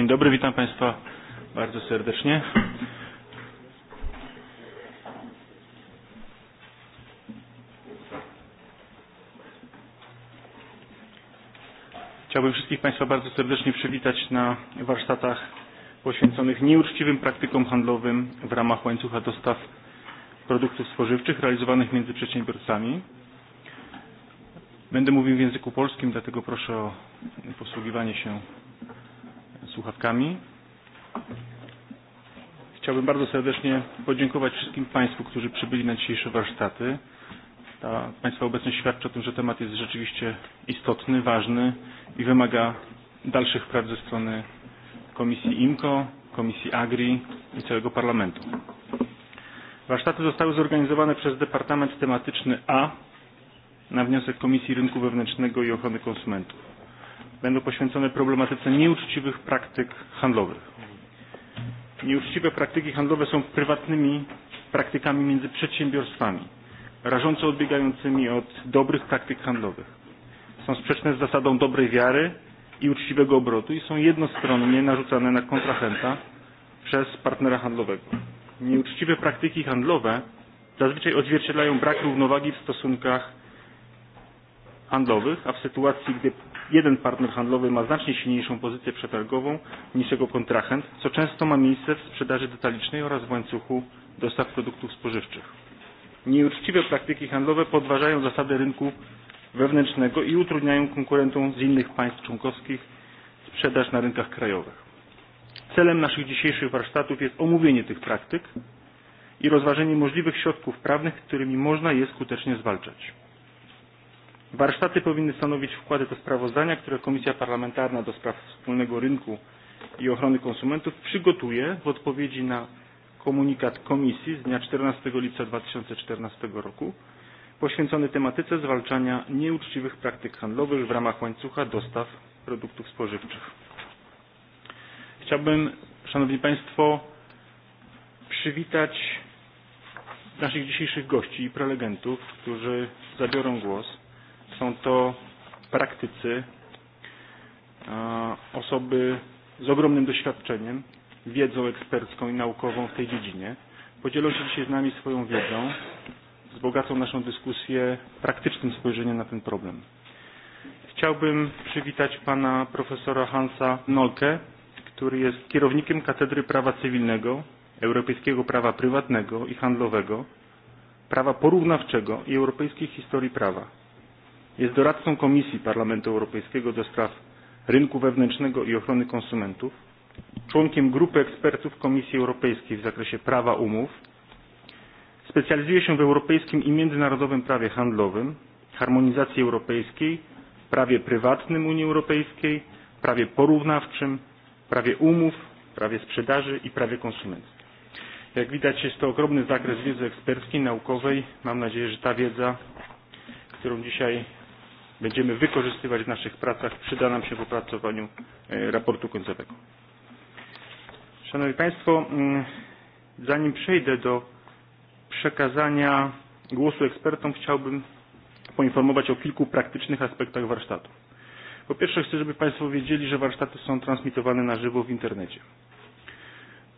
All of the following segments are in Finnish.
Dzień dobry, witam Państwa bardzo serdecznie. Chciałbym wszystkich Państwa bardzo serdecznie przywitać na warsztatach poświęconych nieuczciwym praktykom handlowym w ramach łańcucha dostaw produktów spożywczych realizowanych między przedsiębiorcami. Będę mówił w języku polskim, dlatego proszę o posługiwanie się słuchawkami. Chciałbym bardzo serdecznie podziękować wszystkim Państwu, którzy przybyli na dzisiejsze warsztaty. Ta Państwa obecność świadczy o tym, że temat jest rzeczywiście istotny, ważny i wymaga dalszych prac ze strony Komisji IMCO, Komisji AGRI i całego Parlamentu. Warsztaty zostały zorganizowane przez Departament Tematyczny A na wniosek Komisji Rynku Wewnętrznego i Ochrony Konsumentów będą poświęcone problematyce nieuczciwych praktyk handlowych. Nieuczciwe praktyki handlowe są prywatnymi praktykami między przedsiębiorstwami, rażąco odbiegającymi od dobrych praktyk handlowych. Są sprzeczne z zasadą dobrej wiary i uczciwego obrotu i są jednostronnie narzucane na kontrahenta przez partnera handlowego. Nieuczciwe praktyki handlowe zazwyczaj odzwierciedlają brak równowagi w stosunkach handlowych, a w sytuacji, gdy jeden partner handlowy ma znacznie silniejszą pozycję przetargową niż jego kontrahent, co często ma miejsce w sprzedaży detalicznej oraz w łańcuchu dostaw produktów spożywczych. Nieuczciwe praktyki handlowe podważają zasady rynku wewnętrznego i utrudniają konkurentom z innych państw członkowskich sprzedaż na rynkach krajowych. Celem naszych dzisiejszych warsztatów jest omówienie tych praktyk i rozważenie możliwych środków prawnych, którymi można je skutecznie zwalczać. Warsztaty powinny stanowić wkłady do sprawozdania, które Komisja Parlamentarna do Spraw Wspólnego Rynku i Ochrony Konsumentów przygotuje w odpowiedzi na komunikat Komisji z dnia 14 lipca 2014 roku poświęcony tematyce zwalczania nieuczciwych praktyk handlowych w ramach łańcucha dostaw produktów spożywczych. Chciałbym, Szanowni Państwo, przywitać naszych dzisiejszych gości i prelegentów, którzy zabiorą głos. Są to praktycy, osoby z ogromnym doświadczeniem, wiedzą ekspercką i naukową w tej dziedzinie. Podzielą się dzisiaj z nami swoją wiedzą, wzbogacą naszą dyskusję praktycznym spojrzeniem na ten problem. Chciałbym przywitać pana profesora Hansa Nolke, który jest kierownikiem Katedry Prawa Cywilnego, Europejskiego Prawa Prywatnego i Handlowego, Prawa Porównawczego i Europejskiej Historii Prawa Jest doradcą Komisji Parlamentu Europejskiego do spraw rynku wewnętrznego i ochrony konsumentów, członkiem grupy ekspertów Komisji Europejskiej w zakresie prawa umów. Specjalizuje się w europejskim i międzynarodowym prawie handlowym, harmonizacji europejskiej, prawie prywatnym Unii Europejskiej, prawie porównawczym, prawie umów, prawie sprzedaży i prawie konsumenckim. Jak widać jest to ogromny zakres wiedzy eksperckiej, naukowej. Mam nadzieję, że ta wiedza, którą dzisiaj będziemy wykorzystywać w naszych pracach. Przyda nam się w opracowaniu e, raportu końcowego. Szanowni Państwo, mm, zanim przejdę do przekazania głosu ekspertom, chciałbym poinformować o kilku praktycznych aspektach warsztatu. Po pierwsze chcę, żeby Państwo wiedzieli, że warsztaty są transmitowane na żywo w internecie.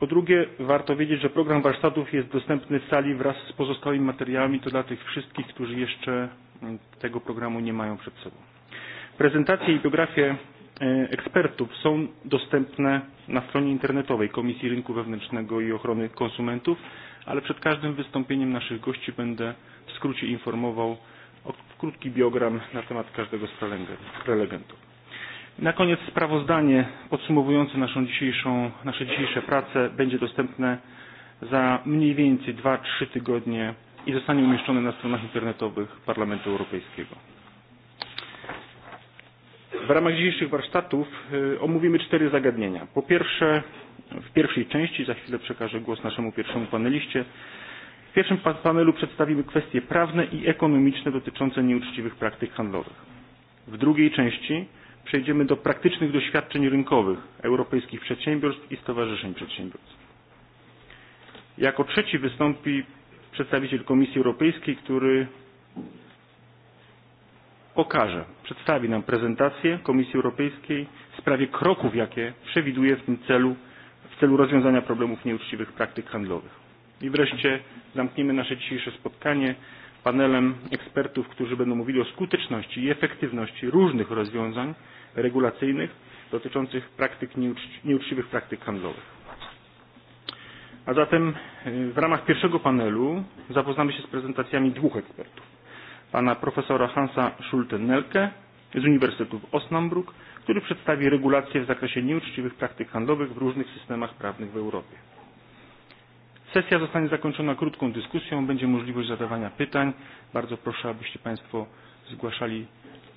Po drugie, warto wiedzieć, że program warsztatów jest dostępny w sali wraz z pozostałymi materiałami. To dla tych wszystkich, którzy jeszcze tego programu nie mają przed sobą. Prezentacje i biografie e, ekspertów są dostępne na stronie internetowej Komisji Rynku Wewnętrznego i Ochrony Konsumentów, ale przed każdym wystąpieniem naszych gości będę w skrócie informował o krótki biogram na temat każdego z prelegentów. Na koniec sprawozdanie podsumowujące naszą dzisiejszą, nasze dzisiejsze prace będzie dostępne za mniej więcej 2-3 tygodnie i zostanie umieszczony na stronach internetowych Parlamentu Europejskiego. W ramach dzisiejszych warsztatów omówimy cztery zagadnienia. Po pierwsze, w pierwszej części, za chwilę przekażę głos naszemu pierwszemu paneliście, w pierwszym panelu przedstawimy kwestie prawne i ekonomiczne dotyczące nieuczciwych praktyk handlowych. W drugiej części przejdziemy do praktycznych doświadczeń rynkowych europejskich przedsiębiorstw i stowarzyszeń przedsiębiorstw. Jako trzeci wystąpi przedstawiciel Komisji Europejskiej, który pokaże, przedstawi nam prezentację Komisji Europejskiej w sprawie kroków, jakie przewiduje w tym celu, w celu rozwiązania problemów nieuczciwych praktyk handlowych. I wreszcie zamkniemy nasze dzisiejsze spotkanie panelem ekspertów, którzy będą mówili o skuteczności i efektywności różnych rozwiązań regulacyjnych dotyczących praktyk nieuczciwych praktyk handlowych. A zatem w ramach pierwszego panelu zapoznamy się z prezentacjami dwóch ekspertów. Pana profesora Hansa Schulte-Nelke z Uniwersytetu w Osnabrück, który przedstawi regulacje w zakresie nieuczciwych praktyk handlowych w różnych systemach prawnych w Europie. Sesja zostanie zakończona krótką dyskusją. Będzie możliwość zadawania pytań. Bardzo proszę, abyście Państwo zgłaszali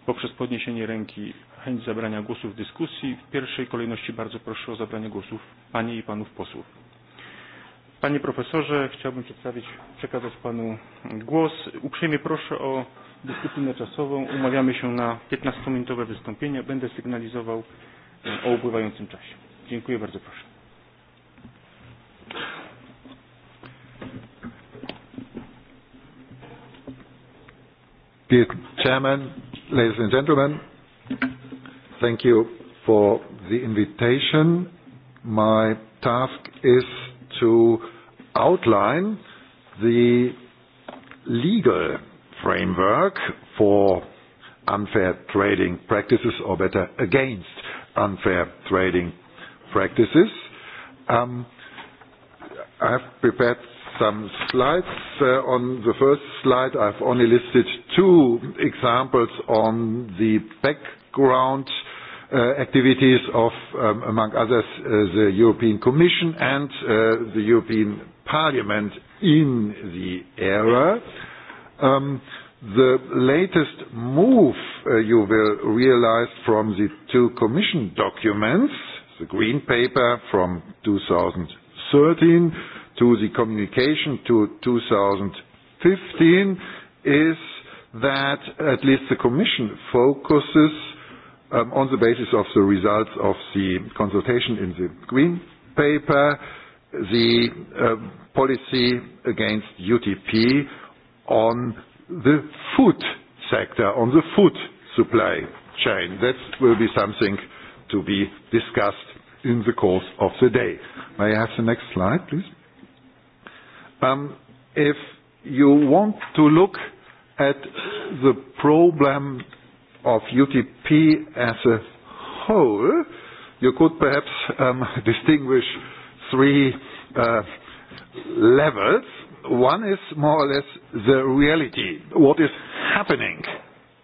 poprzez podniesienie ręki chęć zabrania głosu w dyskusji. W pierwszej kolejności bardzo proszę o zabranie głosów Panie i Panów posłów. Panie profesorze, chciałbym przedstawić, przekazać panu głos. Uprzejmie proszę o dyscyplinę czasową. Umawiamy się na 15-minutowe wystąpienie. Będę sygnalizował e, o upływającym czasie. Dziękuję bardzo, proszę. Dear Chairman, ladies and gentlemen, thank you for the invitation. My task is to outline the legal framework for unfair trading practices, or better, against unfair trading practices. Um, I have prepared some slides. Uh, on the first slide, I've only listed two examples on the background uh, activities of, um, among others, uh, the European Commission and uh, the European parliament in the era. Um, the latest move uh, you will realize from the two commission documents, the green paper from 2013 to the communication to 2015, is that at least the commission focuses um, on the basis of the results of the consultation in the green paper the uh, policy against UTP on the food sector, on the food supply chain. That will be something to be discussed in the course of the day. May I have the next slide, please? Um, if you want to look at the problem of UTP as a whole, you could perhaps um, distinguish three uh, levels. One is more or less the reality, what is happening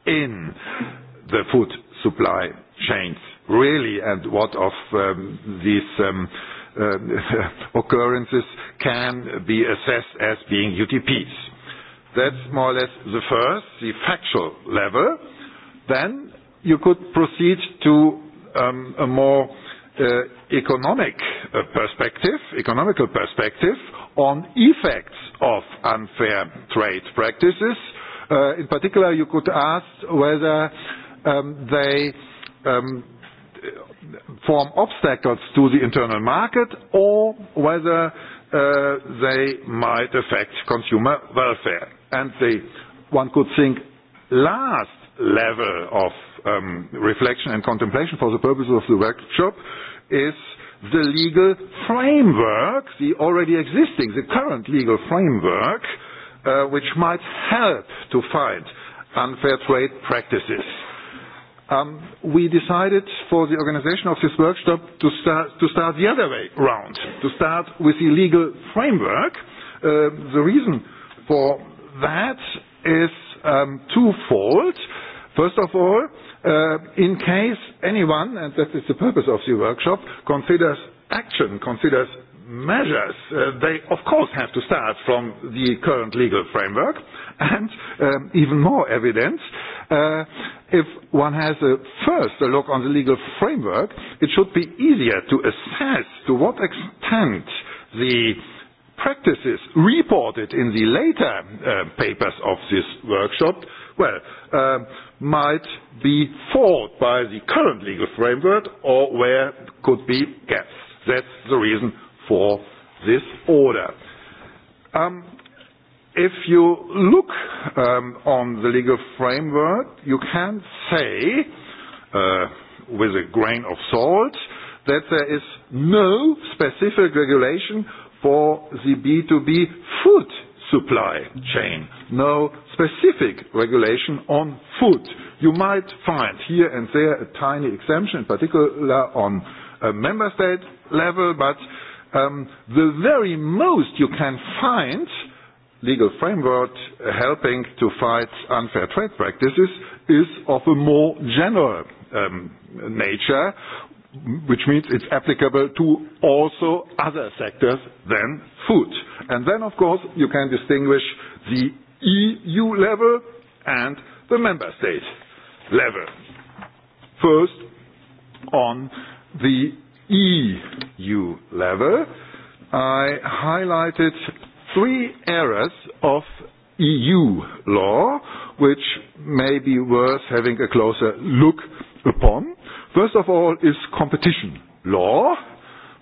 in the food supply chains, really, and what of um, these um, uh, occurrences can be assessed as being UTPs. That's more or less the first, the factual level. Then you could proceed to um, a more uh, economic uh, perspective, economical perspective on effects of unfair trade practices. Uh, in particular, you could ask whether um, they um, form obstacles to the internal market or whether uh, they might affect consumer welfare. And the, one could think last level of um, reflection and contemplation for the purposes of the workshop is the legal framework, the already existing, the current legal framework, uh, which might help to fight unfair trade practices. Um, we decided for the organization of this workshop to start, to start the other way round, to start with the legal framework. Uh, the reason for that is um, twofold. First of all, Uh, in case anyone, and that is the purpose of the workshop, considers action, considers measures, uh, they of course have to start from the current legal framework and um, even more evidence. Uh, if one has a first a look on the legal framework, it should be easier to assess to what extent the practices reported in the later uh, papers of this workshop, well, uh, might be fought by the current legal framework or where could be gaps. That's the reason for this order. Um, if you look um, on the legal framework, you can say, uh, with a grain of salt, that there is no specific regulation for the B2B food supply chain, no specific regulation on food. You might find here and there a tiny exemption, in particular on a member state level, but um, the very most you can find legal framework helping to fight unfair trade practices is of a more general um, nature, which means it's applicable to also other sectors than food. And then, of course, you can distinguish the EU level and the member state level. First, on the EU level, I highlighted three areas of EU law which may be worth having a closer look upon. First of all is competition law.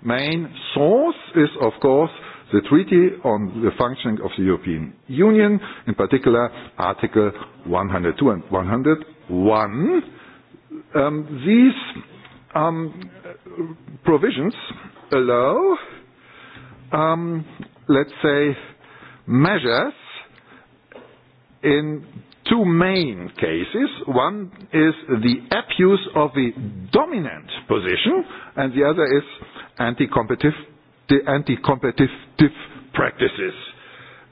Main source is, of course, the Treaty on the Functioning of the European Union, in particular Article 102 and 101. Um, these um, provisions allow, um, let's say, measures in two main cases. One is the abuse of the dominant position, and the other is anti-competitive anti practices.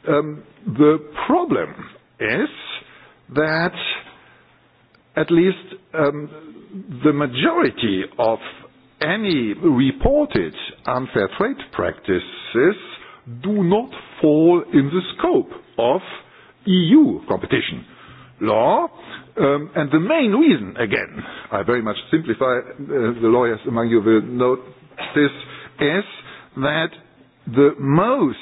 Um, the problem is that at least um, the majority of any reported unfair trade practices do not fall in the scope of EU competition law. Um, and the main reason, again, I very much simplify, uh, the lawyers among you will note this, is that the most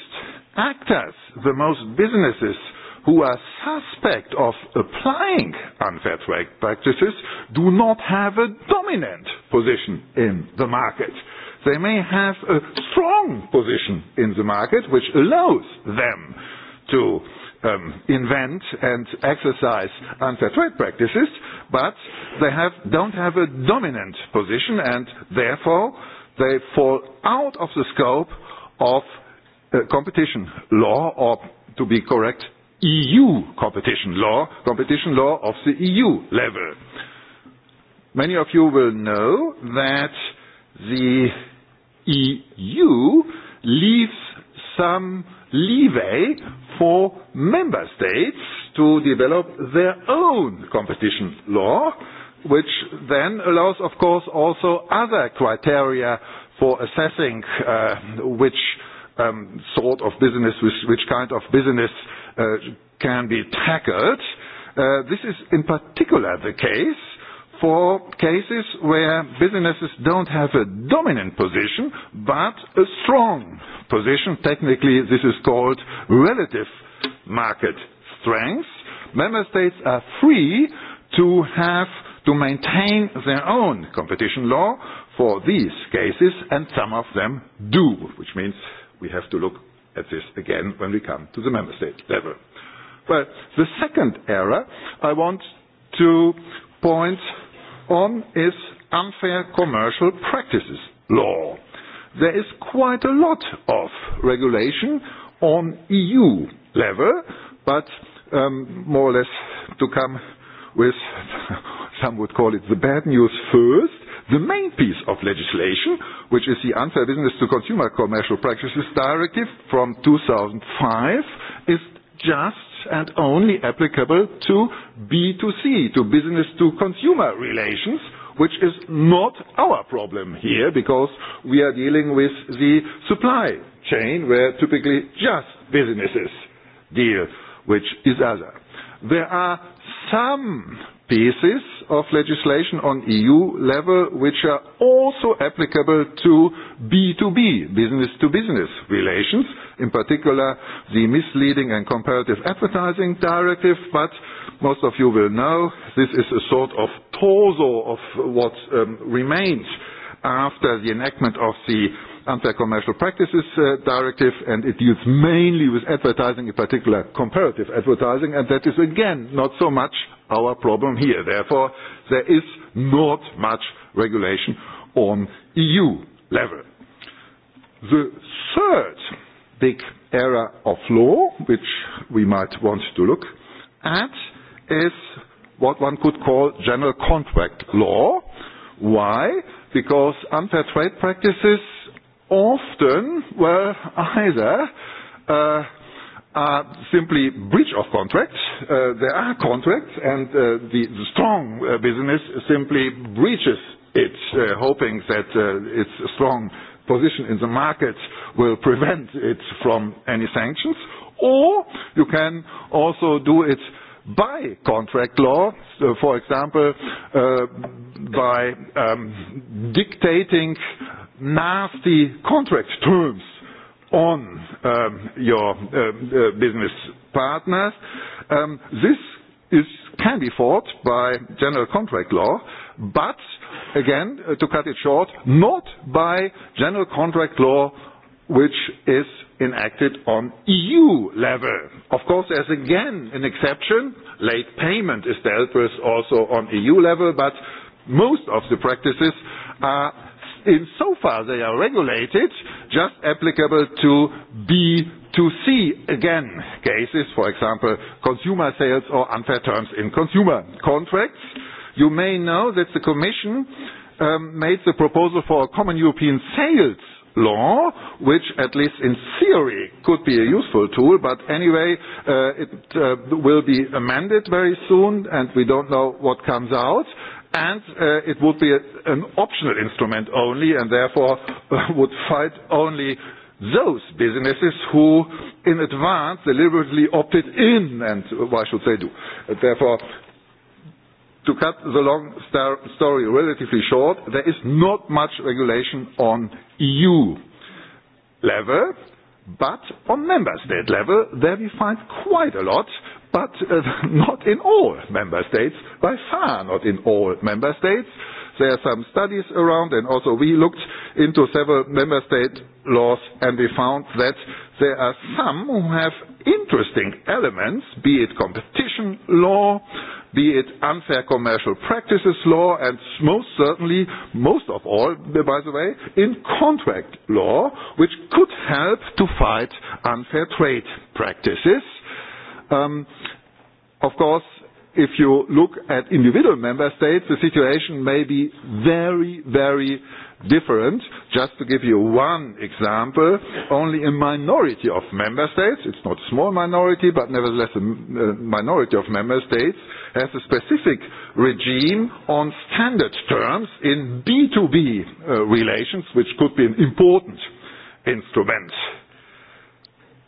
actors, the most businesses who are suspect of applying unfair trade practices do not have a dominant position in the market. They may have a strong position in the market which allows them to uh, um, invent and exercise unfair trade practices, but they have, don't have a dominant position and therefore they fall out of the scope of uh, competition law or, to be correct, EU competition law, competition law of the EU level. Many of you will know that the EU leaves some leeway for member states to develop their own competition law, which then allows, of course, also other criteria for assessing uh, which um, sort of business, which, which kind of business uh, can be tackled. Uh, this is in particular the case for cases where businesses don't have a dominant position, but a strong position. Technically, this is called relative market strength. Member states are free to have to maintain their own competition law for these cases, and some of them do, which means we have to look at this again when we come to the member state level. But the second error I want to point on is unfair commercial practices law. There is quite a lot of regulation on EU level, but um, more or less to come with, some would call it the bad news first, the main piece of legislation, which is the Unfair Business to Consumer Commercial Practices Directive from 2005, is just and only applicable to B2C, to business to consumer relations, which is not our problem here because we are dealing with the supply chain where typically just businesses deal, which is other. There are some pieces of legislation on EU level which are also applicable to B2B, business to business relations, in particular the misleading and comparative advertising directive, but most of you will know this is a sort of torso of what um, remains after the enactment of the unfair commercial Practices uh, Directive, and it deals mainly with advertising, in particular comparative advertising, and that is again not so much our problem here. Therefore, there is not much regulation on EU level. The third big area of law, which we might want to look at, is what one could call general contract law. Why? Because unfair trade practices often were either uh, uh, simply breach of contracts. Uh, there are contracts, and uh, the, the strong uh, business simply breaches it, uh, hoping that uh, its strong position in the market will prevent it from any sanctions. Or you can also do it by contract law, so for example, uh, by um, dictating nasty contract terms on um, your um, uh, business partners. Um, this is, can be fought by general contract law, but again, uh, to cut it short, not by general contract law which is enacted on EU level. Of course, there's again an exception. Late payment is dealt with also on EU level, but most of the practices are in so far they are regulated, just applicable to B2C, again, cases, for example, consumer sales or unfair terms in consumer contracts. You may know that the Commission um, made the proposal for a common European sales law, which at least in theory could be a useful tool, but anyway, uh, it uh, will be amended very soon and we don't know what comes out and uh, it would be a, an optional instrument only and therefore uh, would fight only those businesses who in advance deliberately opted in and why should they do. Therefore, to cut the long story relatively short, there is not much regulation on EU level, but on member state level, there we find quite a lot but uh, not in all member states, by far not in all member states. There are some studies around, and also we looked into several member state laws, and we found that there are some who have interesting elements, be it competition law, be it unfair commercial practices law, and most certainly, most of all, by the way, in contract law, which could help to fight unfair trade practices. Um, of course, if you look at individual member states, the situation may be very, very different. Just to give you one example, only a minority of member states, it's not a small minority, but nevertheless a minority of member states, has a specific regime on standard terms in B2B uh, relations, which could be an important instrument.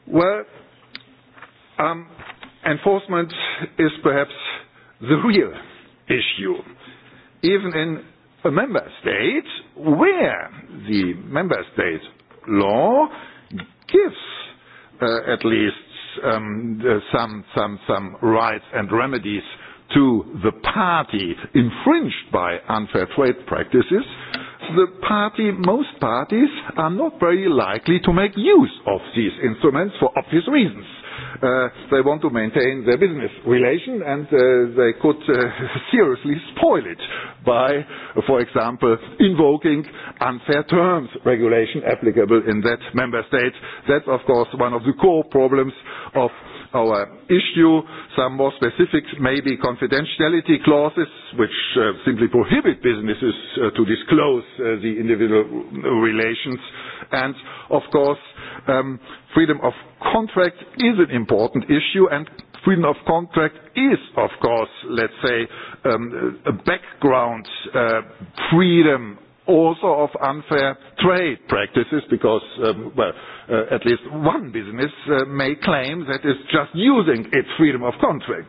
Well, Um, enforcement is perhaps the real issue, even in a member state where the member state law gives uh, at least um, some, some, some rights and remedies to the party infringed by unfair trade practices, the party, most parties are not very likely to make use of these instruments for obvious reasons uh, they want to maintain their business relation and uh, they could uh, seriously spoil it by, for example, invoking unfair terms regulation applicable in that member state. That's of course one of the core problems of our issue. Some more specifics maybe confidentiality clauses, which uh, simply prohibit businesses uh, to disclose uh, the individual relations. And of course, um, freedom of contract is an important issue, and freedom of contract is, of course, let's say, um, a background uh, freedom also of unfair trade practices because, um, well, uh, at least one business uh, may claim that it's just using its freedom of contract.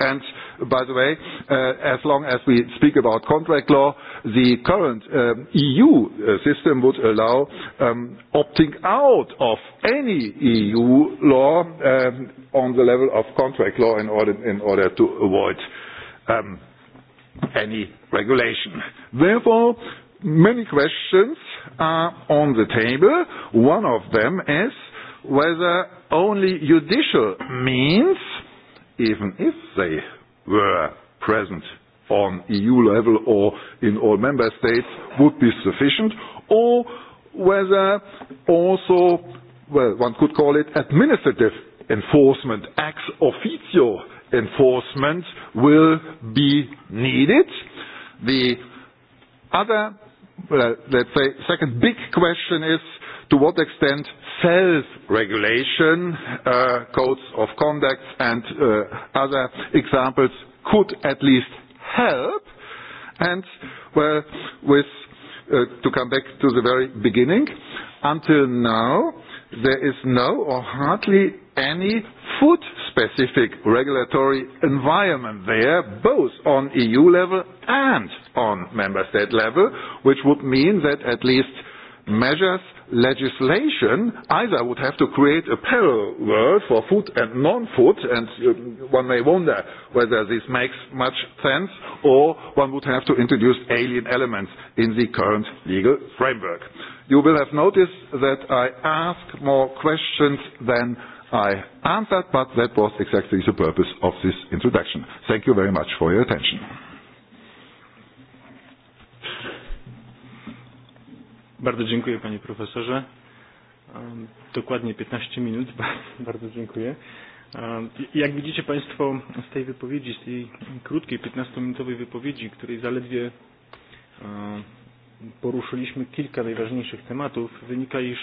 And by the way, uh, as long as we speak about contract law, the current um, EU uh, system would allow um, opting out of any EU law um, on the level of contract law in order, in order to avoid um, any regulation. Therefore, many questions are on the table. One of them is whether only judicial means, even if they were present on EU level or in all member states, would be sufficient, or whether also, well, one could call it administrative enforcement, ex officio enforcement will be needed. The other uh, let's say, second big question is to what extent self-regulation, uh, codes of conduct and uh, other examples could at least help. And, well, with, uh, to come back to the very beginning, until now, there is no or hardly any food-specific regulatory environment there, both on EU level and on member state level, which would mean that at least measures legislation either would have to create a parallel world for food and non-food, and uh, one may wonder whether this makes much sense, or one would have to introduce alien elements in the current legal framework. You will have noticed that I ask more questions than I answered, but that was exactly the purpose of this introduction. Thank you very much for your attention. Bardzo dziękuję panie profesorze. Um, dokładnie 15 minut. Bardzo dziękuję. Um, jak widzicie Państwo z tej wypowiedzi, z tej krótkiej 15-minutowej wypowiedzi, której zaledwie um, poruszyliśmy kilka najważniejszych tematów, wynika, iż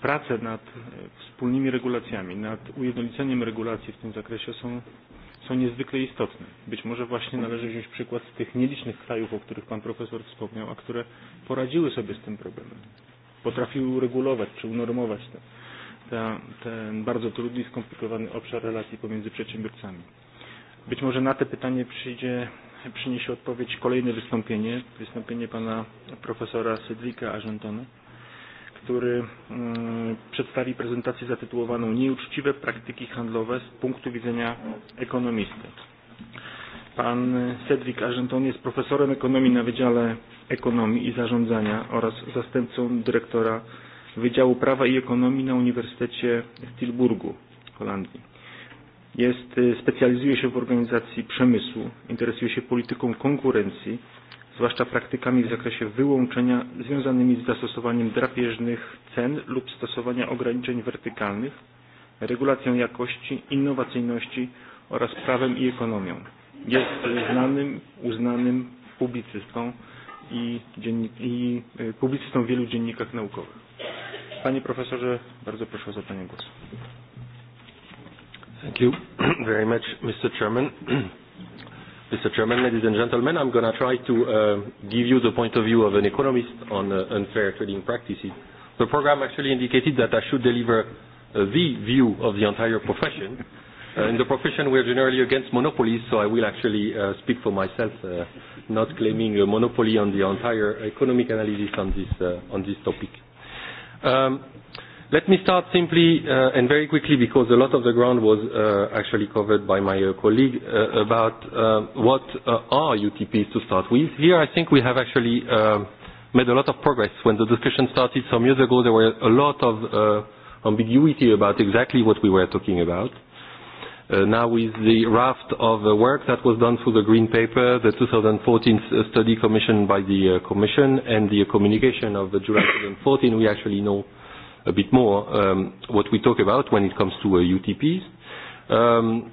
prace nad e, wspólnymi regulacjami, nad ujednoliceniem regulacji w tym zakresie są są niezwykle istotne. Być może właśnie należy wziąć przykład z tych nielicznych krajów, o których Pan Profesor wspomniał, a które poradziły sobie z tym problemem. Potrafiły uregulować czy unormować te, te, ten bardzo trudny i skomplikowany obszar relacji pomiędzy przedsiębiorcami. Być może na te pytanie przyjdzie, przyniesie odpowiedź kolejne wystąpienie, wystąpienie Pana Profesora Cedrika Argentona który mm, przedstawi prezentację zatytułowaną Nieuczciwe praktyki handlowe z punktu widzenia ekonomisty. Pan Cedric Argenton jest profesorem ekonomii na Wydziale Ekonomii i Zarządzania oraz zastępcą dyrektora Wydziału Prawa i Ekonomii na Uniwersytecie w Tilburgu, w Holandii. Jest, specjalizuje się w organizacji przemysłu, interesuje się polityką konkurencji, zwłaszcza praktykami w zakresie wyłączenia związanymi z zastosowaniem drapieżnych cen lub stosowania ograniczeń wertykalnych, regulacją jakości, innowacyjności oraz prawem i ekonomią. Jest znanym, uznanym publicystą i, dziennik, i publicystą w wielu dziennikach naukowych. Panie profesorze, bardzo proszę o zabranie głosu. Thank you very much, Mr. Chairman. Mr. Chairman, ladies and gentlemen, I'm going to try to uh, give you the point of view of an economist on uh, unfair trading practices. The program actually indicated that I should deliver uh, the view of the entire profession. Uh, in the profession, we are generally against monopolies, so I will actually uh, speak for myself, uh, not claiming a monopoly on the entire economic analysis on this, uh, on this topic. Um, Let me start simply uh, and very quickly because a lot of the ground was uh, actually covered by my uh, colleague uh, about uh, what uh, are UTPs to start with. Here I think we have actually uh, made a lot of progress. When the discussion started some years ago there were a lot of uh, ambiguity about exactly what we were talking about. Uh, now with the raft of uh, work that was done through the Green Paper, the 2014 uh, study commissioned by the uh, Commission and the communication of the July 2014 we actually know a bit more um, what we talk about when it comes to UTPs. Uh, um,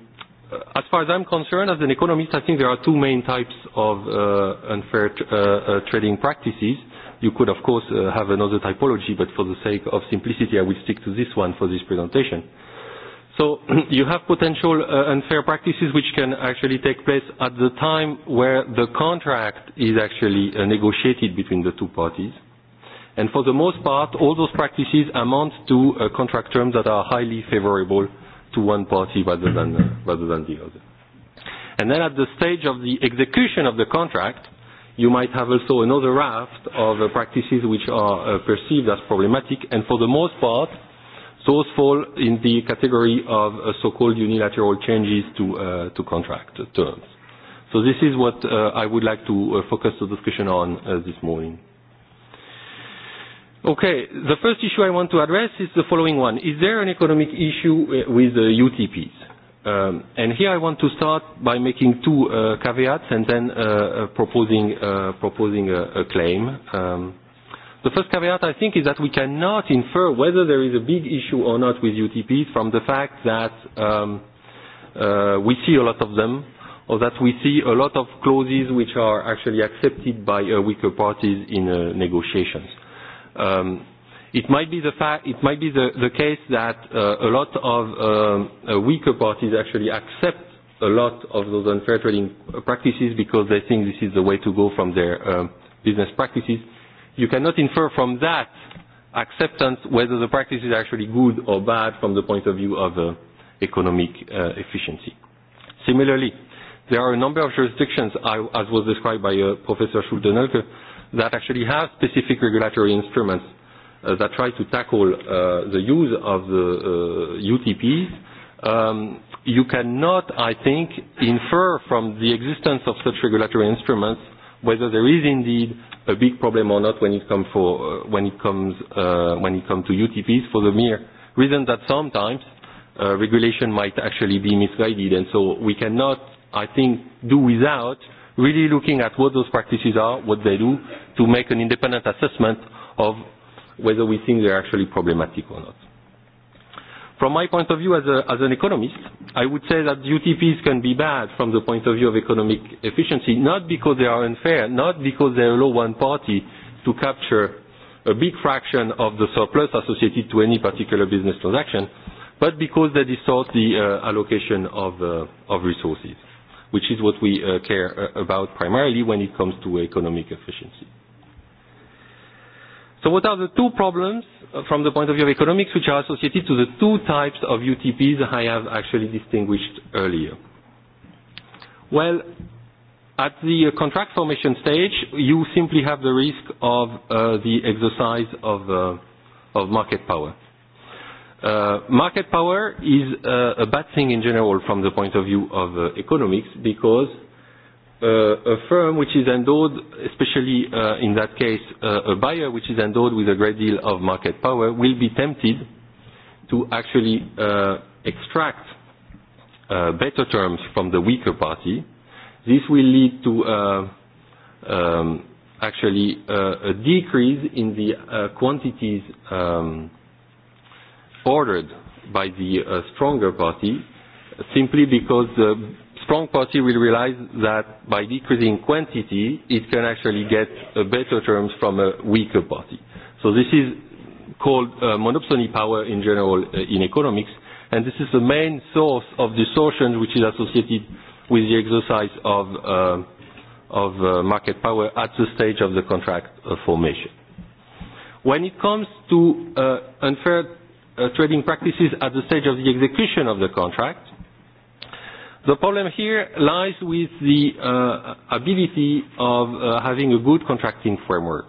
uh, as far as I'm concerned, as an economist, I think there are two main types of uh, unfair tr trading practices. You could, of course, have another typology, but for the sake of simplicity, I will stick to this one for this presentation. So you have potential uh, unfair practices which can actually take place at the time where the contract is actually uh, negotiated between the two parties and for the most part, all those practices amount to uh, contract terms that are highly favorable to one party rather than, uh, rather than the other. And then at the stage of the execution of the contract, you might have also another raft of uh, practices which are perceived as problematic, and for the most part, those fall in the category of so-called unilateral changes to, to contract terms. So this is what I would like to focus the discussion on this morning. Okay, the first issue I want to address is the following one. Is there an economic issue uh, with the UTPs? Um, and here I want to start by making two uh, caveats and then uh, uh, proposing, uh, proposing a, a claim. Um, the first caveat I think is that we cannot infer whether there is a big issue or not with UTPs from the fact that um, uh, we see a lot of them or that we see a lot of clauses which are actually accepted by uh, weaker parties in uh, negotiations. Um, it might be the fact, it might be the, the case that uh, a lot of uh, uh, weaker parties actually accept a lot of those unfair trading practices because they think this is the way to go from their um, business practices. You cannot infer from that acceptance whether the practice is actually good or bad from the point of view of uh, economic uh, efficiency. Similarly, there are a number of jurisdictions, as was described by uh, Professor Schulte-Nelke, that actually have specific regulatory instruments uh, that try to tackle uh, the use of the uh, UTPs, um, you cannot, I think, infer from the existence of such regulatory instruments whether there is indeed a big problem or not when it comes for uh, when it comes uh, when it come to UTPs for the mere reason that sometimes uh, regulation might actually be misguided, and so we cannot, I think, do without uh, really looking at what those practices are, what they do, to make an independent assessment of whether we think they're actually problematic or not. From my point of view as, a, as an economist, I would say that UTPs can be bad from the point of view of economic efficiency, not because they are unfair, not because they allow one party to capture a big fraction of the surplus associated to any particular business transaction, but because they distort the uh, allocation of, uh, of resources which is what we uh, care uh, about primarily when it comes to economic efficiency. So what are the two problems uh, from the point of view of economics which are associated to the two types of UTPs I have actually distinguished earlier? Well, at the uh, contract formation stage, you simply have the risk of uh, the exercise of, uh, of market power. Uh, market power is uh, a bad thing in general from the point of view of uh, economics because uh, a firm which is endowed, especially uh, in that case uh, a buyer which is endowed with a great deal of market power, will be tempted to actually uh, extract uh, better terms from the weaker party. This will lead to uh, um, actually uh, a decrease in the uh, quantities um, ordered by the uh, stronger party simply because the um, strong party will realize that by decreasing quantity, it can actually get a uh, better terms from a weaker party. So this is called uh, monopsony power in general uh, in economics, and this is the main source of distortion which is associated with the exercise of, uh, of uh, market power at the stage of the contract uh, formation. When it comes to uh, unfair uh, trading practices at the stage of the execution of the contract. The problem here lies with the uh, ability of uh, having a good contracting framework.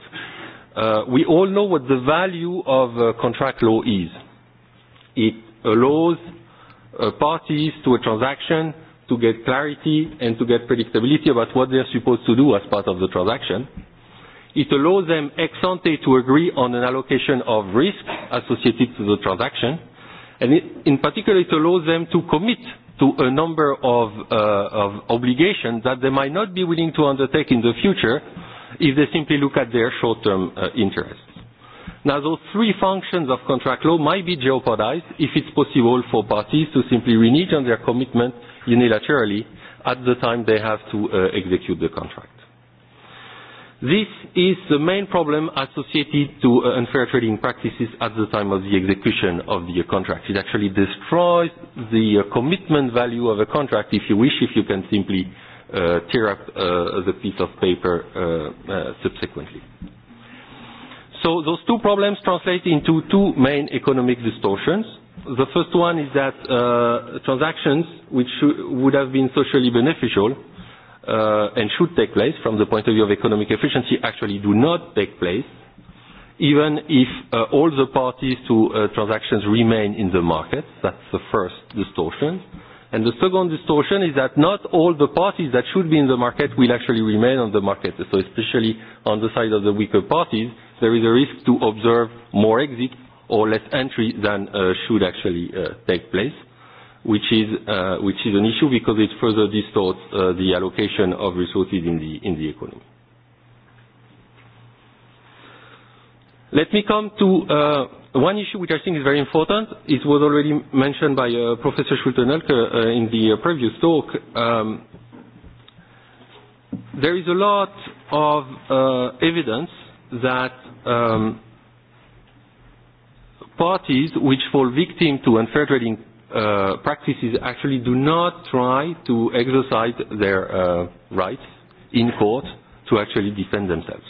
Uh, we all know what the value of uh, contract law is. It allows uh, parties to a transaction to get clarity and to get predictability about what they're supposed to do as part of the transaction. Uh, It allows them ex ante to agree on an allocation of risk associated to the transaction. And it, in particular, it allows them to commit to a number of, uh, of obligations that they might not be willing to undertake in the future if they simply look at their short-term uh, interests. Now, those three functions of contract law might be jeopardized if it's possible for parties to simply renege on their commitment unilaterally at the time they have to uh, execute the contract. This is the main problem associated to uh, unfair trading practices at the time of the execution of the uh, contract. It actually destroys the uh, commitment value of a contract if you wish, if you can simply uh, tear up uh, the piece of paper uh, uh, subsequently. So those two problems translate into two main economic distortions. The first one is that uh, transactions which would have been socially beneficial uh, uh, and should take place from the point of view of economic efficiency actually do not take place, even if uh, all the parties to uh, transactions remain in the market. That's the first distortion. And the second distortion is that not all the parties that should be in the market will actually remain on the market. So especially on the side of the weaker parties, there is a risk to observe more exit or less entry than uh, should actually uh, take place which is uh, which is an issue because it further distorts uh, the allocation of resources in the in the economy. Let me come to uh, one issue which I think is very important. It was already mentioned by uh, Professor Schulte-Nelke uh, in the uh, previous talk. Um, there is a lot of uh, evidence that um, parties which fall victim to unfair trading Uh, practices actually do not try to exercise their uh, rights in court to actually defend themselves.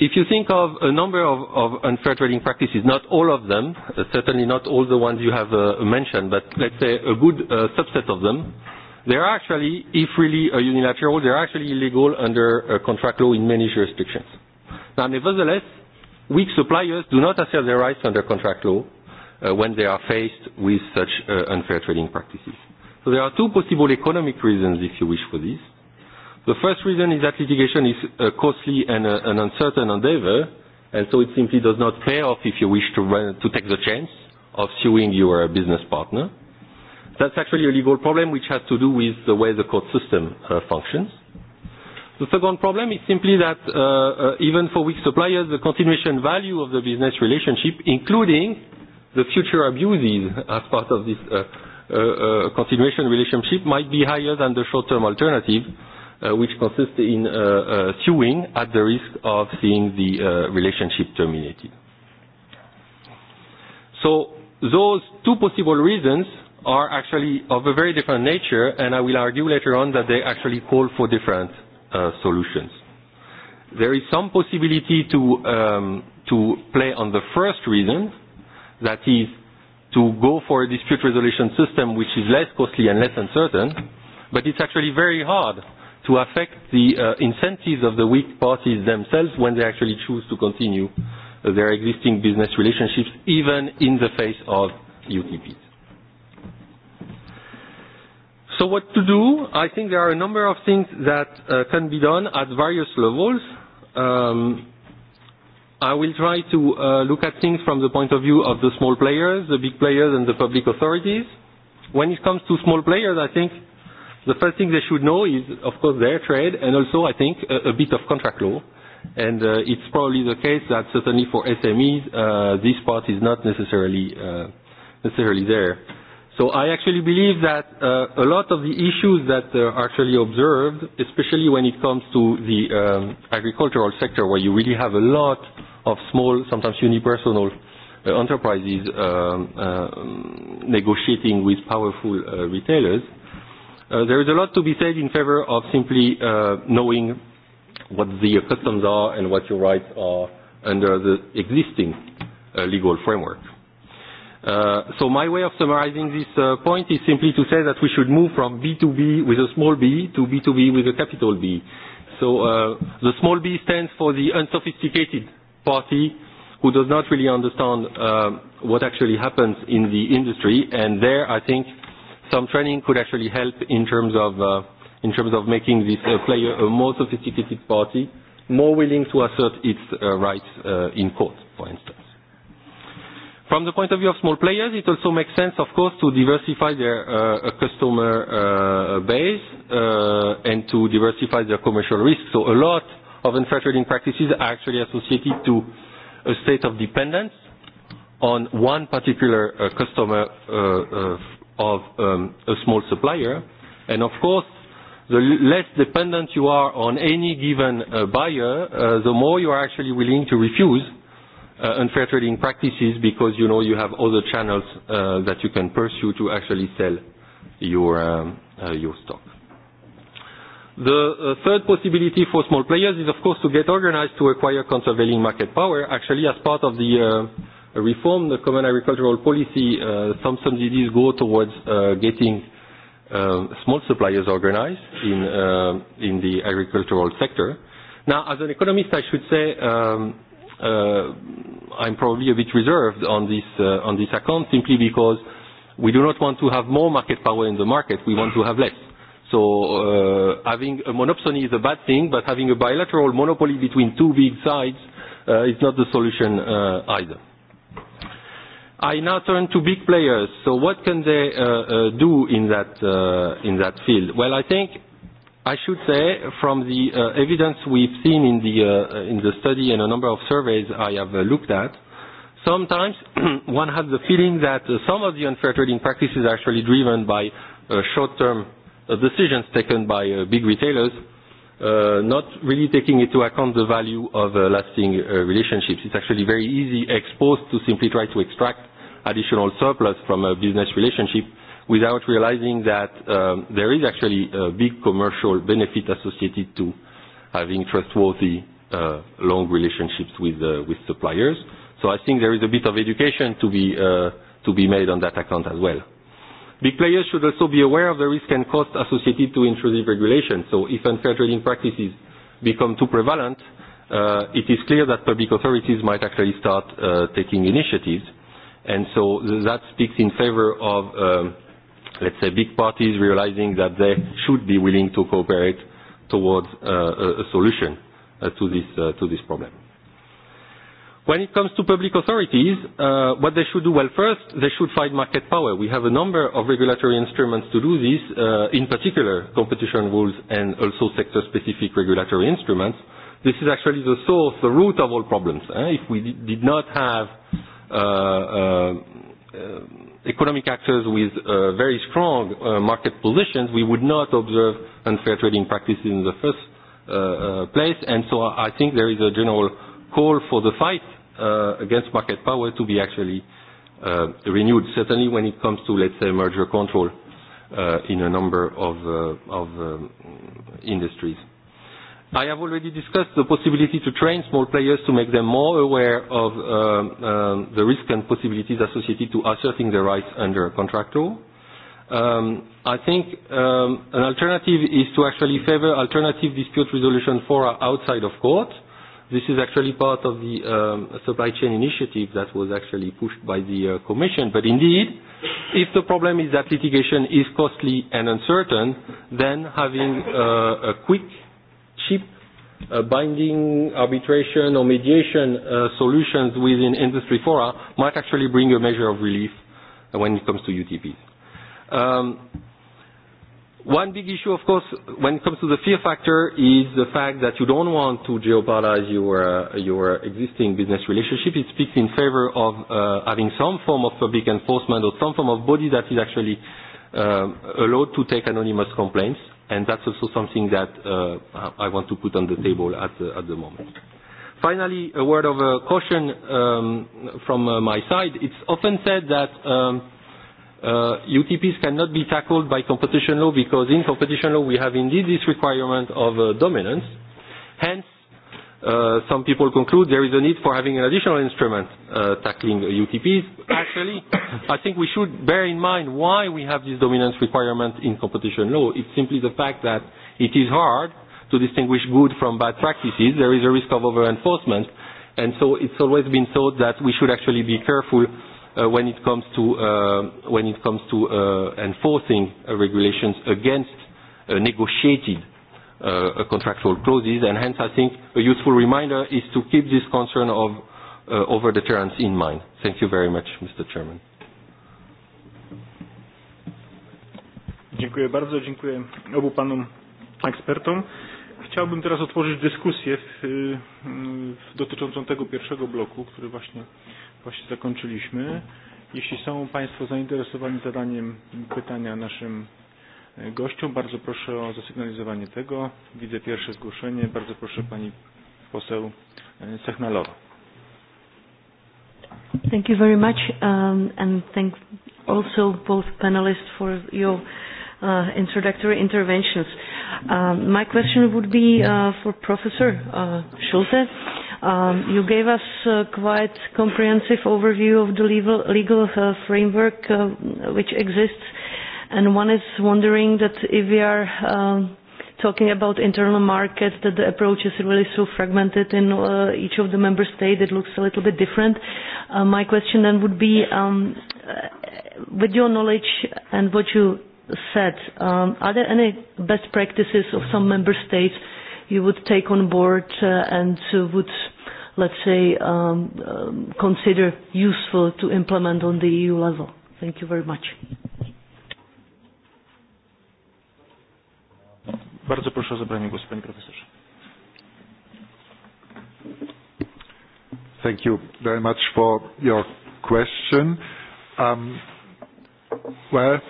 If you think of a number of, of unfair trading practices, not all of them, uh, certainly not all the ones you have uh, mentioned, but let's say a good uh, subset of them, they are actually, if really a unilateral, they are actually illegal under uh, contract law in many jurisdictions. Now, nevertheless, weak suppliers do not assert their rights under contract law, uh, when they are faced with such uh, unfair trading practices. So there are two possible economic reasons, if you wish, for this. The first reason is that litigation is a uh, costly and a, uh, an uncertain endeavor, and so it simply does not pay off if you wish to, run, to take the chance of suing your business partner. That's actually a legal problem which has to do with the way the court system uh, functions. The second problem is simply that uh, uh, even for weak suppliers, the continuation value of the business relationship, including the future abuses as part of this uh, uh, uh, continuation relationship might be higher than the short-term alternative, uh, which consists in uh, uh, suing at the risk of seeing the uh, relationship terminated. So those two possible reasons are actually of a very different nature, and I will argue later on that they actually call for different uh, solutions. There is some possibility to, um, to play on the first reason, that is to go for a dispute resolution system which is less costly and less uncertain, but it's actually very hard to affect the uh, incentives of the weak parties themselves when they actually choose to continue their existing business relationships, even in the face of UTPs. So what to do? I think there are a number of things that uh, can be done at various levels. Um, I will try to uh, look at things from the point of view of the small players, the big players, and the public authorities. When it comes to small players, I think the first thing they should know is, of course, their trade and also, I think, a, a bit of contract law. And uh, it's probably the case that certainly for SMEs, uh, this part is not necessarily, uh, necessarily there. So I actually believe that uh, a lot of the issues that uh, are actually observed, especially when it comes to the um, agricultural sector, where you really have a lot of small, sometimes unipersonal uh, enterprises um, uh, negotiating with powerful uh, retailers, uh, there is a lot to be said in favor of simply uh, knowing what the customs are and what your rights are under the existing uh, legal framework. Uh, Uh, so my way of summarizing this uh, point is simply to say that we should move from B2B with a small b to B2B with a capital B. So uh, the small b stands for the unsophisticated party who does not really understand uh, what actually happens in the industry. And there, I think some training could actually help in terms of uh, in terms of making this uh, player a more sophisticated party, more willing to assert its uh, rights uh, in court, for instance. From the point of view of small players, it also makes sense, of course, to diversify their uh, customer uh, base uh, and to diversify their commercial risk. So a lot of unfair trading practices are actually associated to a state of dependence on one particular uh, customer uh, uh, of um, a small supplier. And of course, the less dependent you are on any given uh, buyer, uh, the more you are actually willing to refuse uh, uh, unfair trading practices because you know you have other channels uh, that you can pursue to actually sell your um, uh, your stock. The uh, third possibility for small players is, of course, to get organized to acquire countervailing market power. Actually, as part of the uh, reform, the Common Agricultural Policy, uh, some subsidies go towards uh, getting uh, small suppliers organized in, uh, in the agricultural sector. Now, as an economist, I should say um, uh, I'm probably a bit reserved on this, uh, on this account simply because we do not want to have more market power in the market. We want to have less. So uh, having a monopsony is a bad thing, but having a bilateral monopoly between two big sides uh, is not the solution uh, either. I now turn to big players. So what can they uh, uh, do in that, uh, in that field? Well, I think I should say from the uh, evidence we've seen in the, uh, in the study and a number of surveys I have uh, looked at, sometimes one has the feeling that uh, some of the unfair trading practices are actually driven by uh, short-term uh, decisions taken by uh, big retailers, uh, not really taking into account the value of uh, lasting uh, relationships. It's actually very easy exposed to simply try to extract additional surplus from a business relationship without realizing that um, there is actually a big commercial benefit associated to having trustworthy uh, long relationships with, uh, with suppliers. So I think there is a bit of education to be, uh, to be made on that account as well. Big players should also be aware of the risk and cost associated to intrusive regulation. So if unfair trading practices become too prevalent, uh, it is clear that public authorities might actually start uh, taking initiatives. And so that speaks in favor of um, let's say, big parties realizing that they should be willing to cooperate towards uh, a, a solution uh, to, this, uh, to this problem. When it comes to public authorities, uh, what they should do, well, first, they should find market power. We have a number of regulatory instruments to do this, uh, in particular competition rules and also sector-specific regulatory instruments. This is actually the source, the root of all problems. Eh? If we did not have uh, uh, uh, economic actors with uh, very strong uh, market positions, we would not observe unfair trading practices in the first uh, uh, place. And so I think there is a general call for the fight uh, against market power to be actually uh, renewed, certainly when it comes to, let's say, merger control uh, in a number of, uh, of um, industries. I have already discussed the possibility to train small players to make them more aware of uh, uh, the risk and possibilities associated to asserting their rights under a contract law. Um, I think um, an alternative is to actually favor alternative dispute resolution fora outside of court. This is actually part of the um, supply chain initiative that was actually pushed by the uh, Commission. But indeed, if the problem is that litigation is costly and uncertain, then having uh, a quick cheap uh, binding arbitration or mediation uh, solutions within industry fora might actually bring a measure of relief uh, when it comes to UTPs. Um, one big issue, of course, when it comes to the fear factor is the fact that you don't want to jeopardize your, uh, your existing business relationship. It speaks in favor of uh, having some form of public enforcement or some form of body that is actually uh, allowed to take anonymous complaints and that's also something that uh, I want to put on the table at the, uh, at the moment. Finally, a word of uh, caution um, from uh, my side. It's often said that um, uh, UTPs cannot be tackled by competition law because in competition law we have indeed this requirement of uh, dominance. Hence, uh, some people conclude there is a need for having an additional instrument uh, tackling UTPs. Actually, I think we should bear in mind why we have this dominance requirement in competition law. It's simply the fact that it is hard to distinguish good from bad practices. There is a risk of over-enforcement. And so it's always been thought that we should actually be careful uh, when it comes to, uh, when it comes to uh, enforcing uh, regulations against uh, negotiated uh, Uh, contractual clauses, and hence I think a useful reminder is to keep this concern of uh, over-deterrence in mind. Thank you very much, Mr. Chairman. Dziękuję bardzo, dziękuję obu panom ekspertom. Chciałbym teraz otworzyć dyskusję w, w dotyczącą tego pierwszego bloku, który właśnie, właśnie zakończyliśmy. Jeśli są Państwo zainteresowani zadaniem pytania naszym gościom. Bardzo proszę o zasygnalizowanie tego. Widzę pierwsze zgłoszenie. Bardzo proszę pani poseł e, Sechnalowa. Thank you very much um, and thank also both panelists for your uh, introductory interventions. Um, my question would be uh, for Professor uh, Schulze. Um, you gave us a uh, quite comprehensive overview of the legal, legal uh, framework uh, which exists and one is wondering that if we are um, talking about internal markets, that the approach is really so fragmented in uh, each of the member states, it looks a little bit different. Uh, my question then would be, um, uh, with your knowledge and what you said, um, are there any best practices of some member states you would take on board uh, and uh, would, let's say, um, um, consider useful to implement on the EU level? Thank you very much. Bardzo proszę o zabranie głosu, panie profesorze. Thank you very much for your question. Um, well,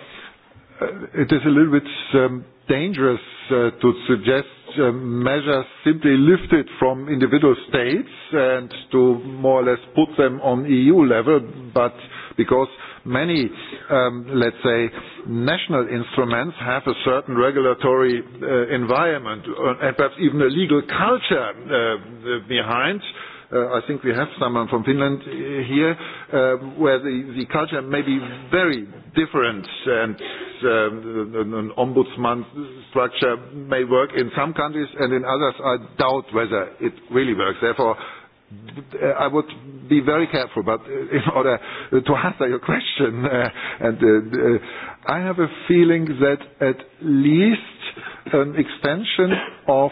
uh, it is a little bit um, dangerous uh, to suggest uh, measures simply lifted from individual states and to more or less put them on EU level, but because many, um, let's say, national instruments have a certain regulatory uh, environment uh, and perhaps even a legal culture uh, behind. Uh, I think we have someone from Finland uh, here, uh, where the, the culture may be very different, and um, an ombudsman structure may work in some countries, and in others I doubt whether it really works. Therefore, Uh, I would be very careful, but uh, in order to answer your question, uh, and uh, uh, I have a feeling that at least an extension of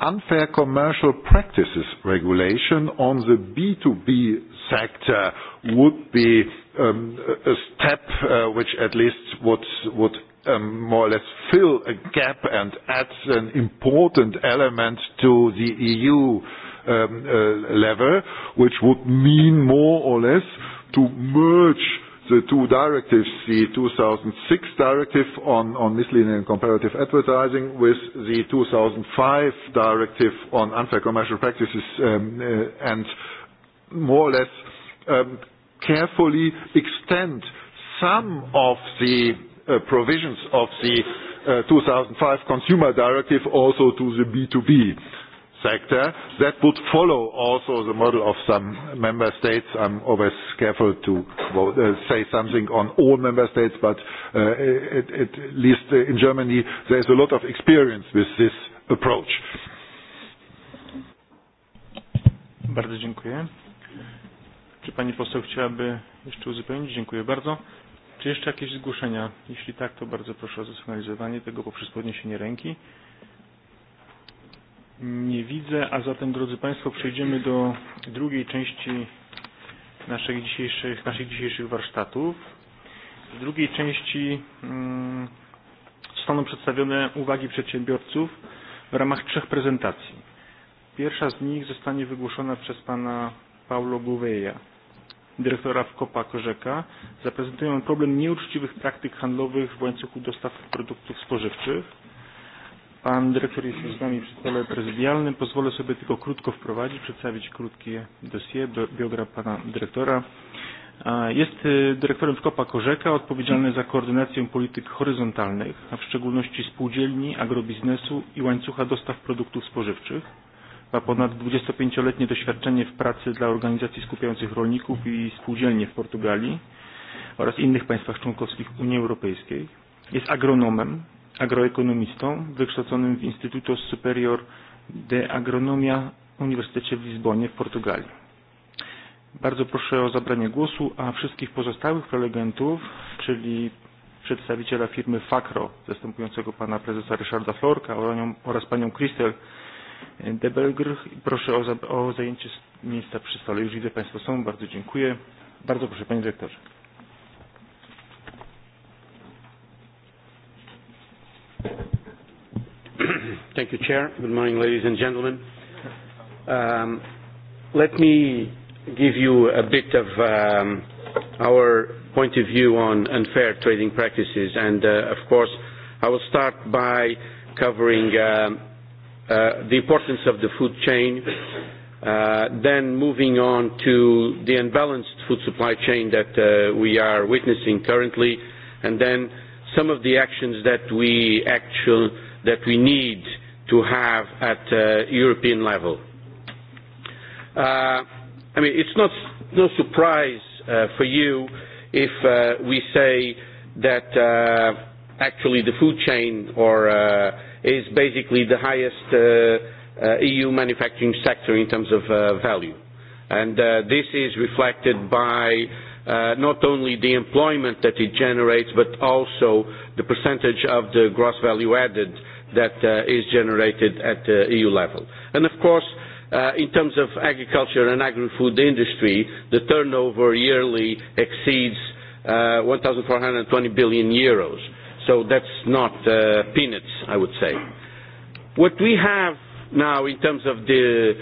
unfair commercial practices regulation on the B2B sector would be um, a step uh, which at least would, would um, more or less fill a gap and add an important element to the EU Um, uh, level, which would mean more or less to merge the two directives, the 2006 directive on, misleading and comparative advertising with the 2005 directive on unfair commercial practices um, uh, and more or less um, carefully extend some of the uh, provisions of the 2005 consumer directive also to the B2B sector. That would follow also the model of some member states. I'm always careful to vote, uh, say something on all member states, but uh, it, it, at least in Germany, there is a lot of experience with this approach. Bardzo dziękuję. Czy pani poseł chciałaby jeszcze uzupełnić? Dziękuję bardzo. Czy jeszcze jakieś zgłoszenia? Jeśli tak, to bardzo proszę o zasygnalizowanie tego poprzez podniesienie ręki. Nie widzę, a zatem drodzy Państwo przejdziemy do drugiej części naszych dzisiejszych, naszych dzisiejszych warsztatów. W drugiej części mm, zostaną hmm, przedstawione uwagi przedsiębiorców w ramach trzech prezentacji. Pierwsza z nich zostanie wygłoszona przez pana Paulo Gouveia, dyrektora w Kopa Korzeka. Zaprezentują problem nieuczciwych praktyk handlowych w łańcuchu dostaw produktów spożywczych Pan dyrektor jest z nami przy stole prezydialnym. Pozwolę sobie tylko krótko wprowadzić, przedstawić krótkie dosie, biogra pana dyrektora. Jest dyrektorem Kopa Korzeka, odpowiedzialny za koordynację polityk horyzontalnych, a w szczególności spółdzielni, agrobiznesu i łańcucha dostaw produktów spożywczych. Ma ponad 25-letnie doświadczenie w pracy dla organizacji skupiających rolników i spółdzielnie w Portugalii oraz innych państwach członkowskich Unii Europejskiej. Jest agronomem, agroekonomistą wykształconym w Instytuto Superior de Agronomia Uniwersytecie w Lizbonie w Portugalii. Bardzo proszę o zabranie głosu, a wszystkich pozostałych prelegentów, czyli przedstawiciela firmy Fakro, zastępującego pana prezesa Ryszarda Florka oraz panią de Belgr, Proszę o, o zajęcie miejsca przy stole. Już widzę państwo są. Bardzo dziękuję. Bardzo proszę panie dyrektorze. Thank you, Chair. Good morning, ladies and gentlemen. Um, let me give you a bit of um, our point of view on unfair trading practices. And, uh, of course, I will start by covering um, uh, the importance of the food chain, uh, then moving on to the unbalanced food supply chain that uh, we are witnessing currently, and then some of the actions that we, actually that we need uh, to have at uh, European level. Uh, I mean, it's not no surprise uh, for you if uh, we say that uh, actually the food chain or uh, is basically the highest uh, uh, EU manufacturing sector in terms of uh, value. And uh, this is reflected by uh, not only the employment that it generates, but also the percentage of the gross value added uh, that uh, is generated at the uh, EU level. And of course, uh, in terms of agriculture and agri-food industry, the turnover yearly exceeds uh, 1,420 billion euros. So that's not uh, peanuts, I would say. What we have now in terms of the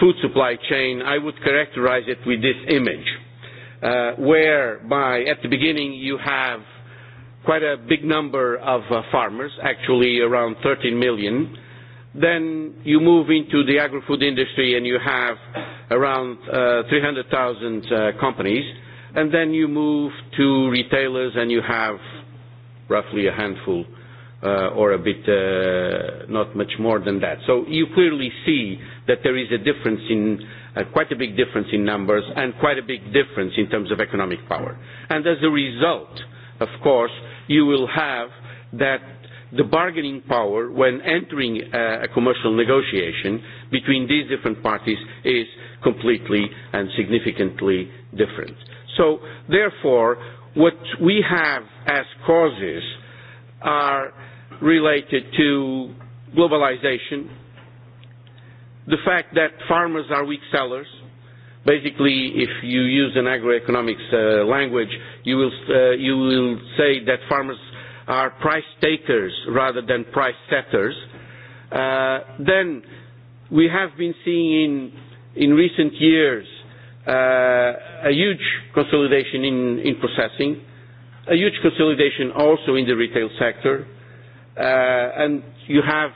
food supply chain, I would characterize it with this image, uh, whereby at the beginning you have quite a big number of uh, farmers, actually around 13 million. Then you move into the agri-food industry and you have around uh, 300,000 uh, companies. And then you move to retailers and you have roughly a handful uh, or a bit uh, not much more than that. So you clearly see that there is a difference in uh, quite a big difference in numbers and quite a big difference in terms of economic power. And as a result, of course, you will have that the bargaining power when entering uh, a commercial negotiation between these different parties is completely and significantly different. So, therefore, what we have as causes are related to globalization, the fact that farmers are weak sellers, Basically, if you use an agroeconomics uh, language, you will, uh, you will say that farmers are price takers rather than price setters. Uh, then we have been seeing in, in recent years uh, a huge consolidation in, in processing, a huge consolidation also in the retail sector, uh, and you have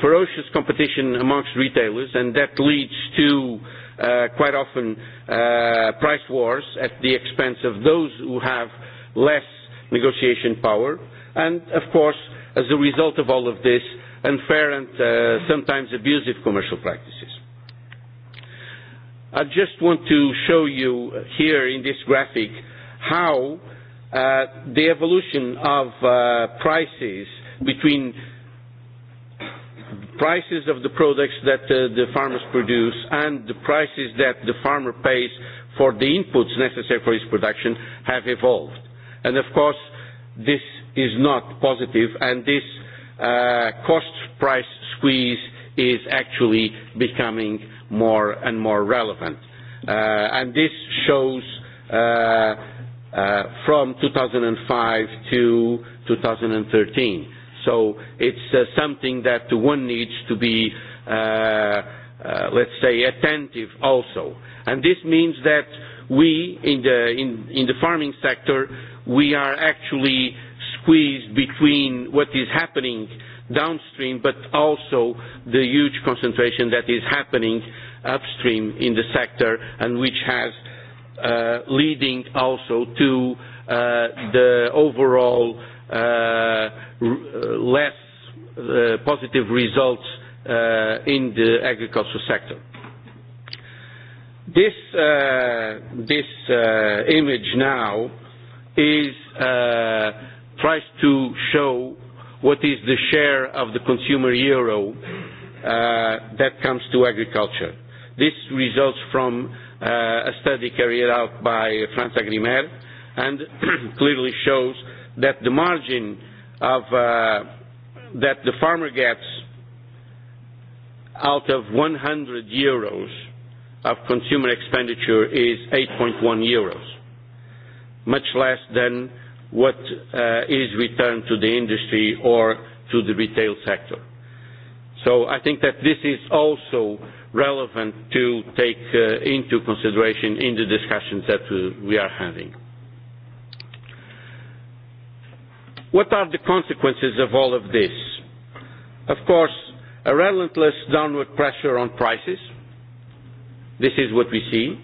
ferocious competition amongst retailers, and that leads to uh, uh, quite often uh, price wars at the expense of those who have less negotiation power. And of course, as a result of all of this, unfair and uh, sometimes abusive commercial practices. I just want to show you here in this graphic how uh, the evolution of uh, prices between prices of the products that uh, the farmers produce and the prices that the farmer pays for the inputs necessary for his production have evolved. And of course, this is not positive, and this uh, cost price squeeze is actually becoming more and more relevant. Uh, and this shows uh, uh, from 2005 to 2013 So it's uh, something that one needs to be, uh, uh, let's say, attentive also. And this means that we in the, in, in the farming sector, we are actually squeezed between what is happening downstream, but also the huge concentration that is happening upstream in the sector and which has uh, leading also to uh, the overall Uh, uh, less uh, positive results in the agricultural sector. This, this image now is tries to show what is the share of the consumer euro that comes to agriculture. This results from uh, a study carried out by France Agrimer and clearly shows that the margin of, uh, that the farmer gets out of 100 euros of consumer expenditure is 8.1 euros, much less than what uh, is returned to the industry or to the retail sector. So I think that this is also relevant to take uh, into consideration in the discussions that we are having. What are the consequences of all of this? Of course, a relentless downward pressure on prices. This is what we see.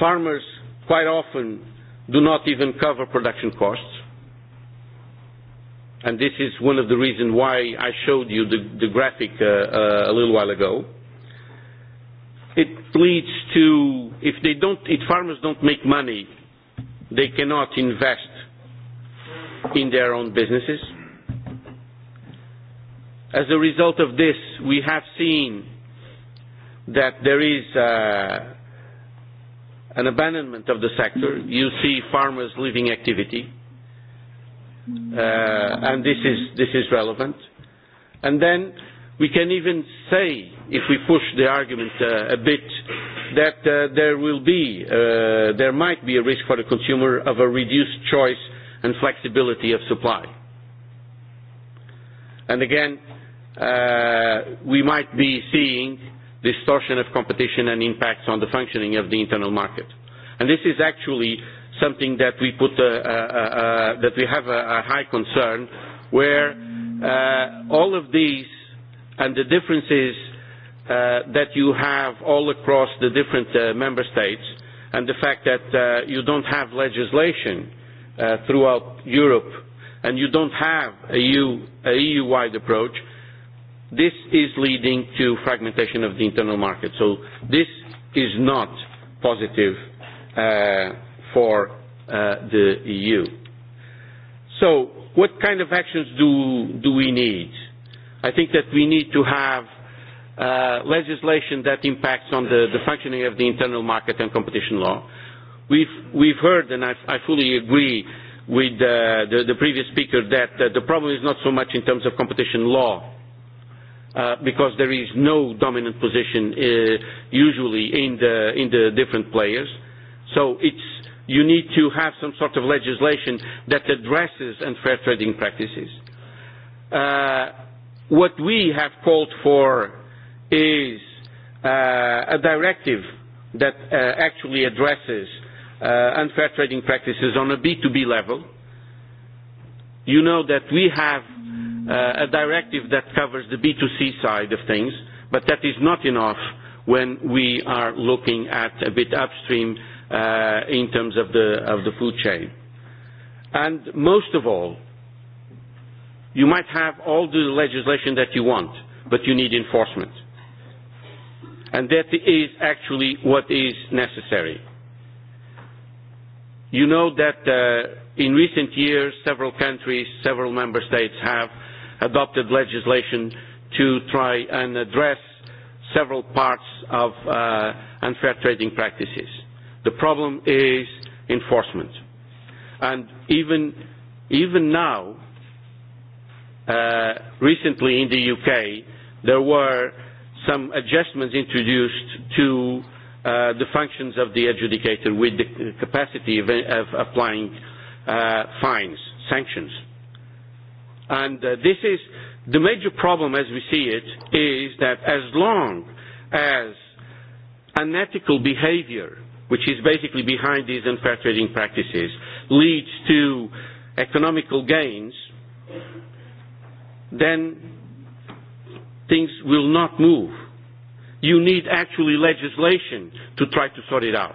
Farmers quite often do not even cover production costs. And this is one of the reasons why I showed you the, the graphic uh, uh, a little while ago. It leads to, if, they don't, if farmers don't make money, they cannot invest in their own businesses. As a result of this, we have seen that there is uh, an abandonment of the sector. You see farmers leaving activity, uh, and this is, this is relevant. And then we can even say, if we push the argument uh, a bit, that uh, there will be, uh, there might be a risk for the consumer of a reduced choice and flexibility of supply. And Again, uh, we might be seeing distortion of competition and impacts on the functioning of the internal market. And This is actually something that we put uh, uh, uh, uh that we have a, a high concern, where uh, all of these and the differences that you have all across the different member states, and the fact that you don't have legislation uh, throughout Europe and you don't have a EU, a EU-wide approach, this is leading to fragmentation of the internal market. So this is not positive uh, for uh, the EU. So what kind of actions do, do we need? I think that we need to have uh, legislation that impacts on the, the functioning of the internal market and competition law. We've, we've heard, and I, I fully agree with uh, the, the previous speaker, that uh, the problem is not so much in terms of competition law, uh, because there is no dominant position uh, usually in the, in the different players. So it's, you need to have some sort of legislation that addresses unfair trading practices. Uh, what we have called for is uh, a directive that uh, actually addresses uh, unfair trading practices on a B2B level. You know that we have uh, a directive that covers the B2C side of things, but that is not enough when we are looking at a bit upstream uh, in terms of the, of the food chain. And most of all, you might have all the legislation that you want, but you need enforcement. And that is actually what is necessary. You know that uh, in recent years, several countries, several member states have adopted legislation to try and address several parts of uh, unfair trading practices. The problem is enforcement. And even, even now, uh, recently in the UK, there were some adjustments introduced to Uh, the functions of the adjudicator with the capacity of, of applying uh, fines, sanctions. And uh, this is the major problem as we see it is that as long as unethical behavior, which is basically behind these unfair trading practices, leads to economical gains, then things will not move you need actually legislation to try to sort it out.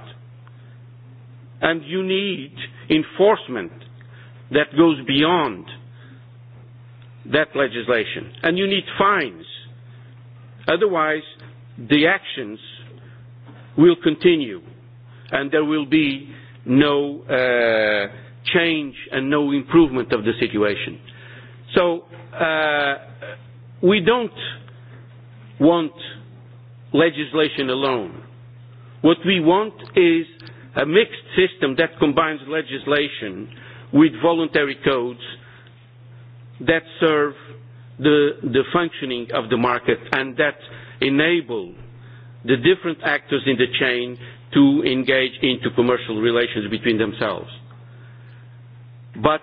And you need enforcement that goes beyond that legislation. And you need fines. Otherwise, the actions will continue and there will be no uh, change and no improvement of the situation. So, uh, we don't want legislation alone. What we want is a mixed system that combines legislation with voluntary codes that serve the, the functioning of the market and that enable the different actors in the chain to engage into commercial relations between themselves. But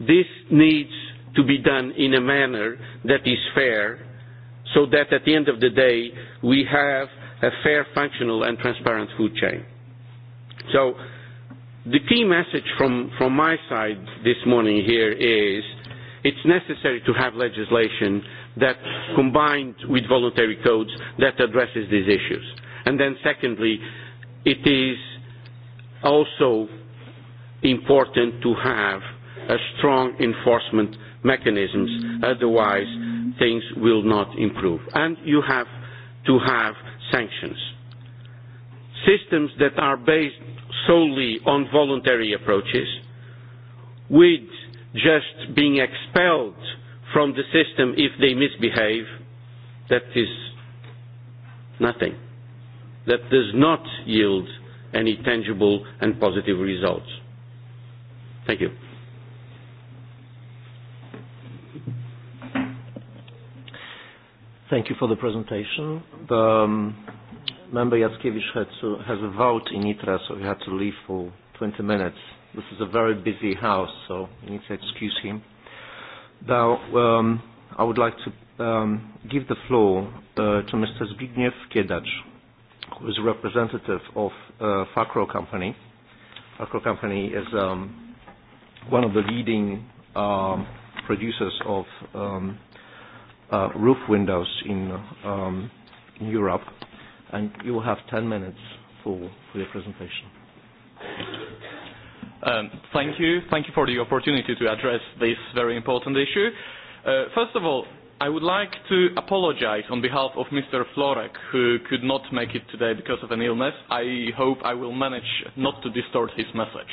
this needs to be done in a manner that is fair so that at the end of the day we have a fair, functional and transparent food chain. So the key message from, from my side this morning here is it's necessary to have legislation that combined with voluntary codes that addresses these issues. And then secondly, it is also important to have a strong enforcement mechanisms, otherwise things will not improve. And you have to have sanctions. Systems that are based solely on voluntary approaches, with just being expelled from the system if they misbehave, that is nothing. That does not yield any tangible and positive results. Thank you. Thank you for the presentation. The um, member Jackiewicz had to, has a vote in ITRA, so he had to leave for 20 minutes. This is a very busy house, so you need to excuse him. Now, um, I would like to um, give the floor uh, to Mr. Zbigniew Kiedacz, who is a representative of uh, Fakro Company. Fakro Company is um, one of the leading um, producers of um, uh, roof windows in, um, in Europe. And you will have 10 minutes for, for your presentation. Um, thank you. Thank you for the opportunity to address this very important issue. Uh, first of all, I would like to apologize on behalf of Mr. Florek, who could not make it today because of an illness. I hope I will manage not to distort his message.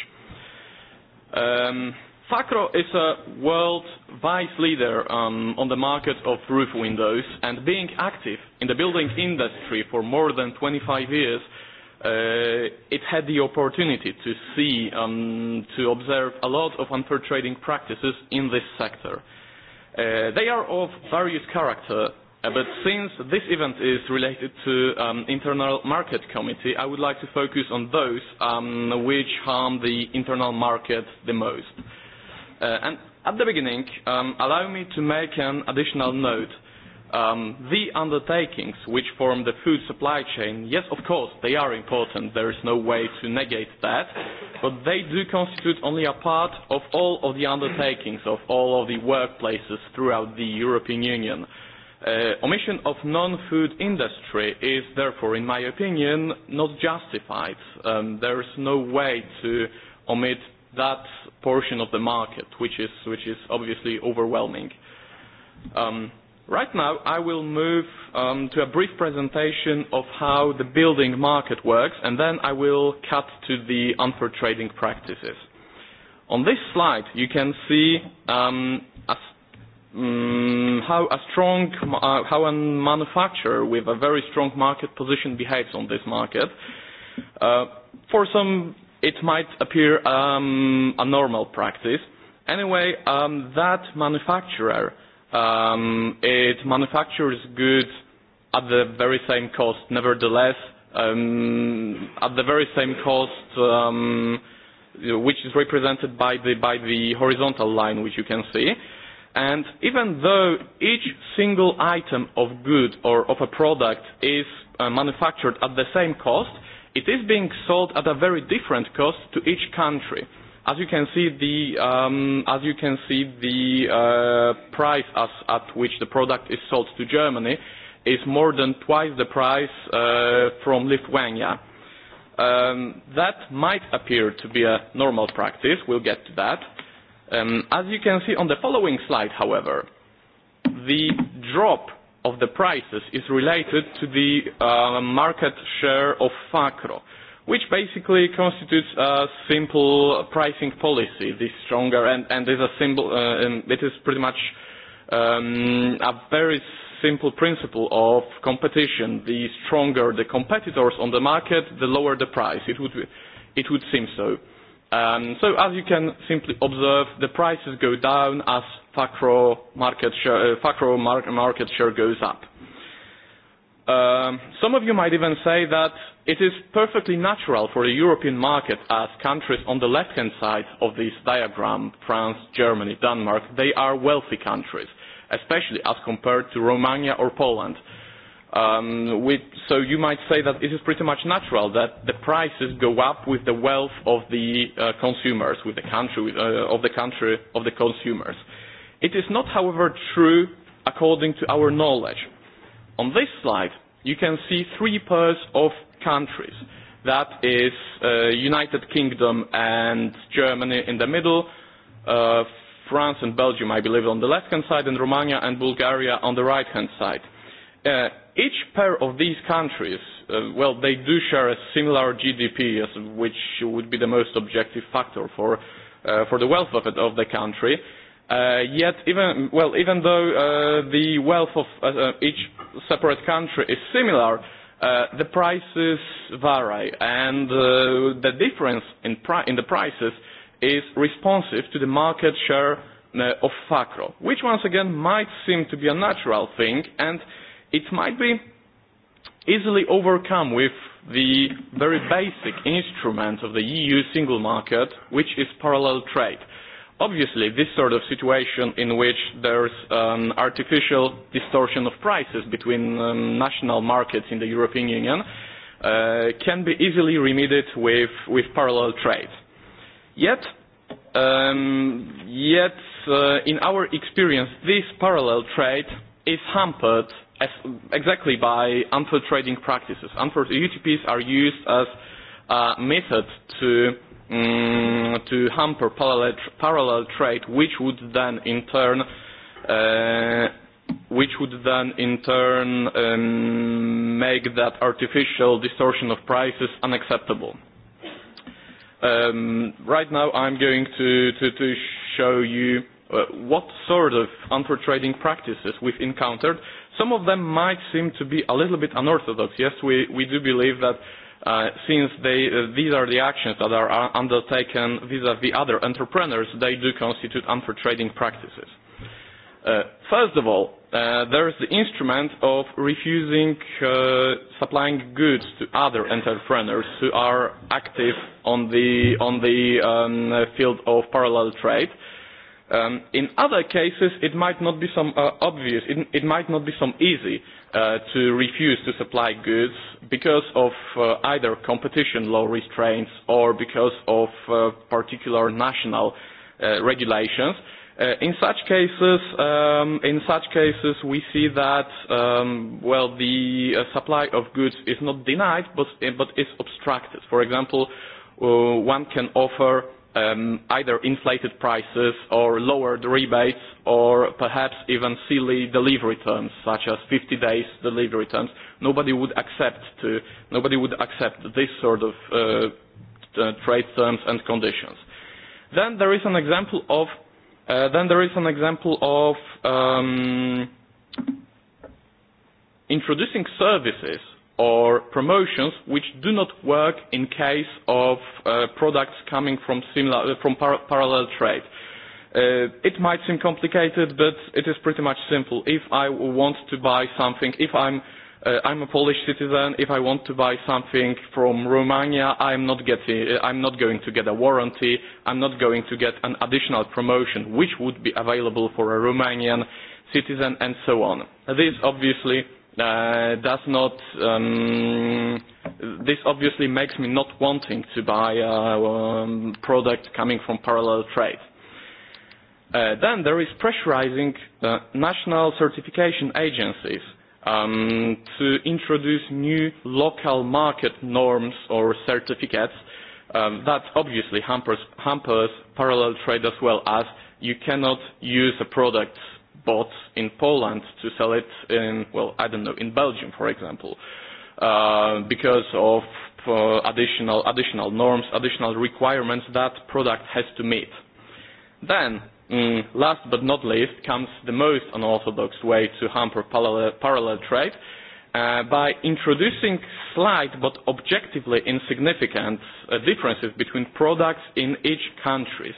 Um, Sacro is a world vice leader um, on the market of roof windows and being active in the building industry for more than 25 years, uh, it had the opportunity to see, um, to observe a lot of unfair trading practices in this sector. Uh, they are of various character, uh, but since this event is related to um, internal market committee, I would like to focus on those um, which harm the internal market the most. Uh, and at the beginning, um, allow me to make an additional note. Um, the undertakings which form the food supply chain, yes, of course, they are important. There is no way to negate that. But they do constitute only a part of all of the undertakings of all of the workplaces throughout the European Union. Uh, omission of non-food industry is therefore, in my opinion, not justified. Um, there is no way to omit that portion of the market, which is, which is obviously overwhelming. Um, right now, I will move um, to a brief presentation of how the building market works, and then I will cut to the unfair trading practices. On this slide, you can see um, a, um, how a strong, uh, how a manufacturer with a very strong market position behaves on this market. Uh, for some it might appear um, a normal practice. Anyway, um, that manufacturer, um, it manufactures goods at the very same cost. Nevertheless, um, at the very same cost, um, which is represented by the, by the horizontal line, which you can see. And even though each single item of good or of a product is uh, manufactured at the same cost, It is being sold at a very different cost to each country. As you can see, the um, as you can see, the uh, price as at which the product is sold to Germany is more than twice the price uh, from Lithuania. Um, that might appear to be a normal practice. We'll get to that. Um, as you can see on the following slide, however, the drop of the prices is related to the uh, market share of FACRO, which basically constitutes a simple pricing policy, the stronger, and, and is a simple, uh, and it is pretty much um, a very simple principle of competition. The stronger the competitors on the market, the lower the price. It would, it would seem so. Um, so as you can simply observe, the prices go down as FACRO market share, uh, FACRO mar market share goes up. Um, some of you might even say that it is perfectly natural for the European market as countries on the left-hand side of this diagram, France, Germany, Denmark, they are wealthy countries, especially as compared to Romania or Poland Um, with, so you might say that it is pretty much natural that the prices go up with the wealth of the uh, consumers, with the country, with, uh, of the country of the consumers. It is not, however, true according to our knowledge. On this slide, you can see three pairs of countries. That is uh, United Kingdom and Germany in the middle, uh, France and Belgium, I believe, on the left-hand side, and Romania and Bulgaria on the right-hand side Uh, each pair of these countries, uh, well, they do share a similar GDP, as, which would be the most objective factor for, uh, for the wealth of, it, of the country. Uh, yet, even, well, even though uh, the wealth of uh, uh, each separate country is similar, uh, the prices vary, and uh, the difference in, pri in the prices is responsive to the market share uh, of FACRO, which once again might seem to be a natural thing, and uh, it might be easily overcome with the very basic instrument of the EU single market, which is parallel trade. Obviously, this sort of situation in which there's an um, artificial distortion of prices between um, national markets in the European Union uh, can be easily remedied with, with parallel trade. Yet, um, yet uh, in our experience, this parallel trade is hampered exactly by unfair trading practices. Unfair UTPs e are used as a method to um, to hamper parallel, parallel trade, which would then in turn uh, which would then in turn um, make that artificial distortion of prices unacceptable. Um, right now I'm going to, to, to show you uh, what sort of unfair trading practices we've encountered Some of them might seem to be a little bit unorthodox. Yes, we, we do believe that uh, since they, uh, these are the actions that are uh, undertaken vis-à-vis -vis other entrepreneurs, they do constitute unfair trading practices. Uh, first of all, uh, there is the instrument of refusing uh, supplying goods to other entrepreneurs who are active on the, on the um, field of parallel trade. Uh, Um, in other cases, it might not be some uh, obvious, it, it might not be some easy uh, to refuse to supply goods because of uh, either competition law restraints or because of uh, particular national uh, regulations. Uh, in such cases, um, in such cases, we see that um, well, the uh, supply of goods is not denied, but but is obstructed. For example, uh, one can offer um, either inflated prices or lowered rebates or perhaps even silly delivery terms such as 50 days delivery terms. Nobody would accept, to, nobody would accept this sort of uh, uh, trade terms and conditions. Then there is an example of, uh, then there is an example of um, introducing services or promotions which do not work in case of uh, products coming from, similar, uh, from par parallel trade. Uh, it might seem complicated, but it is pretty much simple. If I want to buy something, if I'm, uh, I'm a Polish citizen, if I want to buy something from Romania, I'm not, getting, uh, I'm not going to get a warranty, I'm not going to get an additional promotion, which would be available for a Romanian citizen, and so on. This obviously uh, does not um, this obviously makes me not wanting to buy a uh, um, product coming from parallel trade. Uh, then there is pressurizing uh, national certification agencies um, to introduce new local market norms or certificates um, that obviously hampers, hampers parallel trade as well as you cannot use a product bought in Poland to sell it in, well, I don't know, in Belgium, for example, uh, because of uh, additional, additional norms, additional requirements that product has to meet. Then, mm, last but not least, comes the most unorthodox way to hamper parallel, parallel trade, Uh, by introducing slight but objectively insignificant uh, differences between products in each country.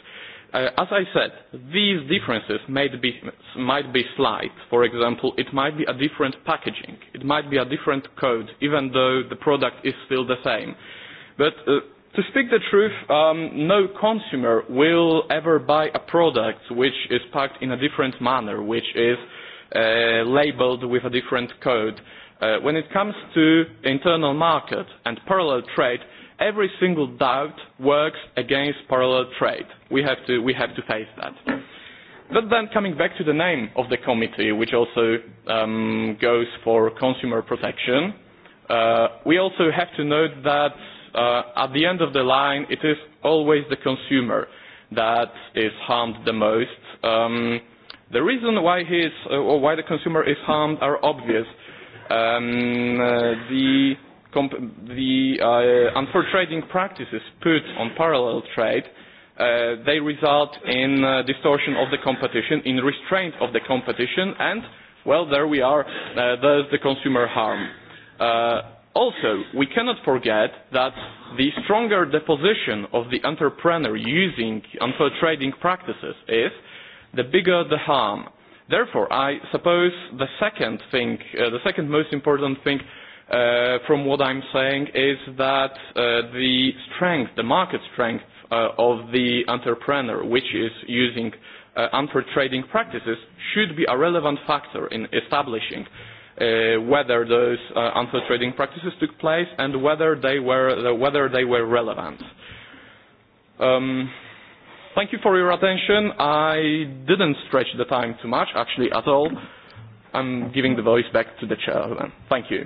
Uh, as I said, these differences might be, might be slight. For example, it might be a different packaging. It might be a different code, even though the product is still the same. But uh, to speak the truth, um, no consumer will ever buy a product which is packed in a different manner, which is uh, labeled with a different code. Uh, when it comes to internal market and parallel trade, every single doubt works against parallel trade. We have to, we have to face that. But then coming back to the name of the committee, which also um, goes for consumer protection, uh, we also have to note that uh, at the end of the line, it is always the consumer that is harmed the most. Um, the reason why, he is, uh, or why the consumer is harmed are obvious. Um, uh, the comp the uh, unfair trading practices put on parallel trade, uh, they result in uh, distortion of the competition, in restraint of the competition, and, well, there we are, uh, there's the consumer harm. Uh, also, we cannot forget that the stronger the position of the entrepreneur using unfair trading practices is, the bigger the harm. Therefore, I suppose the second thing, uh, the second most important thing uh, from what I'm saying is that uh, the strength, the market strength uh, of the entrepreneur, which is using uh, unfair trading practices, should be a relevant factor in establishing uh, whether those uh, unfair trading practices took place and whether they were uh, whether they were relevant. Um, thank you for your attention. I didn't stretch the time too much, actually, at all. I'm giving the voice back to the chairman. Thank you.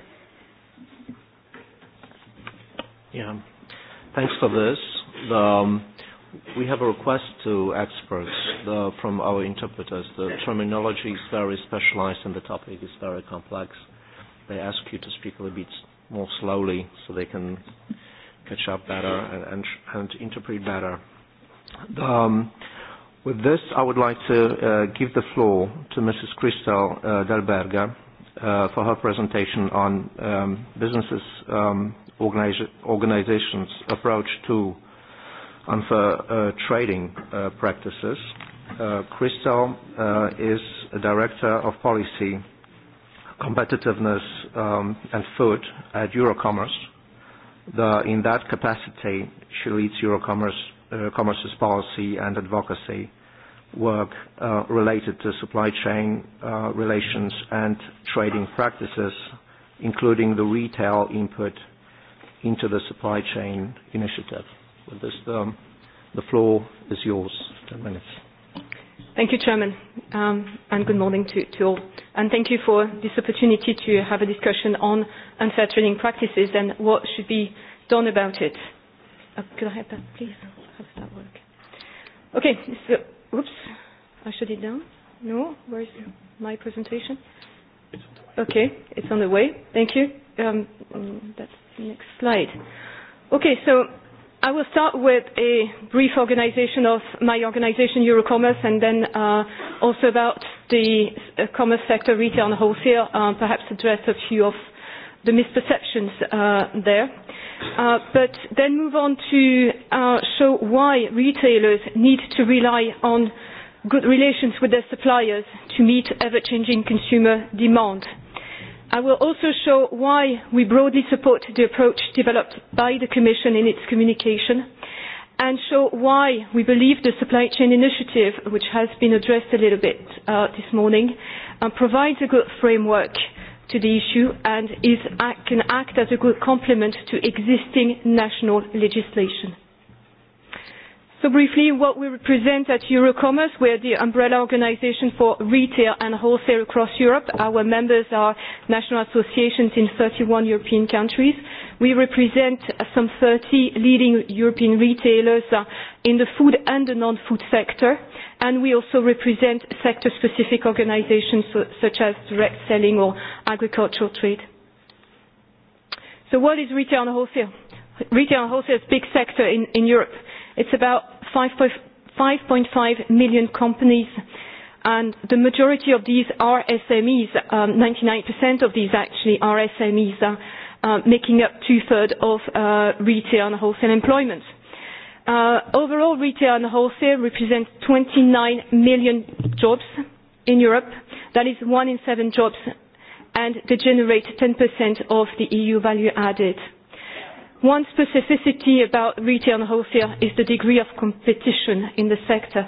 Yeah. Thanks for this. The, um, we have a request to experts the, from our interpreters. The terminology is very specialized and the topic is very complex. They ask you to speak a little bit more slowly so they can catch up better and, and, and interpret better. The, Um, with this, I would like to uh, give the floor to Mrs. Christel uh, Delberger uh, for her presentation on um, businesses um, organization's approach to unfair uh, trading uh, practices. Uh, Christel uh, is a director of policy, competitiveness um, and food at Eurocommerce. The, in that capacity, she leads Eurocommerce uh, commerce's policy and advocacy work uh, related to supply chain uh, relations and trading practices, including the retail input into the supply chain initiative. With this, um, the floor is yours. Ten minutes. Thank you, Chairman, um, and good morning to, to all. And thank you for this opportunity to have a discussion on unfair trading practices and what should be done about it. Uh, could I have that, please? How does that work? Okay, so, oops, I shut it down. No, Where is my presentation? Okay, it's on the way. Thank you. Um, mm, that's Next slide. Okay, so I will start with a brief organization of my organization, Eurocommerce, and then uh, also about the uh, commerce sector, retail and wholesale, uh, perhaps address a few of the misperceptions uh, there. Uh, but then move on to uh, show why retailers need to rely on good relations with their suppliers to meet ever-changing consumer demand I will also show why we broadly support the approach developed by the Commission in its communication and show why we believe the supply chain initiative, which has been addressed a little bit uh, this morning, uh, provides a good framework to the issue and is, uh, can act as a good complement to existing national legislation. So briefly, what we represent at Eurocommerce, we're the umbrella organization for retail and wholesale across Europe. Our members are national associations in 31 European countries. We represent some 30 leading European retailers uh, in the food and the non-food sector, and we also represent sector-specific organizations such as direct selling or agricultural trade. So what is retail and wholesale? Retail and wholesale is a big sector in, in Europe It's about 5.5 million companies, and the majority of these are SMEs. Um, 99% of these actually are SMEs, uh, uh, making up two-thirds of uh, retail and wholesale employment. Uh, overall, retail and wholesale represent 29 million jobs in Europe. That is one in seven jobs, and they generate 10% of the EU value added. One specificity about retail and wholesale is the degree of competition in the sector.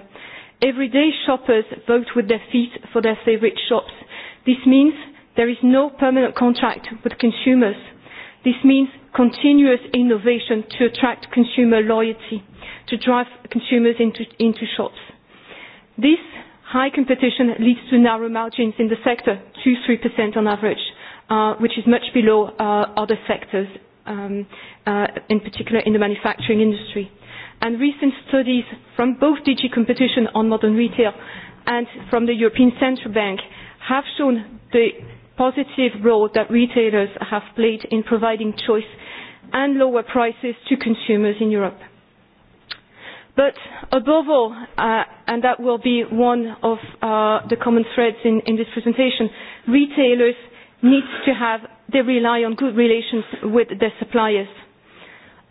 Everyday shoppers vote with their feet for their favorite shops. This means there is no permanent contract with consumers. This means continuous innovation to attract consumer loyalty, to drive consumers into, into shops. This high competition leads to narrow margins in the sector, 2-3% on average, uh, which is much below uh, other sectors um, uh, in particular in the manufacturing industry. And recent studies from both DG Competition on modern retail and from the European Central Bank have shown the positive role that retailers have played in providing choice and lower prices to consumers in Europe. But above all, uh, and that will be one of uh, the common threads in, in this presentation, retailers needs to have they rely on good relations with their suppliers.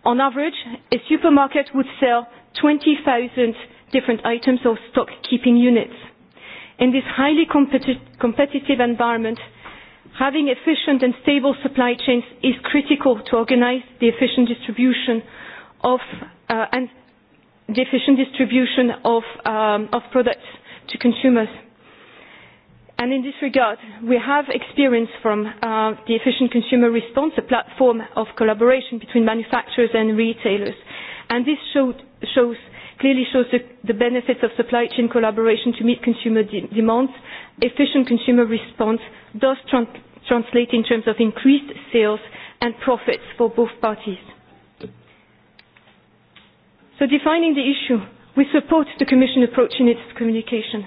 On average, a supermarket would sell 20,000 different items or stock keeping units. In this highly competi competitive environment, having efficient and stable supply chains is critical to organize the efficient distribution of uh, and the efficient distribution of, um, of products to consumers And in this regard, we have experience from uh, the Efficient Consumer Response, a platform of collaboration between manufacturers and retailers. And this showed, shows, clearly shows the, the benefits of supply chain collaboration to meet consumer de demands. Efficient consumer response does translate in terms of increased sales and profits for both parties. So defining the issue, we support the Commission approach in its communication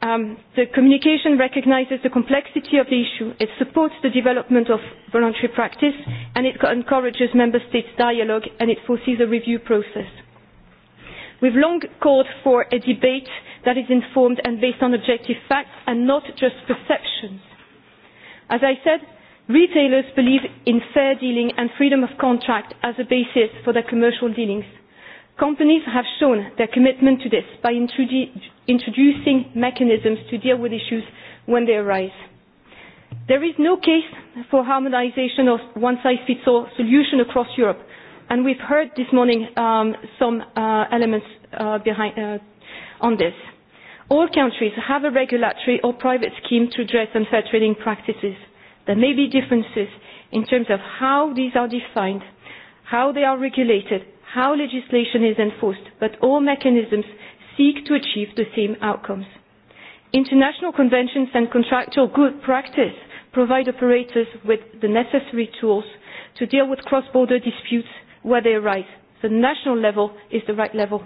Um, the communication recognises the complexity of the issue, it supports the development of voluntary practice, and it encourages member states' dialogue, and it foresees a review process. We've long called for a debate that is informed and based on objective facts and not just perceptions. As I said, retailers believe in fair dealing and freedom of contract as a basis for their commercial dealings Companies have shown their commitment to this by introducing mechanisms to deal with issues when they arise. There is no case for harmonisation or one-size-fits-all solution across Europe, and we've heard this morning um, some uh, elements uh, behind, uh, on this. All countries have a regulatory or private scheme to address unfair trading practices. There may be differences in terms of how these are defined, how they are regulated, how legislation is enforced, but all mechanisms seek to achieve the same outcomes. International conventions and contractual good practice provide operators with the necessary tools to deal with cross-border disputes where they arise. The national level is the right level.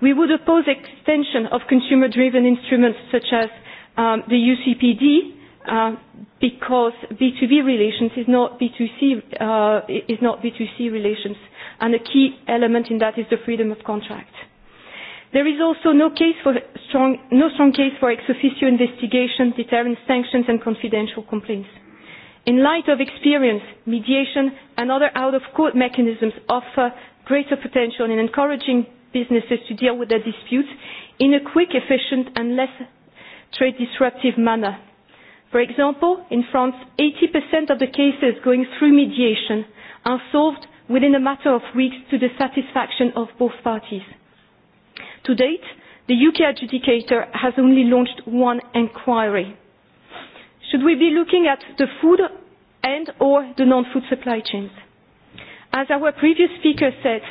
We would oppose extension of consumer-driven instruments such as um, the UCPD uh, because B2B relations is not B2C, uh, is not B2C relations and a key element in that is the freedom of contract. There is also no, case for strong, no strong case for ex officio investigation, deterrence sanctions and confidential complaints. In light of experience, mediation and other out-of-court mechanisms offer greater potential in encouraging businesses to deal with their disputes in a quick, efficient and less trade disruptive manner. For example, in France, 80% of the cases going through mediation are solved within a matter of weeks to the satisfaction of both parties. To date, the UK adjudicator has only launched one inquiry. Should we be looking at the food and or the non-food supply chains? As our previous speaker said,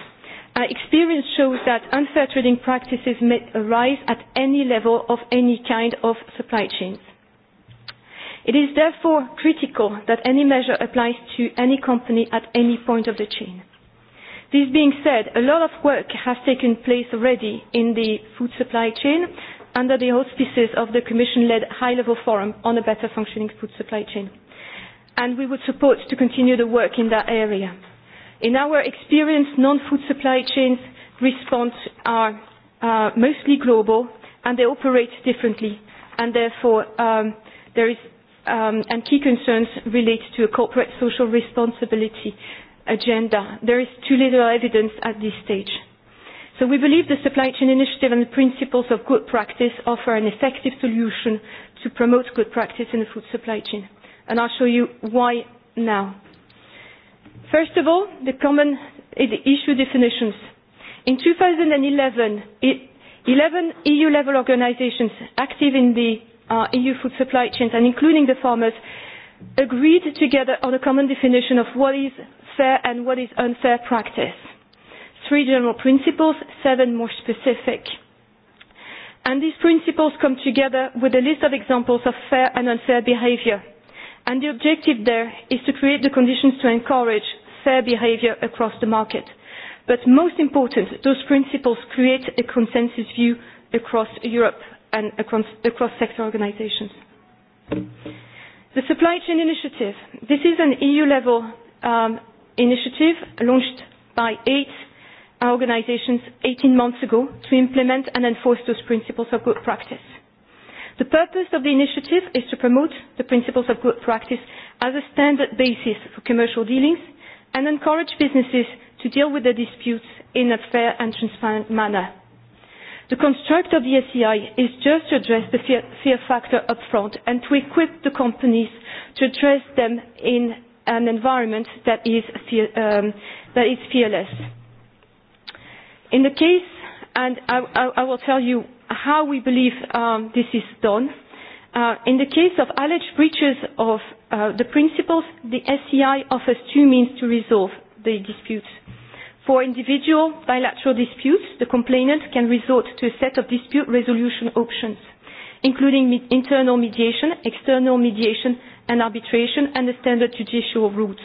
our experience shows that unfair trading practices may arise at any level of any kind of supply chains. It is therefore critical that any measure applies to any company at any point of the chain. This being said, a lot of work has taken place already in the food supply chain under the auspices of the Commission-led high-level forum on a better functioning food supply chain. And we would support to continue the work in that area. In our experience, non-food supply chains response are uh, mostly global and they operate differently. And therefore, um, there is um, and key concerns relate to a corporate social responsibility agenda. There is too little evidence at this stage. So we believe the supply chain initiative and the principles of good practice offer an effective solution to promote good practice in the food supply chain. And I'll show you why now. First of all, the common issue definitions. In 2011, 11 EU-level organizations active in the uh, EU food supply chains and including the farmers agreed together on a common definition of what is fair and what is unfair practice. Three general principles, seven more specific. And these principles come together with a list of examples of fair and unfair behavior. And the objective there is to create the conditions to encourage fair behavior across the market. But most important, those principles create a consensus view across Europe and across sector organizations. The supply chain initiative. This is an EU-level um, initiative launched by eight organizations 18 months ago to implement and enforce those principles of good practice. The purpose of the initiative is to promote the principles of good practice as a standard basis for commercial dealings and encourage businesses to deal with their disputes in a fair and transparent manner. The construct of the SEI is just to address the fear, fear factor upfront and to equip the companies to address them in an environment that is, fear, um, that is fearless. In the case, and I, I, I will tell you how we believe um, this is done, uh, in the case of alleged breaches of uh, the principles, the SEI offers two means to resolve the disputes. For individual bilateral disputes, the complainant can resort to a set of dispute resolution options, including me internal mediation, external mediation and arbitration and the standard judicial routes.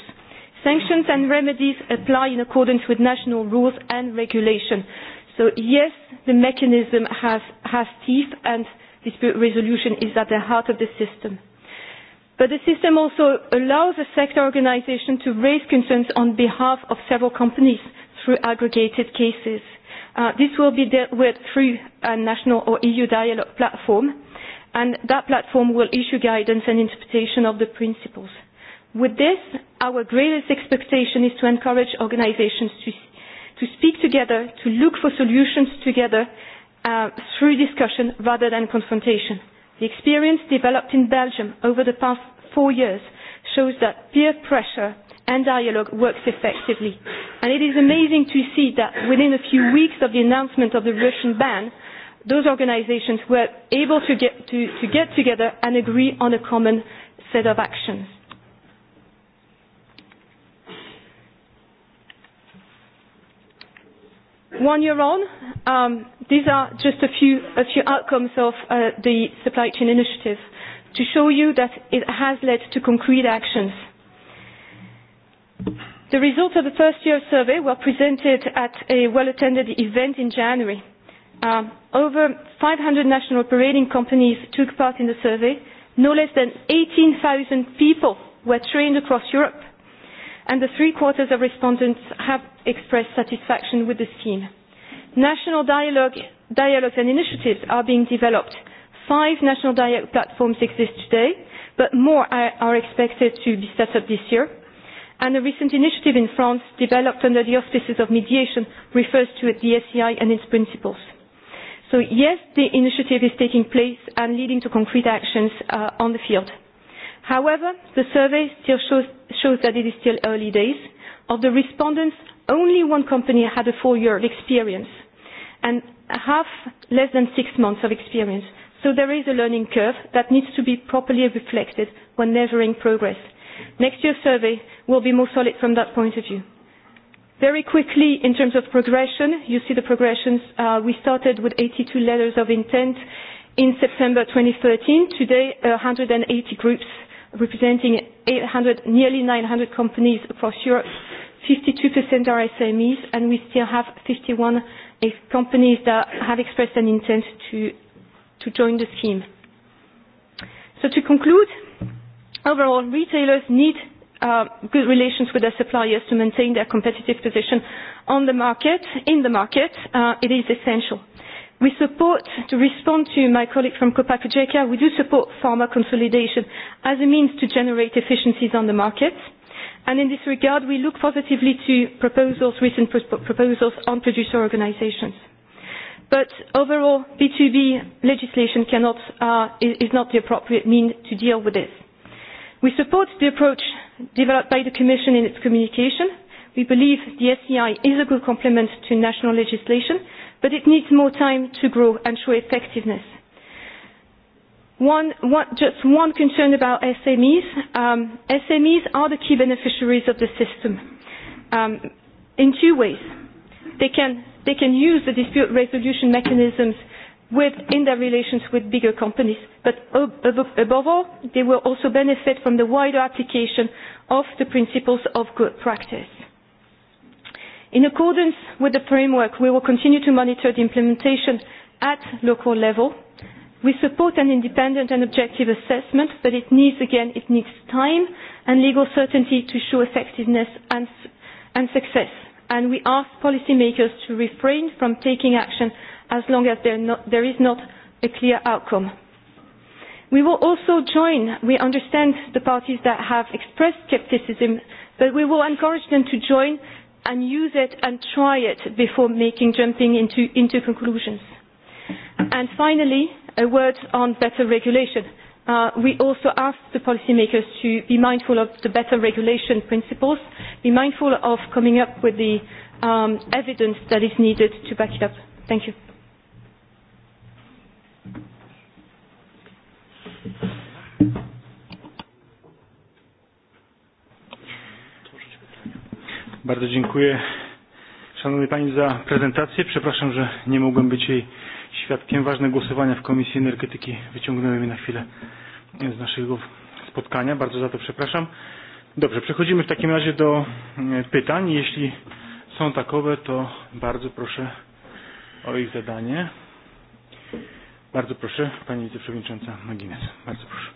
Sanctions and remedies apply in accordance with national rules and regulation. So yes, the mechanism has, has teeth and dispute resolution is at the heart of the system. But the system also allows a sector organization to raise concerns on behalf of several companies through aggregated cases. Uh, this will be dealt with through a national or EU dialogue platform, and that platform will issue guidance and interpretation of the principles. With this, our greatest expectation is to encourage organizations to, to speak together, to look for solutions together uh, through discussion rather than confrontation. The experience developed in Belgium over the past four years shows that peer pressure and dialogue works effectively. And it is amazing to see that within a few weeks of the announcement of the Russian ban, those organizations were able to get, to, to get together and agree on a common set of actions. One year on, um, these are just a few, a few outcomes of uh, the supply chain initiative to show you that it has led to concrete actions. The results of the first year survey were presented at a well-attended event in January. Um, over 500 national operating companies took part in the survey. No less than 18,000 people were trained across Europe, and the three quarters of respondents have expressed satisfaction with the scheme. National dialogue, dialogues and initiatives are being developed. Five national dialogue platforms exist today, but more are, are expected to be set up this year and a recent initiative in France developed under the auspices of mediation refers to the SEI and its principles. So yes, the initiative is taking place and leading to concrete actions uh, on the field. However, the survey still shows, shows that it is still early days. Of the respondents, only one company had a four year of experience and half less than six months of experience. So there is a learning curve that needs to be properly reflected when measuring progress Next year's survey will be more solid from that point of view. Very quickly, in terms of progression, you see the progressions. Uh, we started with 82 letters of intent in September 2013. Today, 180 uh, groups representing 800, nearly 900 companies across Europe. 52% are SMEs, and we still have 51 eh, companies that have expressed an intent to, to join the scheme. So to conclude, Overall, retailers need uh, good relations with their suppliers to maintain their competitive position on the market, in the market. Uh, it is essential. We support, to respond to my colleague from Copa Cogeca, we do support pharma consolidation as a means to generate efficiencies on the market. And in this regard, we look positively to proposals, recent pro proposals on producer organizations. But overall, B2B legislation cannot, uh, is not the appropriate means to deal with this. We support the approach developed by the Commission in its communication. We believe the SEI is a good complement to national legislation, but it needs more time to grow and show effectiveness. One, one, just one concern about SMEs. Um, SMEs are the key beneficiaries of the system um, in two ways. They can, they can use the dispute resolution mechanisms with in their relations with bigger companies. But above all, they will also benefit from the wider application of the principles of good practice. In accordance with the framework, we will continue to monitor the implementation at local level. We support an independent and objective assessment, but it needs, again, it needs time and legal certainty to show effectiveness and, and success. And we ask policymakers to refrain from taking action as long as there, not, there is not a clear outcome. We will also join, we understand the parties that have expressed scepticism, but we will encourage them to join and use it and try it before making jumping into, into conclusions. And finally, a word on better regulation. Uh, we also ask the policymakers to be mindful of the better regulation principles, be mindful of coming up with the um, evidence that is needed to back it up. Thank you. Bardzo dziękuję Szanowny Pani za prezentację. Przepraszam, że nie mogłem być jej świadkiem. Ważne głosowania w Komisji Energetyki wyciągnęły mnie na chwilę z naszego spotkania. Bardzo za to przepraszam. Dobrze, przechodzimy w takim razie do e, pytań. Jeśli są takowe, to bardzo proszę o ich zadanie. Bardzo proszę, pani wiceprzewodnicząca Magines. Bardzo proszę.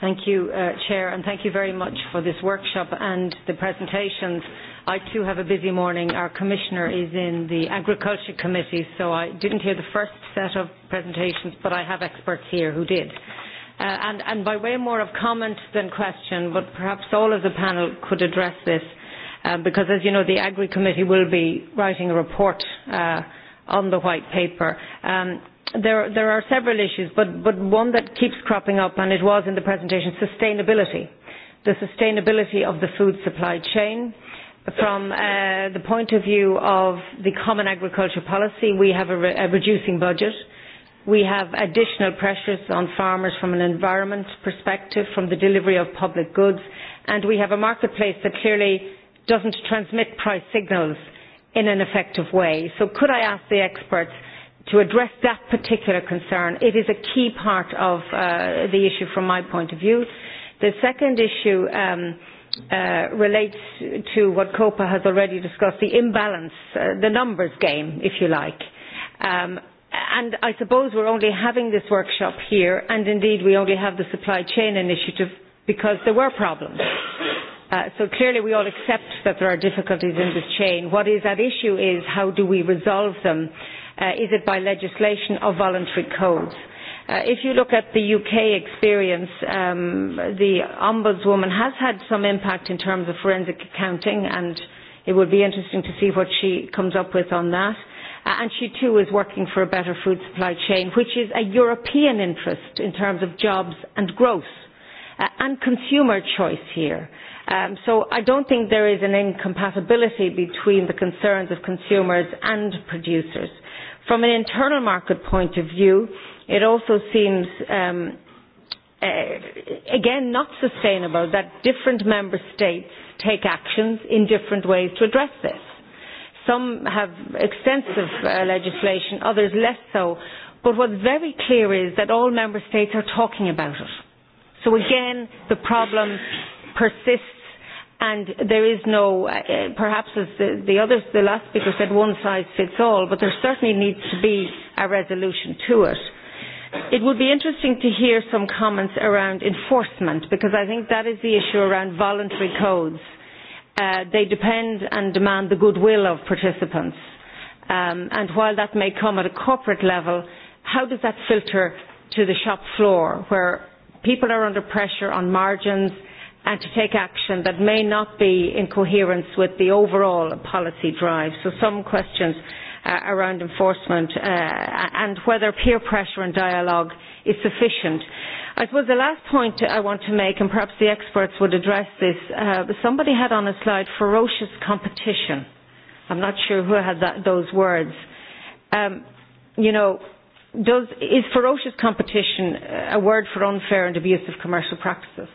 Thank you, uh, Chair, and thank you very much for this workshop and the presentations. I too have a busy morning. Our Commissioner is in the Agriculture Committee, so I didn't hear the first set of presentations, but I have experts here who did. Uh, and, and by way more of comment than question, but perhaps all of the panel could address this, uh, because as you know, the Agri Committee will be writing a report uh, on the white paper. Um, there, there are several issues, but, but one that keeps cropping up, and it was in the presentation, sustainability. The sustainability of the food supply chain. From uh, the point of view of the common agriculture policy, we have a, re- a reducing budget. We have additional pressures on farmers from an environment perspective, from the delivery of public goods, and we have a marketplace that clearly doesn't transmit price signals in an effective way. So could I ask the experts to address that particular concern? It is a key part of uh, the issue from my point of view. The second issue um, uh, relates to what COPA has already discussed, the imbalance, uh, the numbers game, if you like. Um, and I suppose we're only having this workshop here, and indeed we only have the supply chain initiative because there were problems. Uh, so clearly we all accept that there are difficulties in this chain. What is at issue is how do we resolve them? Uh, is it by legislation or voluntary codes? Uh, if you look at the UK experience, um, the Ombudswoman has had some impact in terms of forensic accounting, and it would be interesting to see what she comes up with on that. Uh, and she too is working for a better food supply chain, which is a European interest in terms of jobs and growth uh, and consumer choice here. Um, so I don't think there is an incompatibility between the concerns of consumers and producers. From an internal market point of view, it also seems um, uh, again not sustainable that different member states take actions in different ways to address this. Some have extensive uh, legislation, others less so. But what's very clear is that all member states are talking about it. So again, the problem persists and there is no, uh, perhaps as the, the others, the last speaker said, one size fits all, but there certainly needs to be a resolution to it. It would be interesting to hear some comments around enforcement, because I think that is the issue around voluntary codes. Uh, they depend and demand the goodwill of participants. Um, and while that may come at a corporate level, how does that filter to the shop floor, where people are under pressure on margins, and to take action that may not be in coherence with the overall policy drive. So some questions uh, around enforcement uh, and whether peer pressure and dialogue is sufficient. I suppose the last point I want to make, and perhaps the experts would address this, uh, somebody had on a slide ferocious competition. I'm not sure who had that, those words. Um, you know, does, is ferocious competition a word for unfair and abusive commercial practices?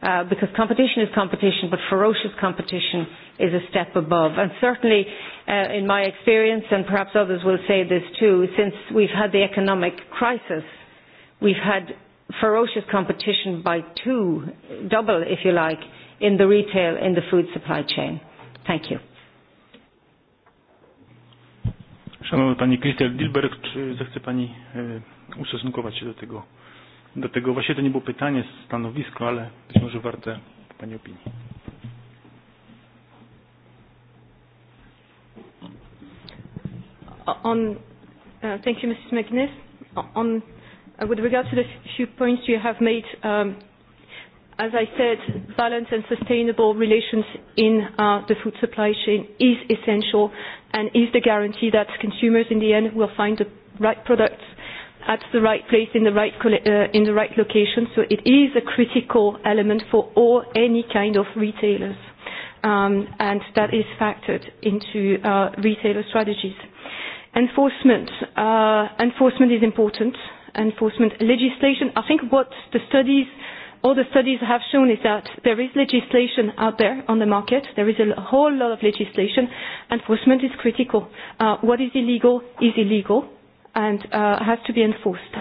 Uh, because competition is competition, but ferocious competition is a step above. And certainly, uh, in my experience, and perhaps others will say this too, since we've had the economic crisis, we've had ferocious competition by two, double if you like, in the retail, in the food supply chain. Thank you. Szanowna Pani Krystel Dilberg, czy zechce Pani e, ustosunkować się do tego Dlatego właśnie to nie było pytanie, stanowisko, ale być może warte Pani opinii. On, uh, thank you, Mrs. McGuinness. On, uh, with regard to the few points you have made, um, as I said, balanced and sustainable relations in uh, the food supply chain is essential and is the guarantee that consumers in the end will find the right products at the right place in the right, uh, in the right location. So it is a critical element for all any kind of retailers. Um, and that is factored into uh, retailer strategies. Enforcement. Uh, enforcement is important. Enforcement legislation. I think what the studies, all the studies have shown is that there is legislation out there on the market. There is a whole lot of legislation. Enforcement is critical. Uh, what is illegal is illegal and uh, has to be enforced.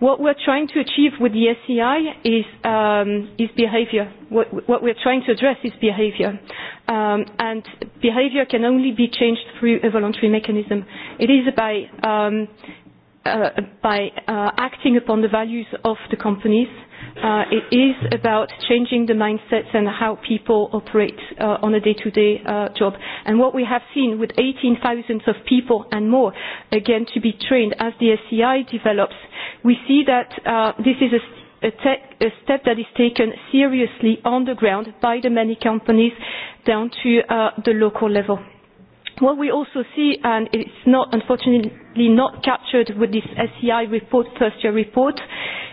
What we're trying to achieve with the SEI is, um, is behavior. What, what we're trying to address is behavior. Um, and behavior can only be changed through a voluntary mechanism. It is by, um, uh, by uh, acting upon the values of the companies Uh, it is about changing the mindsets and how people operate uh, on a day-to-day -day, uh, job. And what we have seen with 18,000 of people and more, again, to be trained as the SCI e develops, we see that uh, this is a a, te- a step that is taken seriously on the ground by the many companies down to uh, the local level. What we also see, and it's not unfortunately not captured with this SEI report, first year report,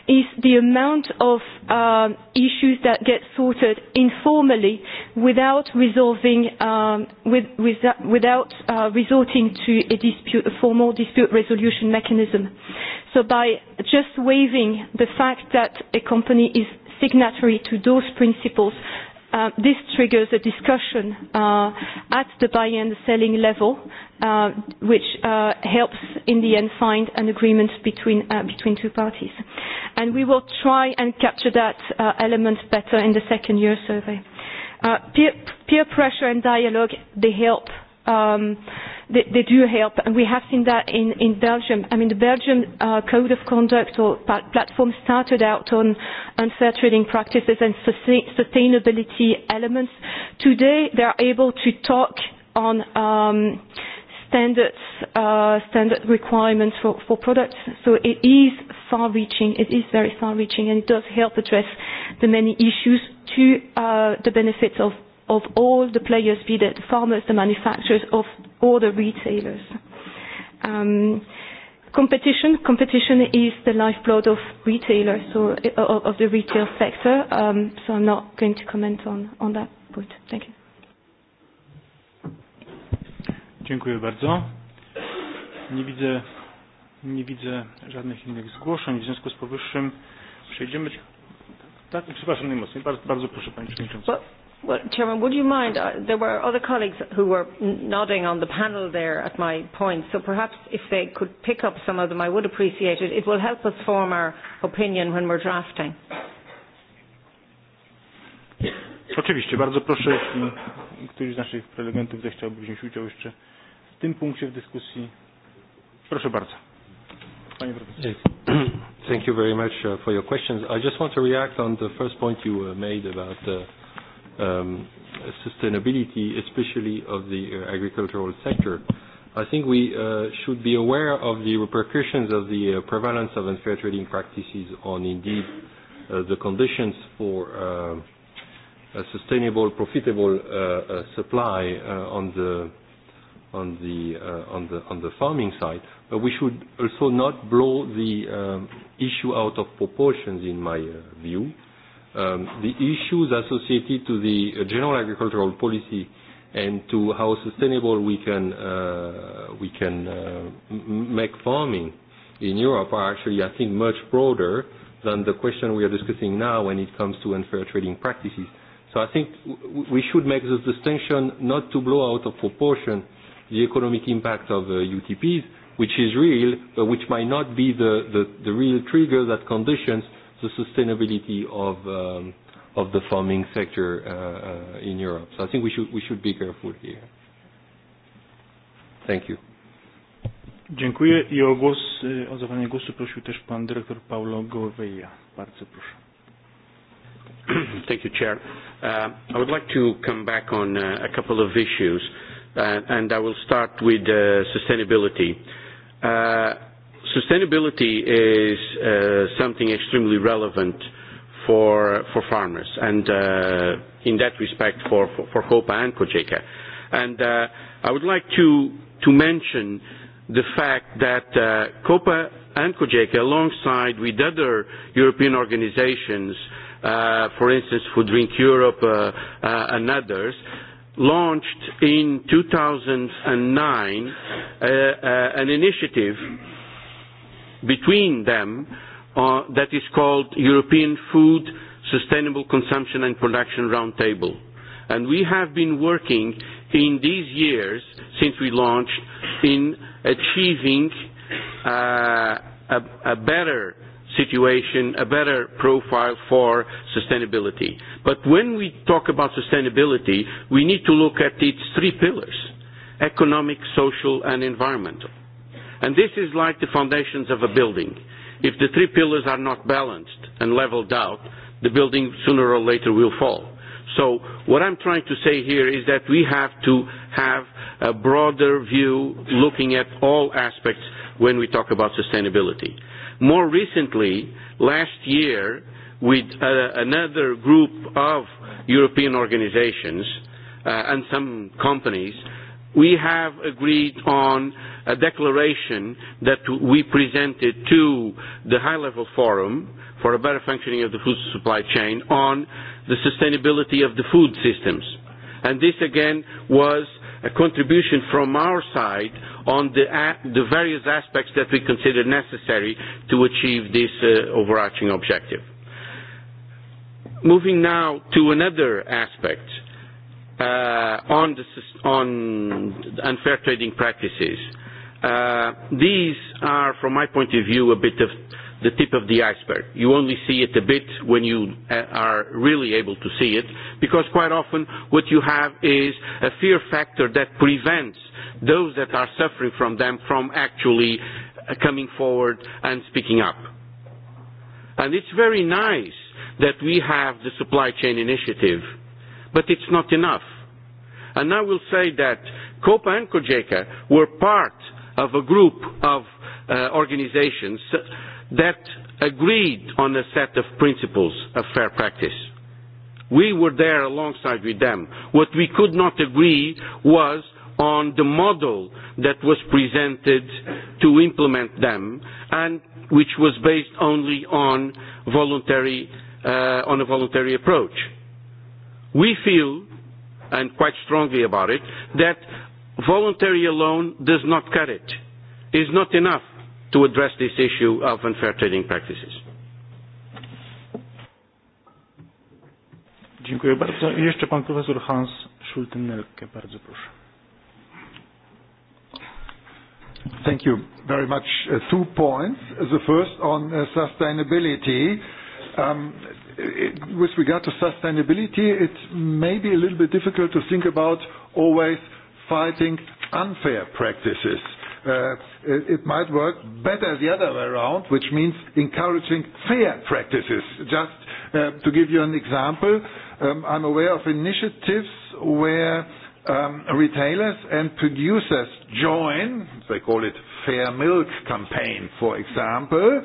is the amount of um, issues that get sorted informally without resolving, um, with, with, without uh, resorting to a, dispute, a formal dispute resolution mechanism. So by just waiving the fact that a company is signatory to those principles, Uh, this triggers a discussion uh, at the buying and the selling level, uh, which uh, helps in the end find an agreement between, uh, between two parties. And we will try and capture that uh, element better in the second year survey. Uh, peer, peer pressure and dialogue, they help um, they, they do help, and we have seen that in, in Belgium. I mean, the Belgian uh, code of conduct or platform started out on unfair trading practices and sustainability elements. Today, they are able to talk on um, standards, uh, standard requirements for, for products. So it is far-reaching. It is very far-reaching, and it does help address the many issues to uh, the benefits of of all the players, be that the farmers, the manufacturers, of all the retailers. Um, competition, competition is the lifeblood of retailers, so of, of the retail sector. Um, so I'm not going to comment on, on that point. Thank you. Dziękuję bardzo. Nie widzę, nie widzę żadnych innych zgłoszeń. W związku z powyższym przejdziemy. Tak, przepraszam, najmocniej. Bardzo, bardzo proszę Pani Przewodnicząca. Well, Chairman, would you mind? Uh, there were other colleagues who were nodding on the panel there at my point, so perhaps if they could pick up some of them, I would appreciate it. It will help us form our opinion when we're drafting. Oczywiście, bardzo proszę, jeśli któryś z naszych prelegentów zechciałby wziąć udział jeszcze w tym punkcie w dyskusji. Proszę bardzo. Panie profesorze. Thank you very much uh, for your questions. I just want to react on the first point you uh, made about uh, um, sustainability, especially of the uh, agricultural sector. I think we uh, should be aware of the repercussions of the uh, prevalence of unfair trading practices on indeed uh, the conditions for uh, a sustainable, profitable uh, uh, supply uh, on the on the uh, on the on the farming side. But we should also not blow the um, issue out of proportions, in my uh, view. Uh, Um, the issues associated to the general agricultural policy and to how sustainable we can uh, we can uh, make farming in Europe are actually, I think, much broader than the question we are discussing now when it comes to unfair trading practices. So I think we should make the distinction not to blow out of proportion the economic impact of UTPs, uh, which is real, but which might not be the, the, the real trigger that conditions the sustainability of um, of the farming sector uh, uh, in Europe. So I think we should we should be careful here. Thank you. Dziękuję i o głos, o zabranie głosu prosił też pan dyrektor Paulo Gouveia. Bardzo proszę. Thank you, Chair. Uh, I would like to come back on uh, a couple of issues, uh, and I will start with uh, sustainability. Uh, sustainability is uh, something extremely relevant for, for farmers and uh, in that respect for, for, for HOPA and Kojeka. And uh, I would like to, to mention the fact that uh, COPA and COGECA, alongside with other European organizations, uh, for instance, Food Drink Europe uh, uh, and others, launched in 2009 uh, uh, an initiative between them uh, that is called European Food Sustainable Consumption and Production Roundtable. And we have been working in these years since we launched in achieving uh, a, a better situation, a better profile for sustainability. But when we talk about sustainability, we need to look at its three pillars economic, social, and environmental. And this is like the foundations of a building. If the three pillars are not balanced and leveled out, the building sooner or later will fall. So what I'm trying to say here is that we have to have a broader view looking at all aspects when we talk about sustainability. More recently, last year, with uh, another group of European organizations uh, and some companies, we have agreed on a declaration that we presented to the High Level Forum for a better functioning of the food supply chain on the sustainability of the food systems. And this again was a contribution from our side on the, uh, the various aspects that we consider necessary to achieve this uh, overarching objective. Moving now to another aspect uh, on, the, on unfair trading practices. Uh, Uh, these are, from my point of view, a bit of the tip of the iceberg. You only see it a bit when you uh, are really able to see it, because quite often what you have is a fear factor that prevents those that are suffering from them from actually uh, coming forward and speaking up. And it's very nice that we have the supply chain initiative, but it's not enough. And I will say that COPA and COJECA were part of a group of uh, organizations that agreed on a set of principles of fair practice. We were there alongside with them. What we could not agree was on the model that was presented to implement them and which was based only on, voluntary, uh, on a voluntary approach. We feel, and quite strongly about it, that voluntary alone does not cut it, It's not enough to address this issue of unfair trading practices. Dziękuję bardzo. I jeszcze pan profesor Hans Schultenelke, bardzo proszę. Thank you very much. Uh, two points. The first on uh, sustainability. Um, it, with regard to sustainability, it may be a little bit difficult to think about always fighting unfair practices. Uh, it, it might work better the other way around, which means encouraging fair practices. Just uh, to give you an example, um, I'm aware of initiatives where um, retailers and producers join, they call it fair milk campaign, for example,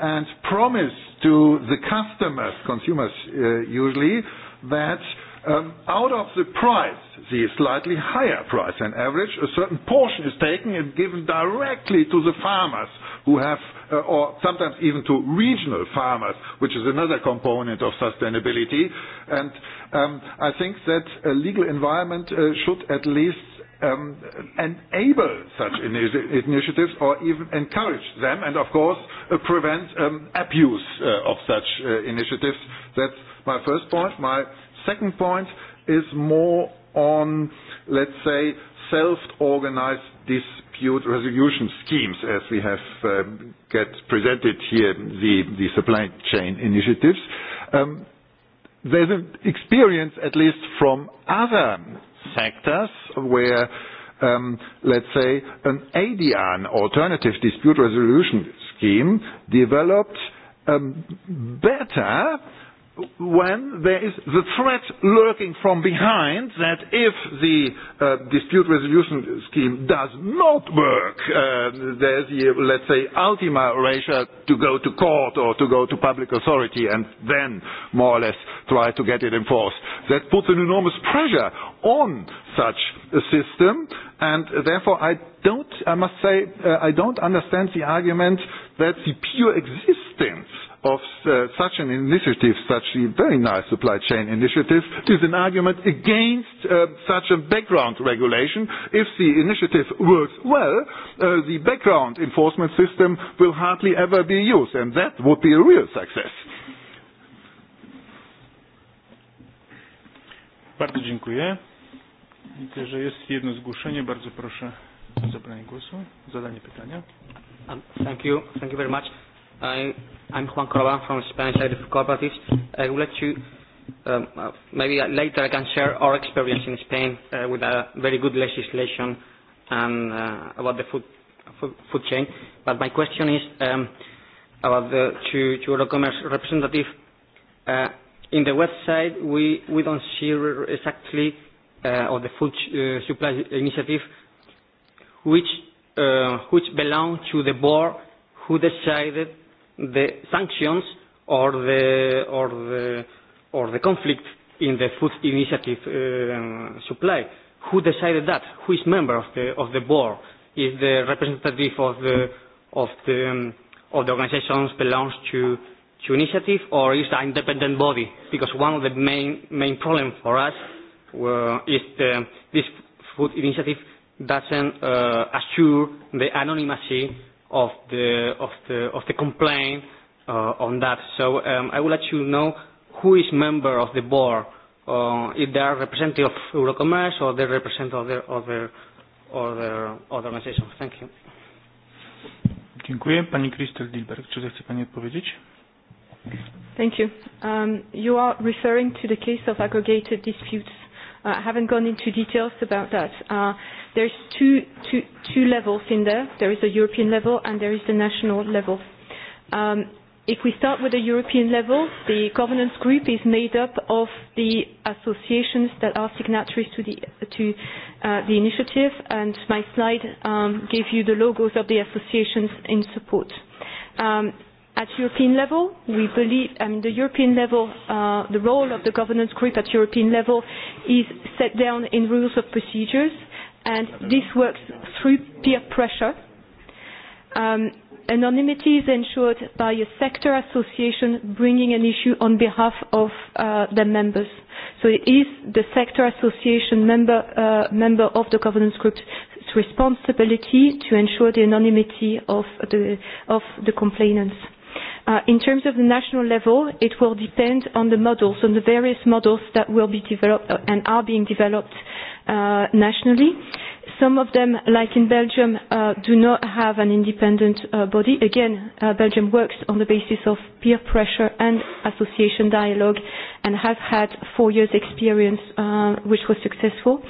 and promise to the customers, consumers uh, usually, that Um, out of the price, the slightly higher price than average, a certain portion is taken and given directly to the farmers who have, uh, or sometimes even to regional farmers, which is another component of sustainability. And um, I think that a legal environment uh, should at least um, enable such initiatives or even encourage them and, of course, uh, prevent abuse of such initiatives. That's my first point. My Second point is more on, let's say, self-organized dispute resolution schemes as we have uh, get presented here, the, the supply chain initiatives. Um, there's an experience, at least from other sectors, where, um, let's say, an ADR, alternative dispute resolution scheme, developed um, better when there is the threat lurking from behind that if the uh, dispute resolution scheme does not work, uh, there's the, let's say, ultima ratio to go to court or to go to public authority and then more or less try to get it enforced. That puts an enormous pressure on such a system and therefore I don't, I must say, uh, I don't understand the argument that the pure existence of uh, such an initiative, such a very nice supply chain initiative, is an argument against uh, such a background regulation. If the initiative works well, uh, the background enforcement system will hardly ever be used, and that would be a real success. Bardzo dziękuję. Widzę, że jest jedno zgłoszenie. Bardzo proszę o zabranie głosu, zadanie pytania. Um, thank you. Thank you very much. I, I'm Juan Corban from Spanish Agricultural Cooperatives. I would like to um, uh, maybe uh, later I can share our experience in Spain uh, with a very good legislation and uh, about the food, food, food chain. But my question is um, about the to, to Eurocommerce representative. Uh, in the website, we, we don't see exactly uh, of the food uh, supply initiative which uh, which belong to the board who decided the sanctions or the or the or the conflict in the food initiative uh, supply. Who decided that? Who is member of the of the board? Is the representative of the of the um, of the organizations belongs to to initiative or is an independent body? Because one of the main main problem for us uh, is the, this food initiative doesn't uh, assure the anonymity of the of the of the complaint uh, on that. So um, I would like to know who is member of the board, uh, if they are representative of Eurocommerce or they represent other other other, other organizations. Thank you. Dziękuję. Pani Kristel Dilberg, czy zechce Pani odpowiedzieć? Thank you. Um, you are referring to the case of aggregated disputes Uh, I haven't gone into details about that. Uh, there's two, two, two levels in there. There is a European level and there is the national level. Um, if we start with the European level, the governance group is made up of the associations that are signatories to the, to, uh, the initiative, and my slide um, gave you the logos of the associations in support. Um, at European level. We believe, I mean, the European level, uh, the role of the governance group at European level is set down in rules of procedures, and this works through peer pressure. Um, anonymity is ensured by a sector association bringing an issue on behalf of uh, their members. So it is the sector association member, uh, member of the governance group's responsibility to ensure the anonymity of the, of the complainants. Uh, in terms of the national level, it will depend on the models, on the various models that will be developed uh, and are being developed uh, nationally. Some of them, like in Belgium, uh, do not have an independent uh, body. Again, uh, Belgium works on the basis of peer pressure and association dialogue and has had four years experience, uh, which was successful.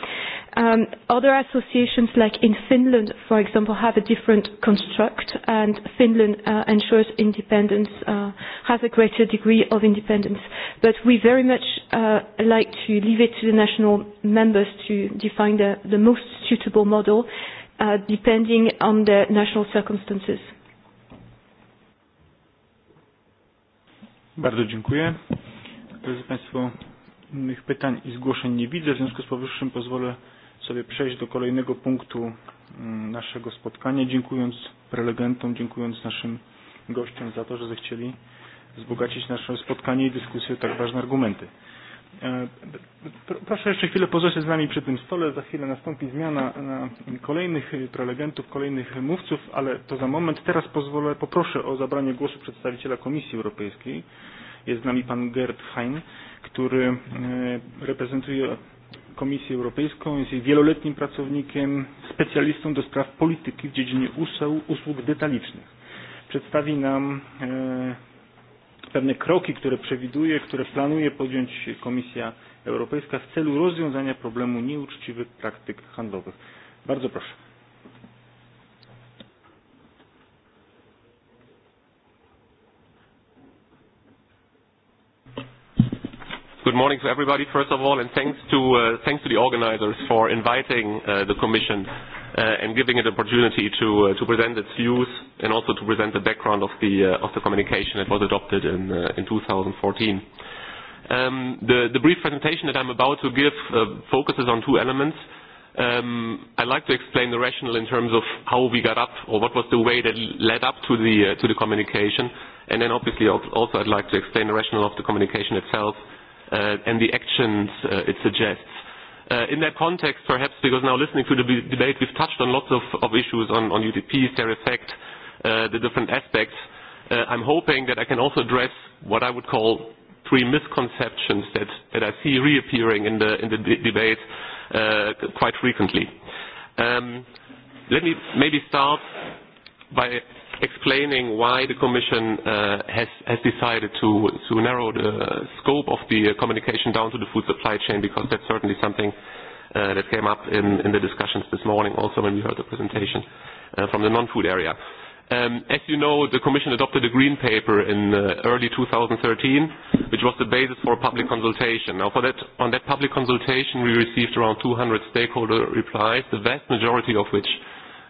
Um, other associations, like in Finland, for example, have a different construct, and Finland uh, ensures independence, uh, has a greater degree of independence. But we very much uh, like to leave it to the national members to define the, the most suitable model, uh, depending on the national circumstances. Bardzo dziękuję. Drodzy Państwo, innych pytań i zgłoszeń nie widzę, w związku z powyższym pozwolę sobie przejść do kolejnego punktu mm, naszego spotkania, dziękując prelegentom, dziękując naszym gościom za to, że zechcieli wzbogacić nasze spotkanie i dyskusję o tak ważne argumenty. E, proszę jeszcze chwilę pozostać z nami przy tym stole. Za chwilę nastąpi zmiana na kolejnych prelegentów, kolejnych mówców, ale to za moment. Teraz pozwolę, poproszę o zabranie głosu przedstawiciela Komisji Europejskiej. Jest z nami pan Gerd Hein, który e, reprezentuje Komisję Europejską, jest jej wieloletnim pracownikiem, specjalistą do spraw polityki w dziedzinie usług detalicznych. Przedstawi nam e, pewne kroki, które przewiduje, które planuje podjąć Komisja Europejska w celu rozwiązania problemu nieuczciwych praktyk handlowych. Bardzo proszę. Good morning to everybody, first of all, and thanks to, uh, thanks to the organizers for inviting uh, the Commission uh, and giving it an opportunity to, uh, to present its views and also to present the background of the, uh, of the communication that was adopted in, uh, in 2014. Um, the, the brief presentation that I'm about to give uh, focuses on two elements. Um, I'd like to explain the rationale in terms of how we got up or what was the way that led up to the, uh, to the communication. And then obviously also I'd like to explain the rationale of the communication itself Uh, and the actions uh, it suggests. Uh, in that context, perhaps because now listening to the debate, we've touched on lots of, of issues on, on UTPs, their effect, uh, the different aspects. Uh, I'm hoping that I can also address what I would call three misconceptions that, that I see reappearing in the, in the de debate uh, quite frequently. Um, let me maybe start by explaining why the Commission uh, has, has decided to, to narrow the scope of the uh, communication down to the food supply chain because that's certainly something uh, that came up in, in the discussions this morning also when we heard the presentation uh, from the non-food area. Um, as you know, the Commission adopted a green paper in uh, early 2013, which was the basis for a public consultation. Now, for that, on that public consultation, we received around 200 stakeholder replies, the vast majority of which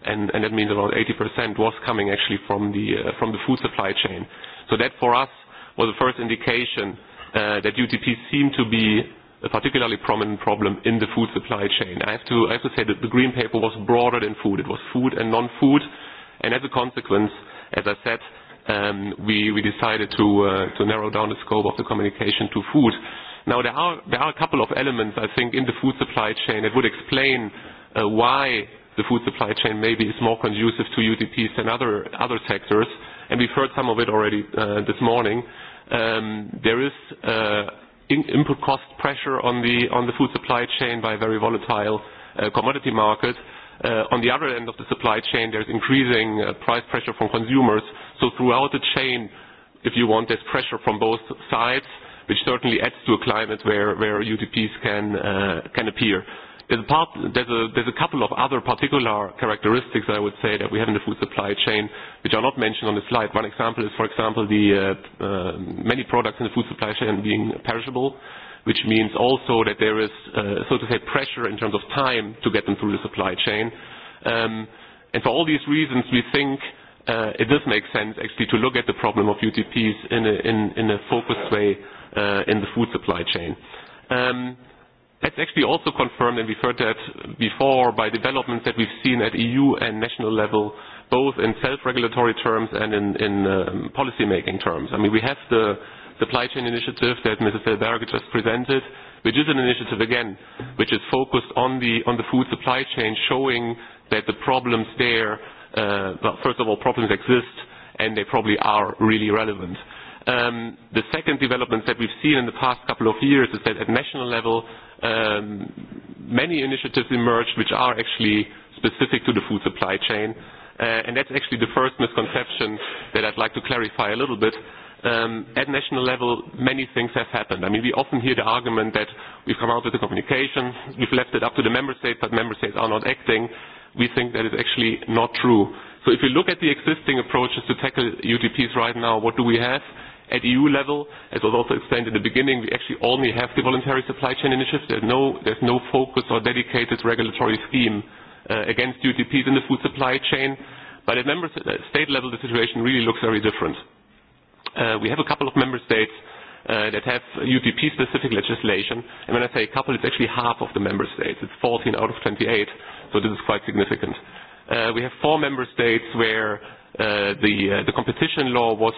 and, and that means around 80% was coming actually from the, uh, from the food supply chain. So that for us was the first indication uh, that UTP seemed to be a particularly prominent problem in the food supply chain. I have to, I have to say that the green paper was broader than food. It was food and non-food. And as a consequence, as I said, um, we, we decided to, uh, to narrow down the scope of the communication to food. Now, there are, there are a couple of elements, I think, in the food supply chain that would explain uh, why the food supply chain maybe is more conducive to UTPs than other, other sectors, and we've heard some of it already uh, this morning. Um, there is uh, in input cost pressure on the, on the food supply chain by a very volatile uh, commodity market. Uh, on the other end of the supply chain, there's increasing uh, price pressure from consumers. So throughout the chain, if you want, there's pressure from both sides, which certainly adds to a climate where, where UTPs can, uh, can appear. There's a, part, there's, a, there's a couple of other particular characteristics that I would say that we have in the food supply chain which are not mentioned on the slide. One example is, for example, the uh, uh, many products in the food supply chain being perishable, which means also that there is, uh, so to say, pressure in terms of time to get them through the supply chain. Um, and for all these reasons, we think uh, it does make sense actually to look at the problem of UTPs in a, in, in a focused way uh, in the food supply chain. Um, That's actually also confirmed, and we've heard that before, by developments that we've seen at EU and national level, both in self-regulatory terms and in, in um, policy-making terms. I mean, we have the supply chain initiative that Mrs. Felberger just presented, which is an initiative, again, which is focused on the, on the food supply chain, showing that the problems there, uh, well, first of all, problems exist, and they probably are really relevant. Um, the second development that we've seen in the past couple of years is that at national level, um, many initiatives emerged which are actually specific to the food supply chain. Uh, and that's actually the first misconception that I'd like to clarify a little bit. Um, at national level, many things have happened. I mean, we often hear the argument that we've come out with a communication, we've left it up to the member states, but member states are not acting. We think that is actually not true. So if you look at the existing approaches to tackle UTPs right now, what do we have? At EU level, as was also explained in the beginning, we actually only have the voluntary supply chain initiative. There's no, there's no focus or dedicated regulatory scheme uh, against UTPs in the food supply chain. But at member uh, state level, the situation really looks very different. Uh, we have a couple of member states uh, that have UTP-specific legislation. And when I say a couple, it's actually half of the member states. It's 14 out of 28, so this is quite significant. Uh, we have four member states where Uh, the, uh, the competition law was,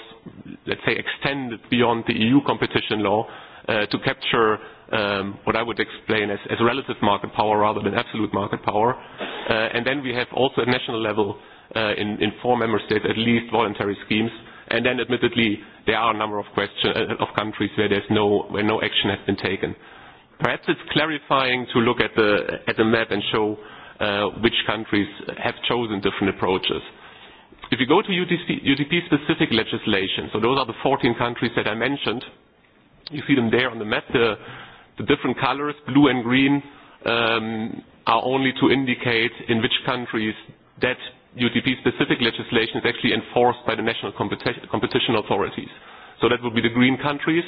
let's say, extended beyond the EU competition law uh, to capture um, what I would explain as, as relative market power rather than absolute market power. Uh, and then we have also at national level, uh, in, in four member states at least, voluntary schemes. And then, admittedly, there are a number of, question, uh, of countries where, there's no, where no action has been taken. Perhaps it's clarifying to look at the, at the map and show uh, which countries have chosen different approaches. Uh, If you go to UTP-specific legislation, so those are the 14 countries that I mentioned, you see them there on the map. The, the different colors, blue and green, um, are only to indicate in which countries that UTP-specific legislation is actually enforced by the national competi competition authorities. So that would be the green countries.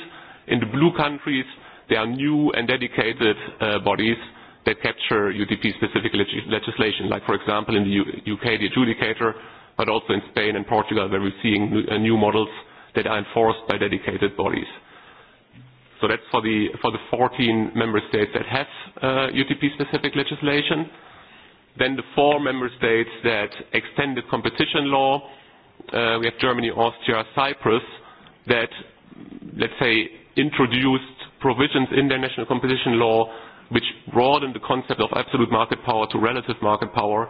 In the blue countries, there are new and dedicated uh, bodies that capture UTP-specific leg legislation, like, for example, in the U UK, the adjudicator, but also in Spain and Portugal, where we're seeing uh, new models that are enforced by dedicated bodies. So that's for the, for the 14 member states that have uh, UTP-specific legislation. Then the four member states that extended competition law, uh, we have Germany, Austria, Cyprus, that, let's say, introduced provisions in their national competition law which broadened the concept of absolute market power to relative market power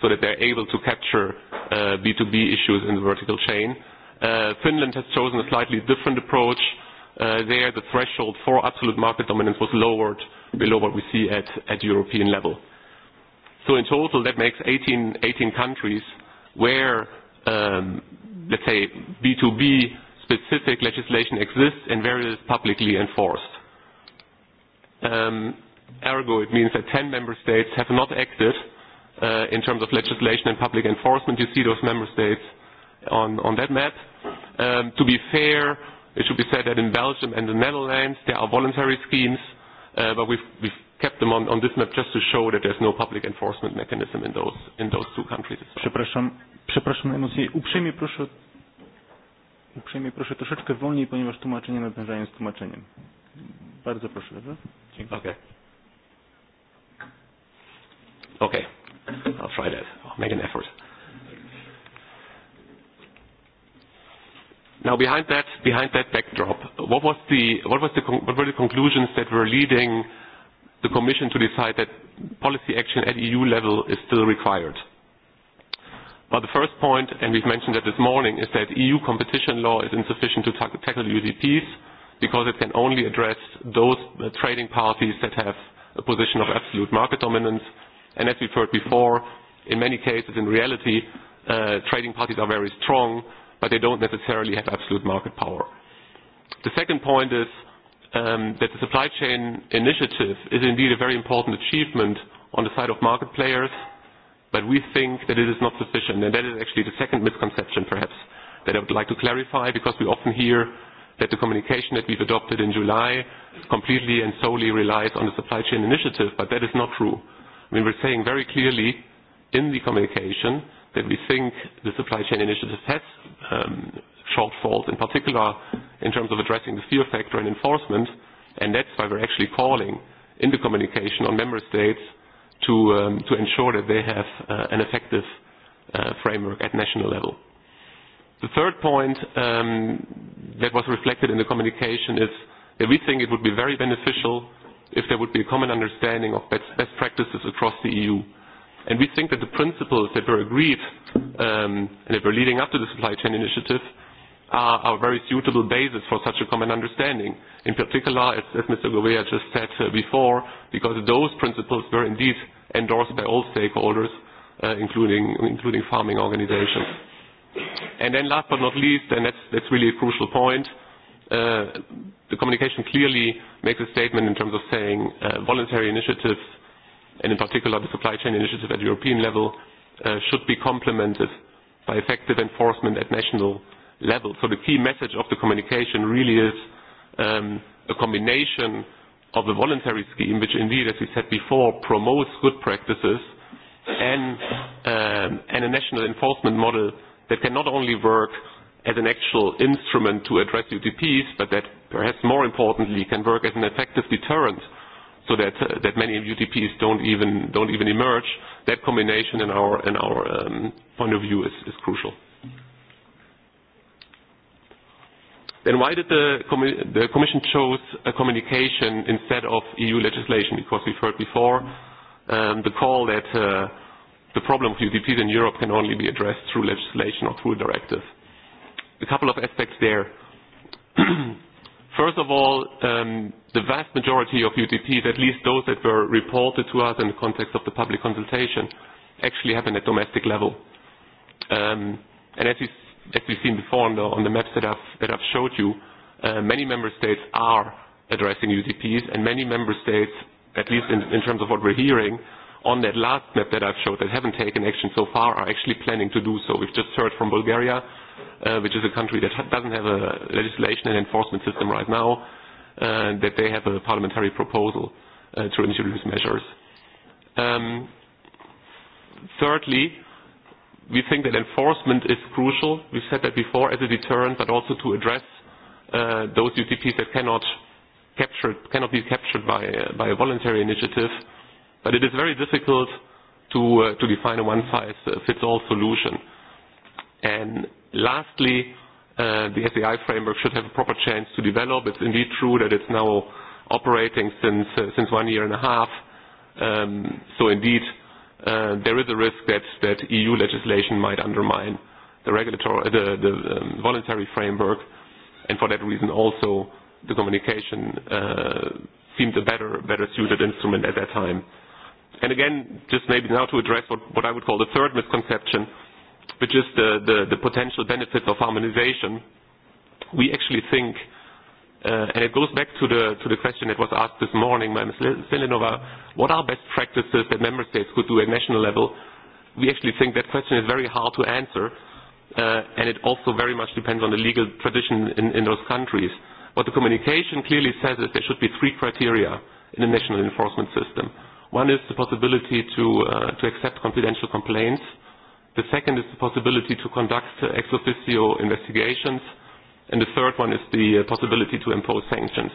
so that they're able to capture uh, B2B issues in the vertical chain. Uh, Finland has chosen a slightly different approach. Uh, there, the threshold for absolute market dominance was lowered below what we see at, at European level. So in total, that makes 18, 18 countries where, um, let's say, B2B specific legislation exists and various publicly enforced. Um, ergo, it means that 10 member states have not acted uh, uh, in terms of legislation and public enforcement. You see those member states on, on that map. Um, to be fair, it should be said that in Belgium and the Netherlands there are voluntary schemes, uh, but we've, we've kept them on, on this map just to show that there's no public enforcement mechanism in those, in those two countries. As well. Przepraszam, przepraszam najmocniej. Uprzejmie proszę, uprzejmie proszę troszeczkę wolniej, ponieważ tłumaczenie nadążają z tłumaczeniem. Bardzo proszę, dobrze? Dziękuję. Okay. Okay. I'll try that. I'll make an effort. Now, behind that, behind that backdrop, what was the what was the what were the conclusions that were leading the Commission to decide that policy action at EU level is still required? Well, the first point, and we've mentioned that this morning, is that EU competition law is insufficient to tackle UDPs because it can only address those uh, trading parties that have a position of absolute market dominance and as we've heard before, in many cases, in reality, uh, trading parties are very strong, but they don't necessarily have absolute market power. The second point is um, that the supply chain initiative is indeed a very important achievement on the side of market players, but we think that it is not sufficient. And that is actually the second misconception, perhaps, that I would like to clarify, because we often hear that the communication that we've adopted in July completely and solely relies on the supply chain initiative, but that is not true. I mean, we're saying very clearly in the communication that we think the supply chain initiative has um, shortfalls, in particular in terms of addressing the fear factor and enforcement, and that's why we're actually calling in the communication on member states to, um, to ensure that they have uh, an effective uh, framework at national level. The third point um, that was reflected in the communication is that we think it would be very beneficial if there would be a common understanding of best, best practices across the EU. And we think that the principles that were agreed um, and that were leading up to the supply chain initiative are, are a very suitable basis for such a common understanding. In particular, as, as Mr. Govea just said uh, before, because those principles were indeed endorsed by all stakeholders, uh, including, including farming organizations. And then last but not least, and that's, that's really a crucial point, Uh, the communication clearly makes a statement in terms of saying uh, voluntary initiatives, and in particular the supply chain initiative at European level, uh, should be complemented by effective enforcement at national level. So the key message of the communication really is um, a combination of the voluntary scheme, which indeed, as we said before, promotes good practices, and, um, and a national enforcement model that can not only work as an actual instrument to address UTPs, but that perhaps more importantly can work as an effective deterrent so that uh, that many UTPs don't even don't even emerge. That combination, in our in our um, point of view, is, is crucial. Then why did the, com the Commission chose a communication instead of EU legislation? Because we've heard before um, the call that uh, the problem of UTPs in Europe can only be addressed through legislation or through a directive a couple of aspects there. First of all, um, the vast majority of UTPs, at least those that were reported to us in the context of the public consultation, actually happen at domestic level. Um, and as, you, as we've seen before on the, on the maps that I've, that I've showed you, uh, many member states are addressing UTPs, and many member states, at least in, in terms of what we're hearing, on that last map that I've showed that haven't taken action so far are actually planning to do so. We've just heard from Bulgaria uh, which is a country that doesn't have a legislation and enforcement system right now, uh, that they have a parliamentary proposal uh, to introduce measures. Um, thirdly, we think that enforcement is crucial. We said that before as a deterrent, but also to address uh, those UTPs that cannot, capture, cannot be captured by, uh, by a voluntary initiative. But it is very difficult to, uh, to define a one-size-fits-all solution And lastly, uh, the SEI framework should have a proper chance to develop. It's indeed true that it's now operating since, uh, since one year and a half. Um, so indeed, uh, there is a risk that, that EU legislation might undermine the, regulatory, the, the um, voluntary framework. And for that reason also, the communication uh, seemed a better, better suited instrument at that time. And again, just maybe now to address what, what I would call the third misconception, uh, which is the, potential benefits of harmonization, we actually think, uh, and it goes back to the, question that was asked this morning by Ms. Selinova, what are best practices that member states could do at national level? We actually think that question is very hard to answer, uh, and it also very much depends on the legal tradition in, those countries. What the communication clearly says is there should be three criteria in the national enforcement system. One is the possibility to, uh, accept confidential complaints. The second is the possibility to conduct ex officio investigations. And the third one is the uh, possibility to impose sanctions.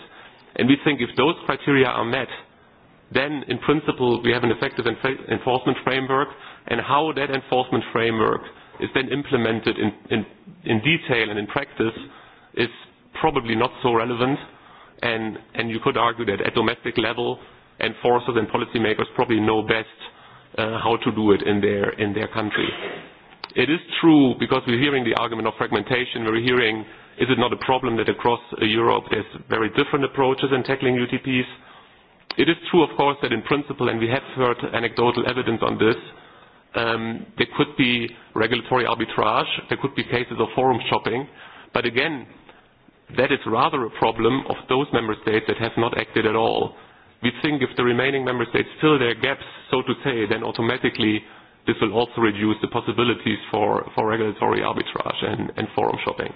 And we think if those criteria are met, then in principle we have an effective enforcement framework and how that enforcement framework is then implemented in, in, in detail and in practice is probably not so relevant and, and you could argue that at domestic level enforcers and policymakers probably know best uh, how to do it in their, in their country. It is true, because we're hearing the argument of fragmentation, we're hearing, is it not a problem that across uh, Europe there's very different approaches in tackling UTPs? It is true, of course, that in principle, and we have heard anecdotal evidence on this, um, there could be regulatory arbitrage, there could be cases of forum shopping, but again, that is rather a problem of those member states that have not acted at all. We think if the remaining member states fill their gaps, so to say, then automatically this will also reduce the possibilities for, for regulatory arbitrage and, and forum shopping.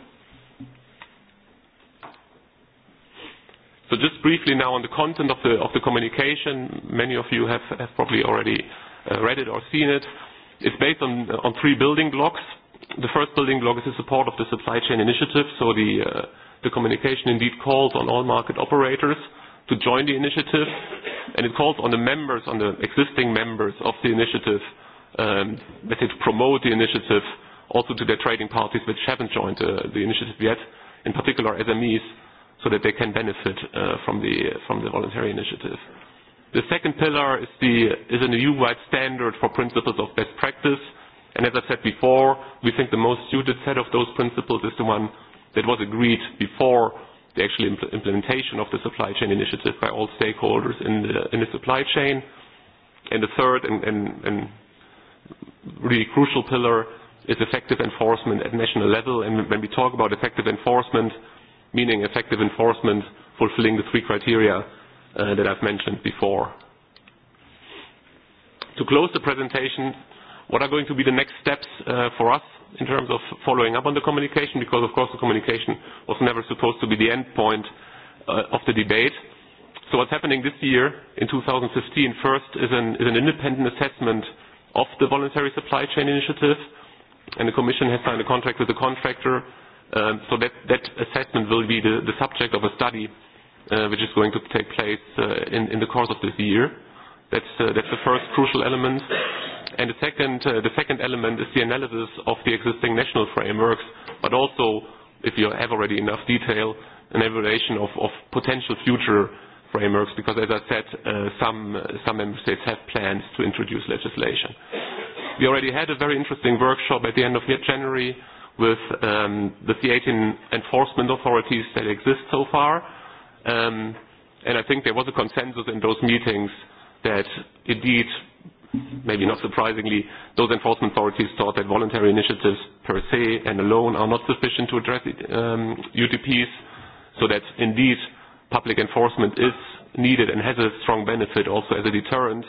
So just briefly now on the content of the, of the communication, many of you have, have probably already uh, read it or seen it. It's based on, on three building blocks. The first building block is the support of the supply chain initiative, so the, uh, the communication indeed calls on all market operators uh, to join the initiative, and it calls on the members, on the existing members of the initiative, um, that they promote the initiative also to their trading parties which haven't joined uh, the initiative yet, in particular SMEs, so that they can benefit uh, from, the, from the voluntary initiative. The second pillar is, the, is an EU-wide standard for principles of best practice. And as I said before, we think the most suited set of those principles is the one that was agreed before the actual impl implementation of the supply chain initiative by all stakeholders in the, in the supply chain. And the third and, and, and really crucial pillar is effective enforcement at national level. And when we talk about effective enforcement, meaning effective enforcement fulfilling the three criteria uh, that I've mentioned before. To close the presentation, what are going to be the next steps uh, for us in terms of following up on the communication, because of course the communication was never supposed to be the end point uh, of the debate. So what's happening this year in 2015 first is an, is an independent assessment of the voluntary supply chain initiative, and the Commission has signed a contract with the contractor, um, so that, that assessment will be the, the subject of a study uh, which is going to take place uh, in, in the course of this year. That's, uh, that's the first crucial element. And the second, uh, the second element is the analysis of the existing national frameworks, but also, if you have already enough detail, an evaluation of, of potential future frameworks, because as I said, uh, some, uh, some member states have plans to introduce legislation. We already had a very interesting workshop at the end of January with, um, with the 18 enforcement authorities that exist so far. Um, and I think there was a consensus in those meetings that indeed, maybe not surprisingly, those enforcement authorities thought that voluntary initiatives per se and alone are not sufficient to address um, UTPs, so that indeed public enforcement is needed and has a strong benefit also as a deterrent.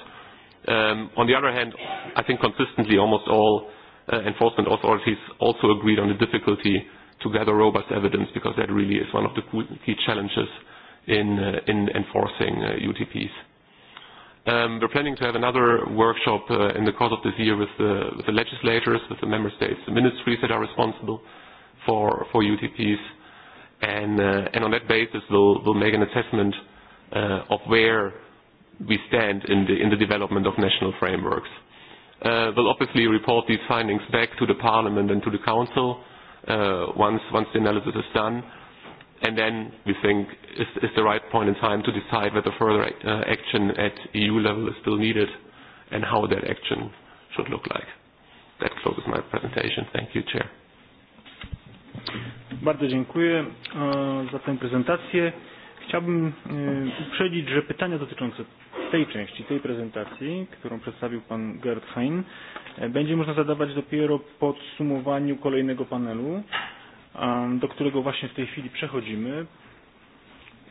Um, on the other hand, I think consistently almost all uh, enforcement authorities also agreed on the difficulty to gather robust evidence because that really is one of the key challenges in, uh, in enforcing uh, UTPs. Um, we're planning to have another workshop uh, in the course of this year with the, with the legislators, with the member states, the ministries that are responsible for, for UTPs. And, uh, and on that basis, we'll, we'll make an assessment uh, of where we stand in the, in the development of national frameworks. Uh, we'll obviously report these findings back to the Parliament and to the Council uh, once, once the analysis is done. Uh, and then we think is, is the right point in time to decide whether further uh, action at EU level is still needed and how that action should look like. That closes my presentation. Thank you, Chair. Bardzo dziękuję e, za tę prezentację. Chciałbym e, uprzedzić, że pytania dotyczące tej części, tej prezentacji, którą przedstawił Pan Gerd Hein, e, będzie można zadawać dopiero po podsumowaniu kolejnego panelu do którego właśnie w tej chwili przechodzimy.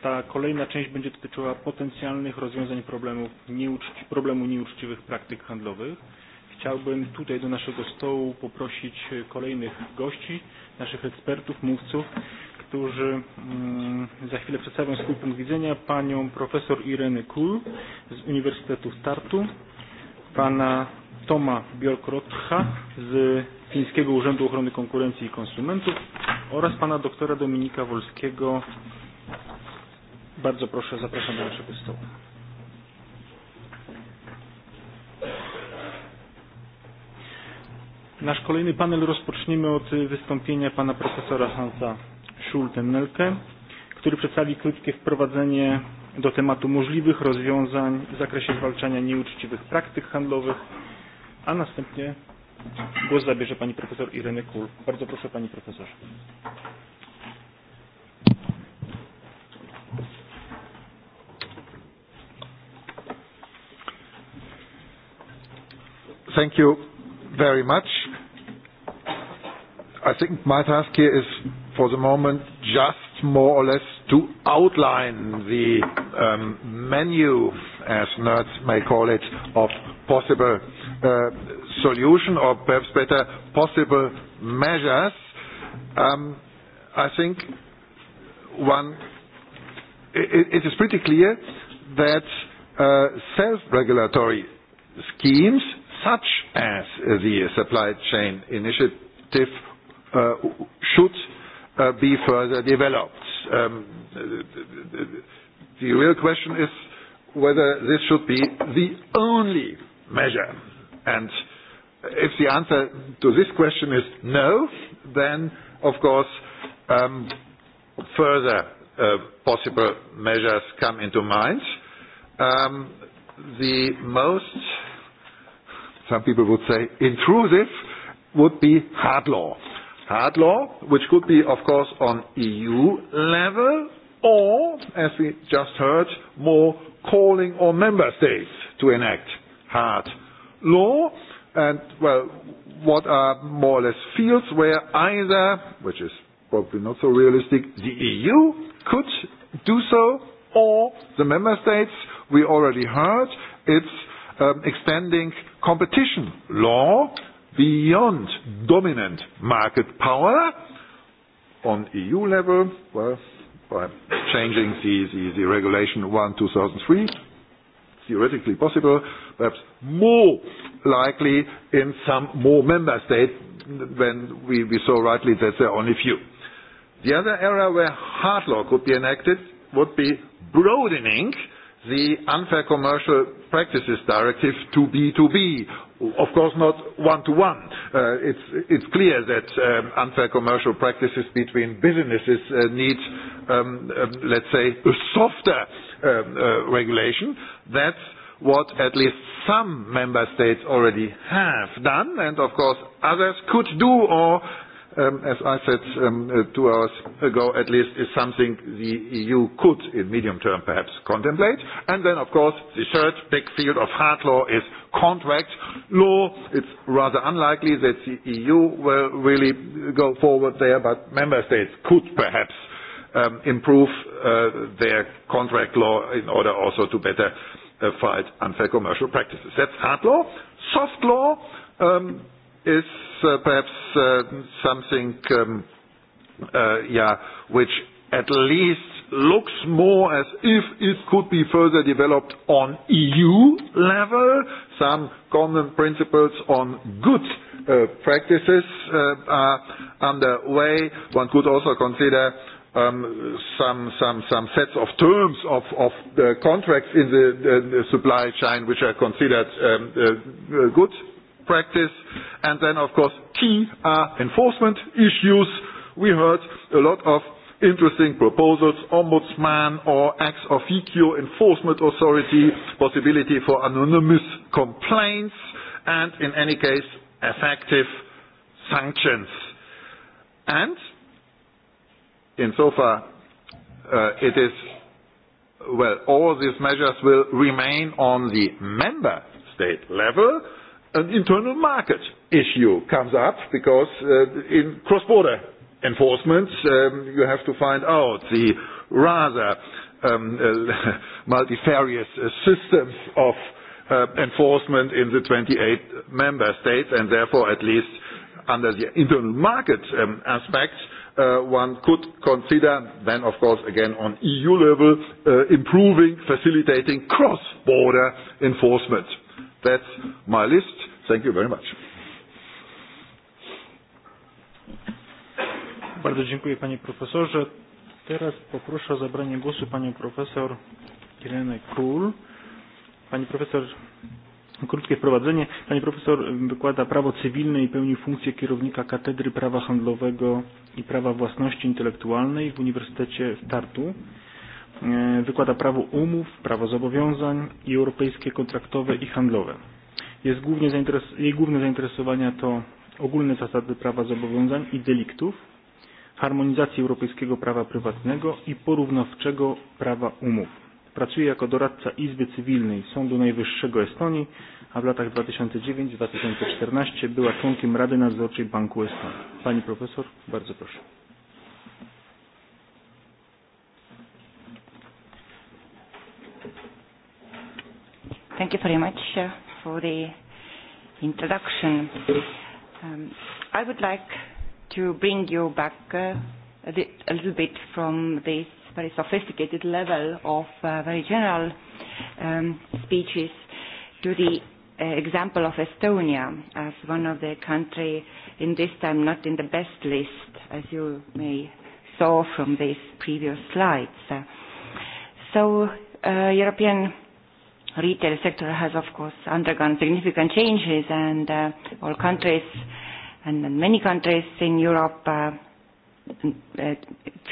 Ta kolejna część będzie dotyczyła potencjalnych rozwiązań problemów nieuczci, problemu nieuczciwych praktyk handlowych. Chciałbym tutaj do naszego stołu poprosić kolejnych gości, naszych ekspertów, mówców, którzy mm, za chwilę przedstawią swój punkt widzenia. Panią profesor Ireny Kul z Uniwersytetu Startu, Tartu, pana Toma Bjorkrotha z Fińskiego Urzędu Ochrony Konkurencji i Konsumentów oraz pana doktora Dominika Wolskiego. Bardzo proszę, zapraszam do naszego stołu. Nasz kolejny panel rozpoczniemy od wystąpienia pana profesora Hansa Schultenelke, który przedstawi krótkie wprowadzenie do tematu możliwych rozwiązań w zakresie zwalczania nieuczciwych praktyk handlowych A następnie głos zabierze pani profesor Ireny Kul. Bardzo proszę pani profesor. Thank you very much. I think my task here is, for the moment, just more or less to outline the um, menu, as nerds may call it, of possible Uh, solution or perhaps better possible measures, um, I think one it, it is pretty clear that uh, self-regulatory schemes such as the supply chain initiative uh, should uh, be further developed. Um, the real question is whether this should be the only measure And if the answer to this question is no, then of course um, further uh, possible measures come into mind. Um, the most, some people would say, intrusive would be hard law. Hard law, which could be, of course, on EU level, or, as we just heard, more calling on member states to enact hard law and, well, what are more or less fields where either, which is probably not so realistic, the EU could do so or the member states, we already heard, it's um, extending competition law beyond dominant market power on EU level, well, by changing the, the, the regulation 1 2003, theoretically possible, perhaps more likely in some more member states when we, we saw rightly that there are only few. The other area where hard law could be enacted would be broadening the Unfair Commercial Practices Directive to B2B. Of course, not one-to-one. -one. Uh, it's, it's clear that um, unfair commercial practices between businesses uh, need, um, um, let's say, a softer um, uh, regulation. That's what at least some member states already have done, and of course others could do, or um, as I said um, uh, two hours ago, at least is something the EU could, in medium term perhaps, contemplate. And then, of course, the third big field of hard law is contract law. It's rather unlikely that the EU will really go forward there, but member states could perhaps um, improve uh, their contract law in order also to better uh, uh, fight unfair commercial practices. That's hard law. Soft law um, is uh, perhaps uh, something, um, uh, yeah, which at least looks more as if it could be further developed on EU level. Some common principles on good uh, practices uh, are underway. One could also consider um, some, some, some sets of terms of, of the contracts in the, the, the supply chain which are considered um, uh, uh, good practice. And then, of course, key are enforcement issues. We heard a lot of interesting proposals, ombudsman or ex officio enforcement authority, possibility for anonymous complaints, and in any case, effective sanctions. And insofar, uh, it is, well, all these measures will remain on the member state level. An internal market issue comes up because uh, in cross-border enforcement, um, you have to find out the rather um, uh, multifarious uh, systems of uh, enforcement in the 28 member states, and therefore, at least under the internal market um, aspect, Uh, one could consider then, of course, again, on EU level, uh, improving, facilitating cross-border enforcement. That's my list. Thank you very much. Bardzo dziękuję panie profesorze. Teraz poproszę o zabranie głosu panią profesor Irenę Król. Pani profesor Krótkie wprowadzenie. Pani profesor wykłada prawo cywilne i pełni funkcję kierownika Katedry Prawa Handlowego i Prawa Własności Intelektualnej w Uniwersytecie w Tartu. E, wykłada prawo umów, prawo zobowiązań i europejskie kontraktowe i handlowe. Jest głównie zainteres- jej główne zainteresowania to ogólne zasady prawa zobowiązań i deliktów, harmonizacji europejskiego prawa prywatnego i porównawczego prawa umów Pracuje jako doradca Izby Cywilnej Sądu Najwyższego Estonii, a w latach 2009-2014 była członkiem Rady Nadzorczej Banku Estonii. Pani profesor, bardzo proszę. Thank you very much uh, for the introduction. Um, I would like to bring you back uh, a, bit, a little bit from this very sophisticated level of uh, very general um, speeches to the uh, example of Estonia as one of the country in this time not in the best list, as you may saw from these previous slides. Uh, so uh, European retail sector has of course undergone significant changes and uh, all countries and many countries in Europe uh, Uh,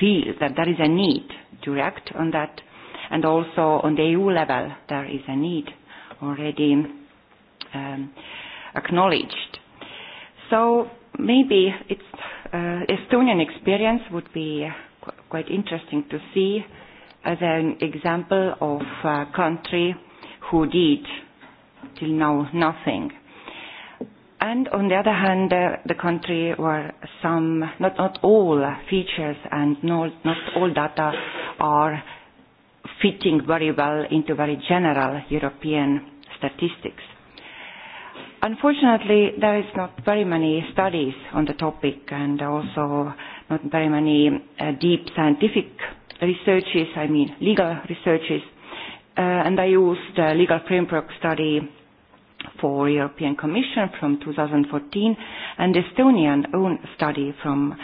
feel that there is a need to react on that. And also on the EU level, there is a need already um, acknowledged. So maybe it's uh, Estonian experience would be uh, qu quite interesting to see as an example of a country who did till now nothing And on the other hand, uh, the country where some, not, not all features and no, not all data are fitting very well into very general European statistics. Unfortunately, there is not very many studies on the topic and also not very many uh, deep scientific researches, I mean legal researches. Uh, and I used the legal framework study for European Commission from 2014 and Estonian own study from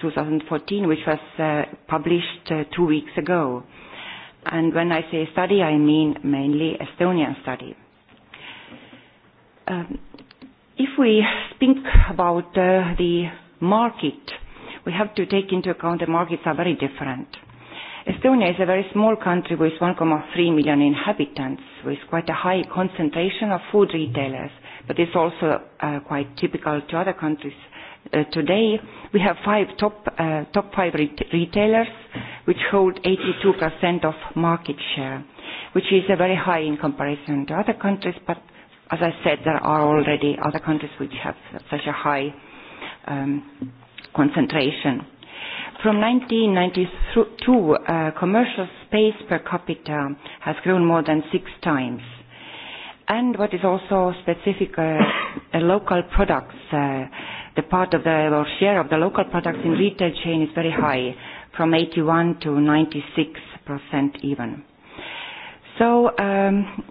2014, which was uh, published uh, two weeks ago. And when I say study, I mean mainly Estonian study. Um, if we speak about uh, the market, we have to take into account the markets are very different. Estonia is a very small country with 1.3 million inhabitants, with quite a high concentration of food retailers, but it's also uh, quite typical to other countries. Uh, today, we have five top, uh, top five ret retailers, which hold 82% of market share, which is a very high in comparison to other countries, but as I said, there are already other countries which have such a high um, concentration. From 1992, uh, commercial space per capita has grown more than six times. And what is also specific, uh, local products, uh, the part of the or share of the local products in retail chain is very high, from 81 to 96 percent even. So um,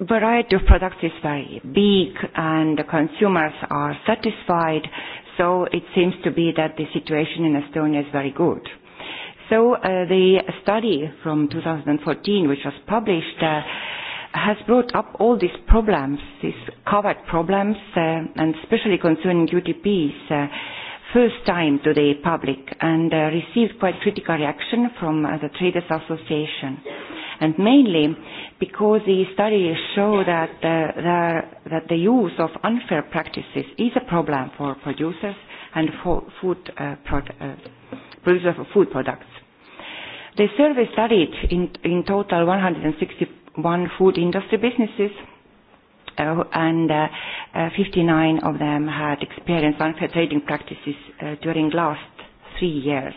variety of products is very big, and the consumers are satisfied So it seems to be that the situation in Estonia is very good. So uh, the study from 2014, which was published, uh, has brought up all these problems, these covered problems, uh, and especially concerning UTPs, uh, first time to the public and uh, received quite critical reaction from uh, the Traders Association and mainly because the studies show that, uh, the, that the use of unfair practices is a problem for producers and for food, uh, pro uh, producers of food products. The survey studied in, in total 161 food industry businesses uh, and uh, uh, 59 of them had experienced unfair trading practices uh, during last three years.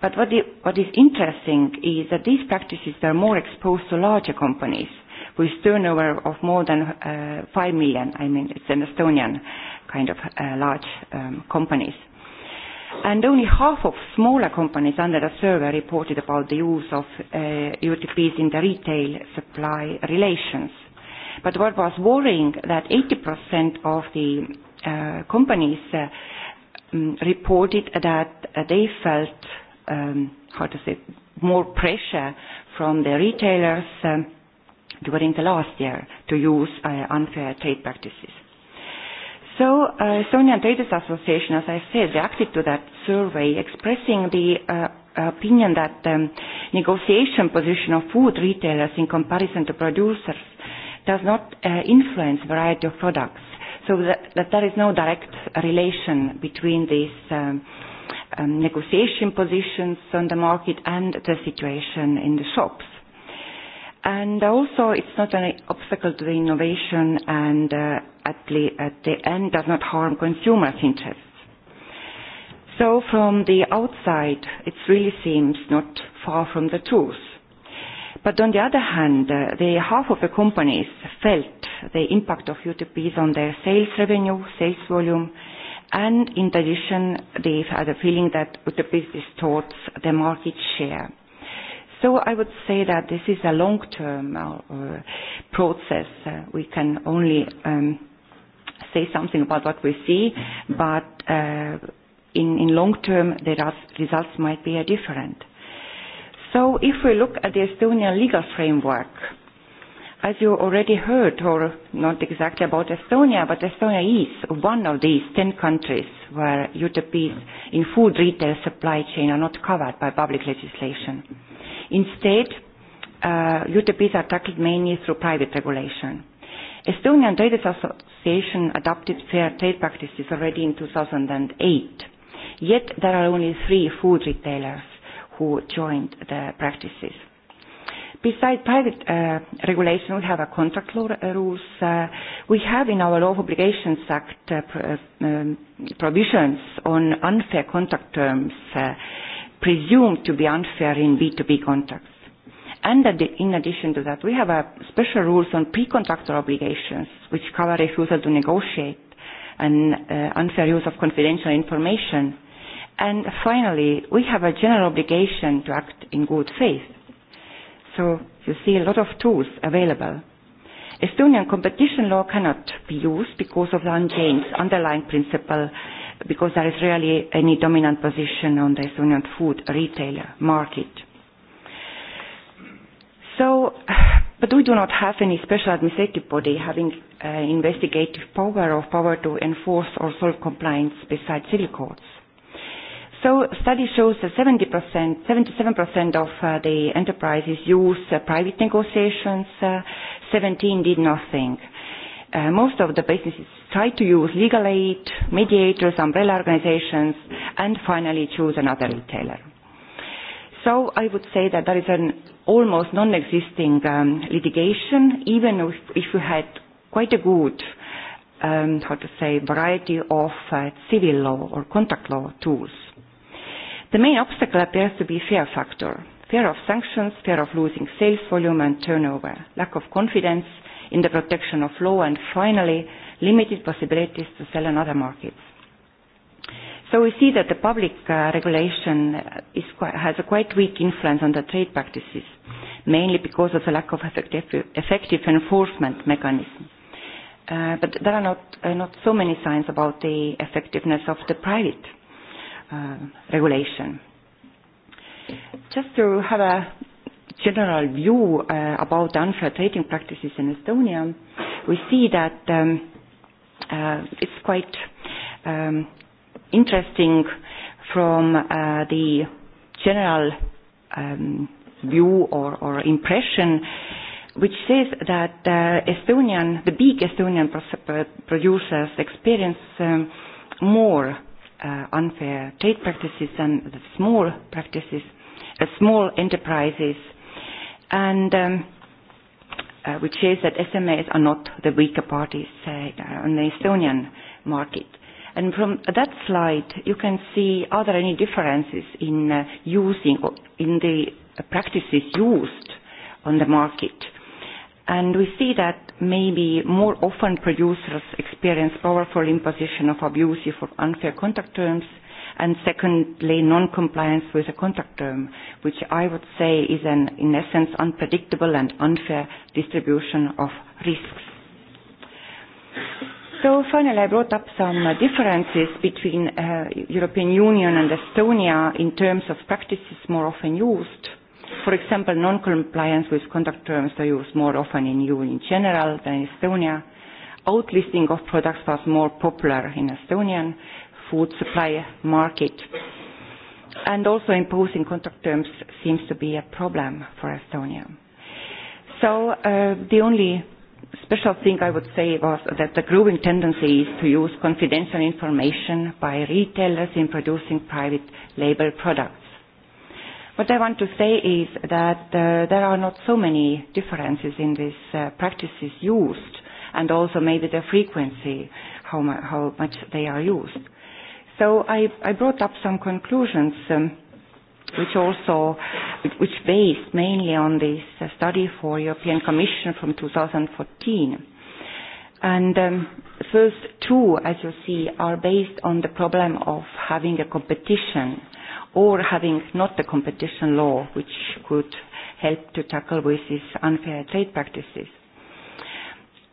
But what, the, what is interesting is that these practices are more exposed to larger companies with turnover of more than uh, 5 million. I mean, it's an Estonian kind of uh, large um, companies. And only half of smaller companies under the survey reported about the use of uh, UTPs in the retail supply relations. But what was worrying that 80% of the uh, companies uh, mm, reported that they felt um, how to say, more pressure from the retailers um, during the last year to use uh, unfair trade practices. So uh, Estonian Traders Association, as I said, reacted to that survey expressing the uh, opinion that the um, negotiation position of food retailers in comparison to producers does not uh, influence variety of products, so that, that there is no direct relation between these um, um, negotiation positions on the market and the situation in the shops. And also, it's not an obstacle to the innovation and uh, at, the, at the end does not harm consumers' interests. So from the outside, it really seems not far from the truth. But on the other hand, uh, the half of the companies felt the impact of UTPs on their sales revenue, sales volume, and in addition, they've had a feeling that Utopia distorts the market share. So I would say that this is a long-term uh, process. Uh, we can only um, say something about what we see, but uh, in, in long term, the results might be different. So if we look at the Estonian legal framework, As you already heard, or not exactly about Estonia, but Estonia is one of these 10 countries where UTPs in food retail supply chain are not covered by public legislation. Instead, uh, UTPs are tackled mainly through private regulation. Estonian Traders Association adopted fair trade practices already in 2008. Yet there are only three food retailers who joined the practices. Besides private uh, regulation, we have a contract law uh, rules. Uh, we have in our Law of Obligations Act uh, pr uh, um, provisions on unfair contract terms uh, presumed to be unfair in B2B contracts. And in addition to that, we have a uh, special rules on pre-contractor obligations, which cover refusal to negotiate and uh, unfair use of confidential information. And finally, we have a general obligation to act in good faith So you see a lot of tools available. Estonian competition law cannot be used because of the unchanged underlying principle, because there is rarely any dominant position on the Estonian food retailer market. So, but we do not have any special administrative body having uh, investigative power or power to enforce or solve compliance besides civil courts. So study shows that 70%, 77% of uh, the enterprises use uh, private negotiations, uh, 17 did nothing. Uh, most of the businesses try to use legal aid, mediators, umbrella organizations, and finally choose another retailer. So I would say that there is an almost non-existing um, litigation, even if, if you had quite a good um, how to say, variety of uh, civil law or contract law tools. The main obstacle appears to be fear factor, fear of sanctions, fear of losing sales volume and turnover, lack of confidence in the protection of law, and finally, limited possibilities to sell in other markets. So we see that the public uh, regulation uh, is quite, has a quite weak influence on the trade practices, mainly because of the lack of effective, effective enforcement mechanism. Uh, but there are not, uh, not so many signs about the effectiveness of the private uh, regulation. Just to have a general view uh, about unfair trading practices in Estonia, we see that um, uh, it's quite um, interesting from uh, the general um, view or, or impression which says that uh, Estonian, the big Estonian uh, producers experience um, more uh, unfair trade practices and the small practices, uh, small enterprises, and um, uh, which says that SMEs are not the weaker parties uh, on the Estonian market. And from that slide, you can see are there any differences in uh, using in the practices used on the market and we see that maybe more often producers experience powerful imposition of abusive or unfair contract terms, and secondly, non-compliance with a contract term, which I would say is an, in essence, unpredictable and unfair distribution of risks. So finally, I brought up some differences between uh, European Union and Estonia in terms of practices more often used. For example, non-compliance with contract terms are used more often in EU in general than in Estonia. Outlisting of products was more popular in Estonian food supply market. And also imposing contract terms seems to be a problem for Estonia. So uh, the only special thing I would say was that the growing tendency is to use confidential information by retailers in producing private label products. What I want to say is that uh, there are not so many differences in these uh, practices used and also maybe the frequency, how, mu how much they are used. So I, I brought up some conclusions um, which also, which based mainly on this uh, study for European Commission from 2014. And um, first two, as you see, are based on the problem of having a competition or having not the competition law which could help to tackle with these unfair trade practices.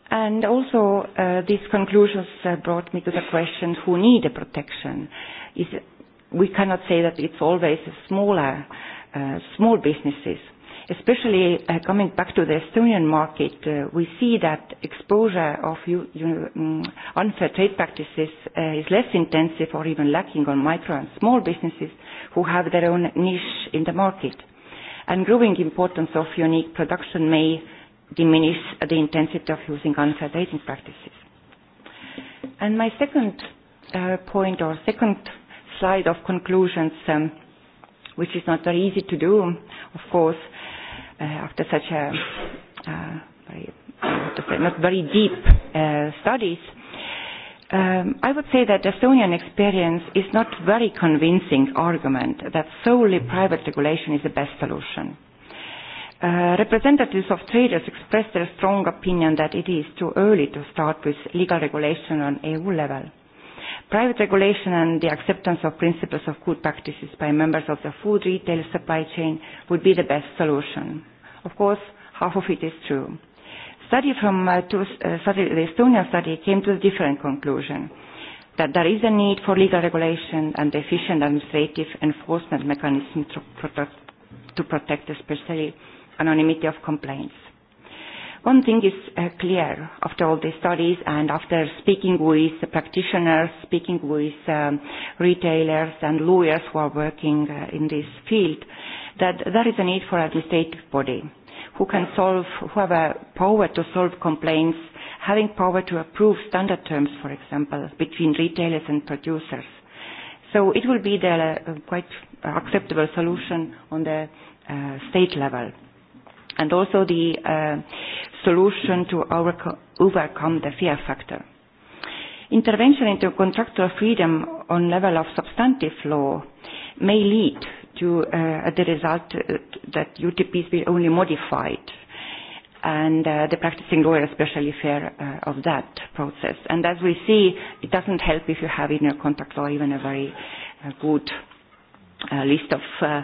And also, uh, these conclusions uh, brought me to the question who need a protection. Is, it, we cannot say that it's always a smaller, uh, small businesses Especially uh, coming back to the Estonian market, uh, we see that exposure of you, you, um, mm, unfair trade practices uh, is less intensive or even lacking on micro and small businesses who have their own niche in the market. And growing importance of unique production may diminish the intensity of using unfair trading practices. And my second uh, point or second slide of conclusions, um, which is not very easy to do, of course, uh, after such a uh, very, to say, not very deep uh, studies, um, I would say that Estonian experience is not very convincing argument that solely private regulation is the best solution. Uh, representatives of traders expressed their strong opinion that it is too early to start with legal regulation on EU level. Private regulation and the acceptance of principles of good practices by members of the food retail supply chain would be the best solution. Of course, half of it is true. Study from uh, two, uh, study, the Estonia study came to a different conclusion, that there is a need for legal regulation and efficient administrative enforcement mechanism to protect, to protect especially anonymity of complaints. One thing is uh, clear after all the studies and after speaking with practitioners, speaking with um, retailers and lawyers who are working uh, in this field, that there is a need for administrative body who can solve, who have a power to solve complaints, having power to approve standard terms, for example, between retailers and producers. So it will be the uh, quite acceptable solution on the uh, state level and also the uh, solution to overco overcome the fear factor. Intervention into contractual freedom on level of substantive law may lead to uh, the result uh, that UTPs will only modified and uh, the practicing lawyer is especially fair uh, of that process. And as we see, it doesn't help if you have in your contract law even a very uh, good uh, list of uh,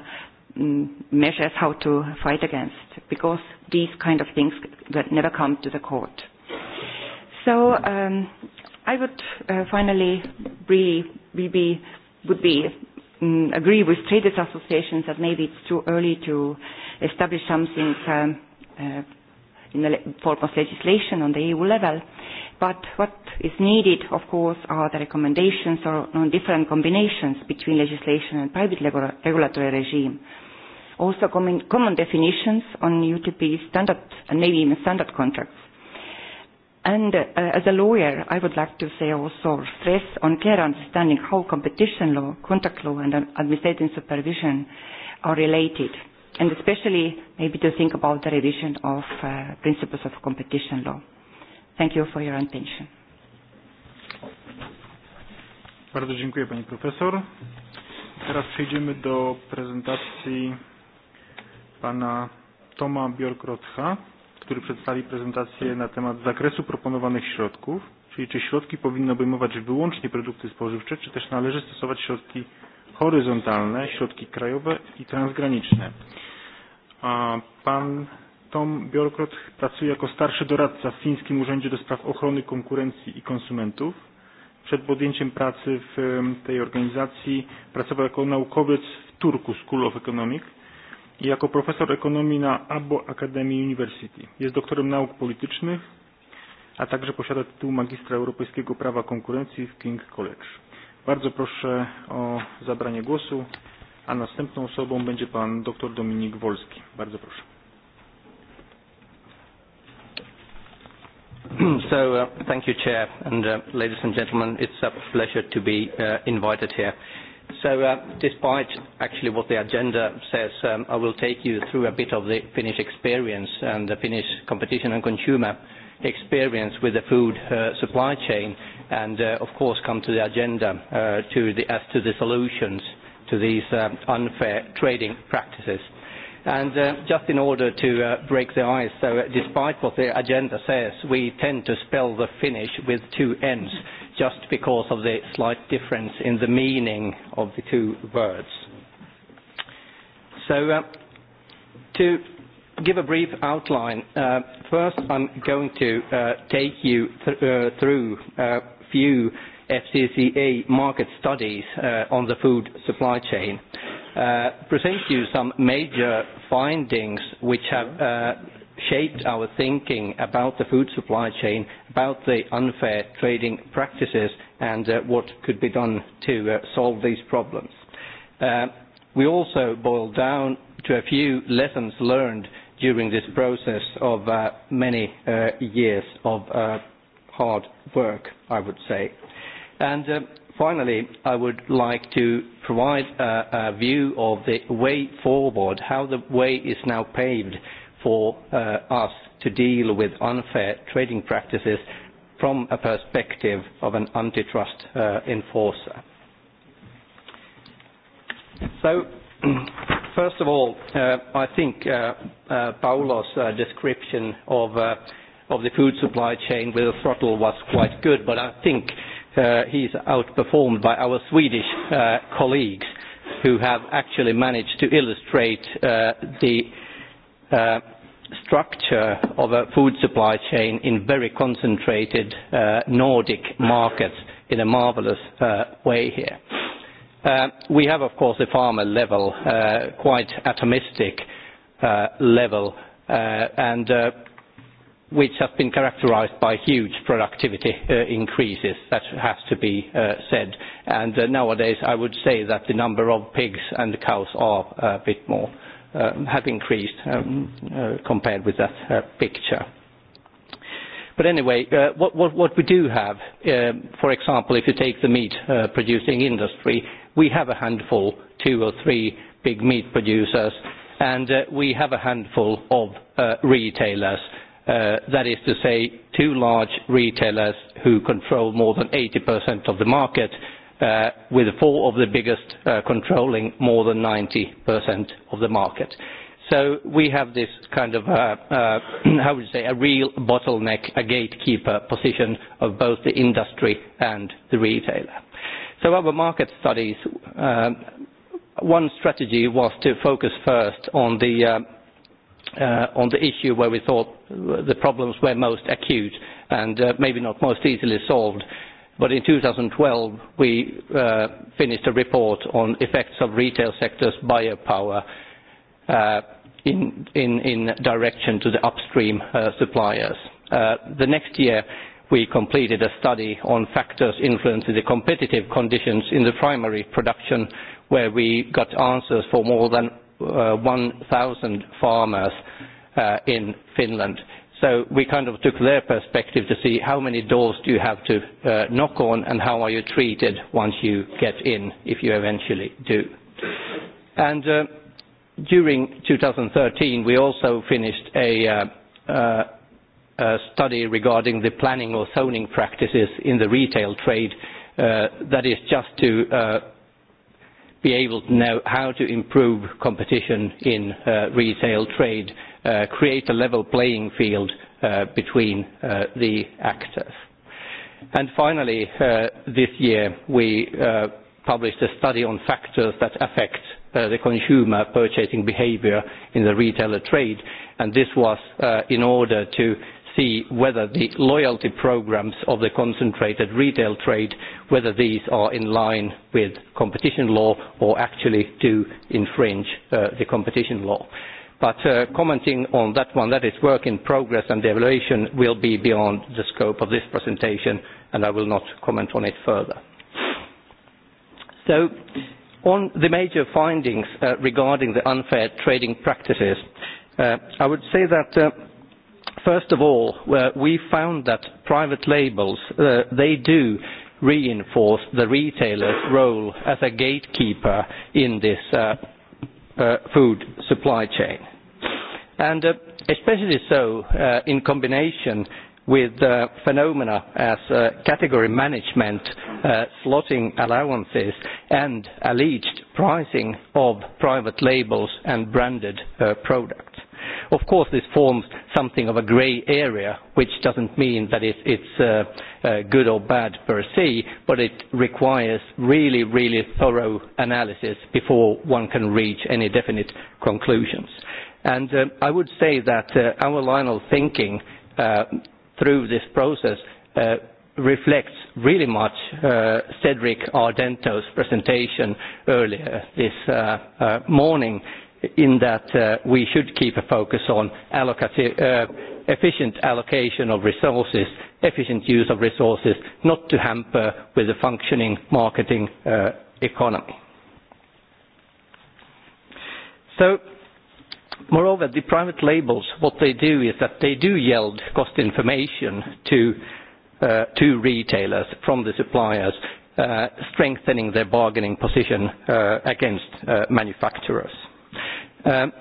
Mm, measures how to fight against because these kind of things that never come to the court. So um, I would uh, finally be, be, be, would be um, agree with traders associations that maybe it's too early to establish something um, uh, in the form of legislation on the EU level. But what is needed, of course, are the recommendations or on different combinations between legislation and private regulatory regime also common, common definitions on UTP standard, and maybe even standard contracts. And uh, as a lawyer, I would like to say also stress on clear understanding how competition law, contract law, and administrative supervision are related, and especially maybe to think about the revision of uh, principles of competition law. Thank you for your attention. Bardzo dziękuję Pani Profesor. Teraz przejdziemy do prezentacji pana Toma Bjorkrotha, który przedstawi prezentację na temat zakresu proponowanych środków, czyli czy środki powinny obejmować wyłącznie produkty spożywcze, czy też należy stosować środki horyzontalne, środki krajowe i transgraniczne. A pan Tom Bjorkrot pracuje jako starszy doradca w Fińskim Urzędzie do Spraw Ochrony Konkurencji i Konsumentów. Przed podjęciem pracy w tej organizacji pracował jako naukowiec w Turku School of Economics i jako profesor ekonomii na Abo Academy University. Jest doktorem nauk politycznych, a także posiada tytuł magistra europejskiego prawa konkurencji w King College. Bardzo proszę o zabranie głosu, a następną osobą będzie pan dr Dominik Wolski. Bardzo proszę. So, uh, thank you, Chair, and uh, ladies and gentlemen, it's a pleasure to be uh, invited here. Uh, So uh, despite actually what the agenda says, um, I will take you through a bit of the Finnish experience and the Finnish competition and consumer experience with the food uh, supply chain and uh, of course come to the agenda uh, to the, as to the solutions to these uh, unfair trading practices. And uh, just in order to uh, break the ice, so uh, despite what the agenda says, we tend to spell the Finnish with two N's just because of the slight difference in the meaning of the two words. So, uh, to give a brief outline, uh, first I'm going to uh, take you th uh, through uh, a few FCCA market studies uh, on the food supply chain, uh, present you some major findings which have uh, shaped our thinking about the food supply chain about the unfair trading practices and uh, what could be done to uh, solve these problems. Uh, we also boiled down to a few lessons learned during this process of uh, many uh, years of uh, hard work, I would say. And uh, finally, I would like to provide a, a view of the way forward, how the way is now paved for uh, us to deal with unfair trading practices from a perspective of an antitrust uh, enforcer. So, first of all, uh, I think uh, uh, Paolo's uh, description of, uh, of the food supply chain with a throttle was quite good, but I think uh, he's outperformed by our Swedish uh, colleagues who have actually managed to illustrate uh, the uh, structure of a food supply chain in very concentrated uh, Nordic markets in a marvelous uh, way here. Uh, we have, of course, a farmer level, uh, quite atomistic uh, level, uh, and uh, which has been characterized by huge productivity uh, increases. That has to be uh, said. And uh, nowadays, I would say that the number of pigs and cows are uh, a bit more uh, Uh, have increased um, uh, compared with that uh, picture. But anyway, uh, what, what, what we do have, um, for example, if you take the meat uh, producing industry, we have a handful, two or three big meat producers, and uh, we have a handful of uh, retailers. Uh, that is to say, two large retailers who control more than 80% of the market Uh, with four of the biggest uh, controlling more than 90% of the market. So we have this kind of, uh, uh, how would you say, a real bottleneck, a gatekeeper position of both the industry and the retailer. So our market studies, uh, one strategy was to focus first on the uh, uh, on the issue where we thought the problems were most acute and uh, maybe not most easily solved, but in 2012 we uh, finished a report on effects of retail sector's buyer power uh, in, in, in direction to the upstream uh, suppliers. Uh, the next year we completed a study on factors influencing the competitive conditions in the primary production where we got answers for more than uh, 1,000 farmers uh, in Finland So we kind of took their perspective to see how many doors do you have to uh, knock on and how are you treated once you get in, if you eventually do. And uh, during 2013, we also finished a, uh, uh, a study regarding the planning or zoning practices in the retail trade. Uh, that is just to uh, be able to know how to improve competition in uh, retail trade uh, create a level playing field uh, between uh, the actors. And finally, uh, this year we uh, published a study on factors that affect uh, the consumer purchasing behavior in the retailer trade, and this was uh, in order to see whether the loyalty programs of the concentrated retail trade, whether these are in line with competition law or actually do infringe uh, the competition law. Uh, But uh, commenting on that one, that is work in progress, and the evaluation will be beyond the scope of this presentation, and I will not comment on it further. So, on the major findings uh, regarding the unfair trading practices, uh, I would say that, uh, first of all, uh, we found that private labels, uh, they do reinforce the retailer's role as a gatekeeper in this uh, food supply chain and uh, especially so uh, in combination with uh, phenomena as category management, slotting allowances, and alleged pricing of private labels and branded products. Of course, this forms something of a grey area, which doesn't mean that it's good or bad per se, but it requires really, really thorough analysis before one can reach any definite conclusions. And uh, I would say that uh, our line of thinking uh, through this process uh, reflects really much uh, Cedric Ardento's presentation earlier this uh, uh, morning in that uh, we should keep a focus on allocative, uh, efficient allocation of resources, efficient use of resources, not to hamper with the functioning marketing uh, economy. So Moreover, the private labels, what they do is that they do yield cost information to, uh, to retailers from the suppliers, uh, strengthening their bargaining position uh, against uh, manufacturers. Um,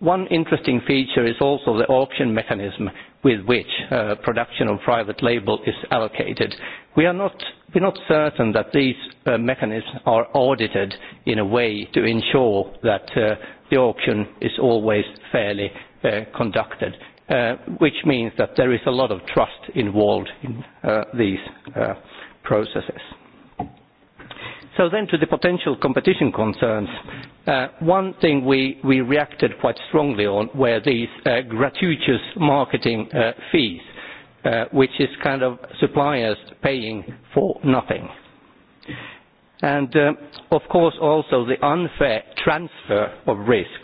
one interesting feature is also the auction mechanism with which uh, production of private label is allocated. We are not, we're not certain that these uh, mechanisms are audited in a way to ensure that uh, the auction is always fairly uh, conducted, uh, which means that there is a lot of trust involved in uh, these uh, processes. So then to the potential competition concerns. Uh, one thing we, we reacted quite strongly on were these uh, gratuitous marketing uh, fees, uh, which is kind of suppliers paying for nothing and uh, of course also the unfair transfer of risk.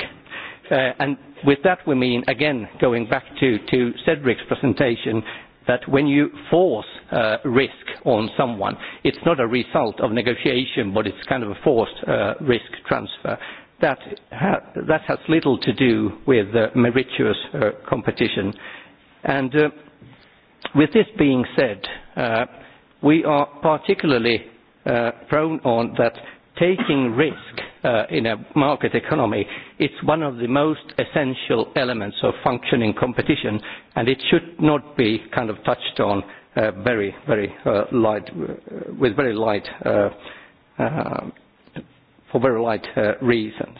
Uh, and with that we mean, again, going back to, to Cedric's presentation, that when you force uh, risk on someone, it's not a result of negotiation, but it's kind of a forced uh, risk transfer. That, ha that has little to do with uh, meritorious uh, competition. And uh, with this being said, uh, we are particularly uh, prone on that taking risk uh, in a market economy is one of the most essential elements of functioning competition and it should not be kind of touched on uh, very, very uh, light, uh, with very light, uh, uh, for very light uh, reasons.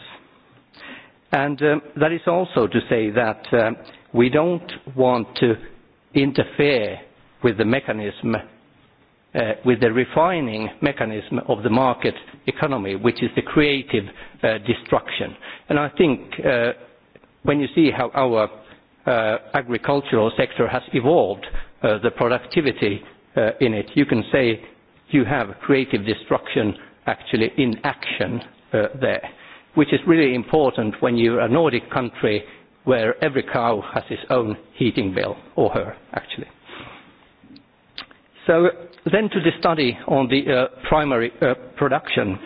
And um, that is also to say that um, we don't want to interfere with the mechanism Uh, with the refining mechanism of the market economy, which is the creative uh, destruction. And I think uh, when you see how our uh, agricultural sector has evolved, uh, the productivity uh, in it, you can say you have creative destruction actually in action uh, there, which is really important when you're a Nordic country where every cow has its own heating bill, or her actually. So then to the study on the uh, primary uh, production.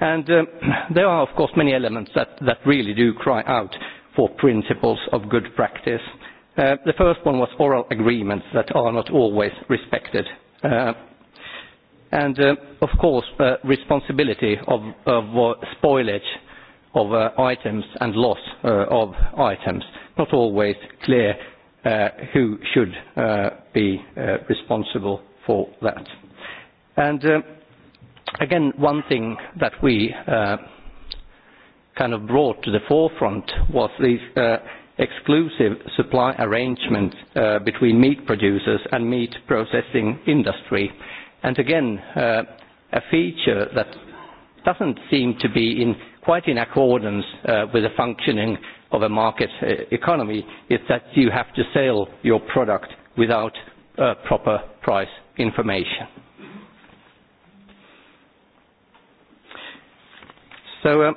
And uh, there are, of course, many elements that, that really do cry out for principles of good practice. Uh, the first one was oral agreements that are not always respected. Uh, and, uh, of course, uh, responsibility of, of uh, spoilage of uh, items and loss uh, of items. Not always clear uh, who should uh, be uh, responsible for that. And uh, again, one thing that we uh, kind of brought to the forefront was these uh, exclusive supply arrangements uh, between meat producers and meat processing industry. And again, uh, a feature that doesn't seem to be in quite in accordance uh, with the functioning of a market uh, economy is that you have to sell your product without uh, proper price information. So, uh,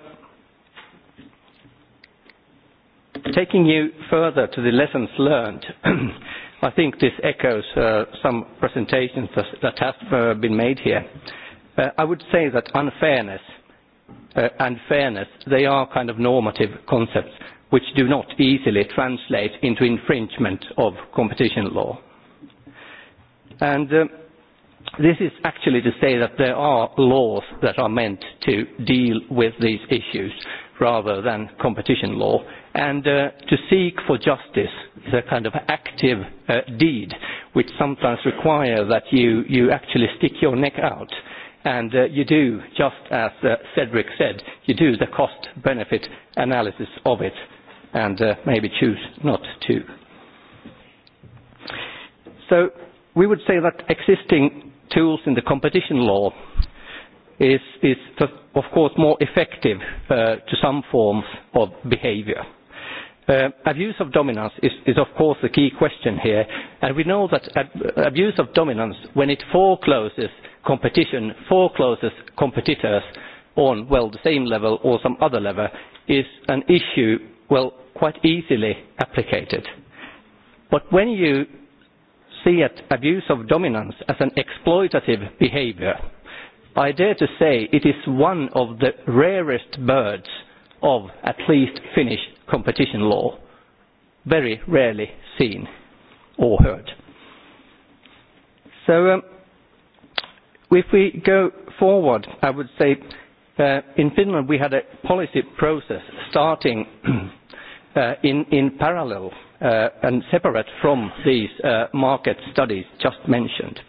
taking you further to the lessons learned, I think this echoes uh, some presentations that, that have uh, been made here. Uh, I would say that unfairness uh, and fairness, they are kind of normative concepts which do not easily translate into infringement of competition law. And uh, this is actually to say that there are laws that are meant to deal with these issues rather than competition law. And uh, to seek for justice is a kind of active uh, deed which sometimes require that you, you actually stick your neck out. And uh, you do, just as uh, Cedric said, you do the cost-benefit analysis of it and uh, maybe choose not to. So we would say that existing tools in the competition law is, is of course more effective uh, to some forms of behaviour. Uh, abuse of dominance is, is of course the key question here and we know that ab abuse of dominance when it forecloses competition, forecloses competitors on well the same level or some other level is an issue well quite easily applicated. But when you see at abuse of dominance as an exploitative behavior. I dare to say it is one of the rarest birds of at least Finnish competition law, very rarely seen or heard. So um, if we go forward, I would say uh, in Finland we had a policy process starting Uh, in, parallel uh, and separate from these uh, market studies just mentioned.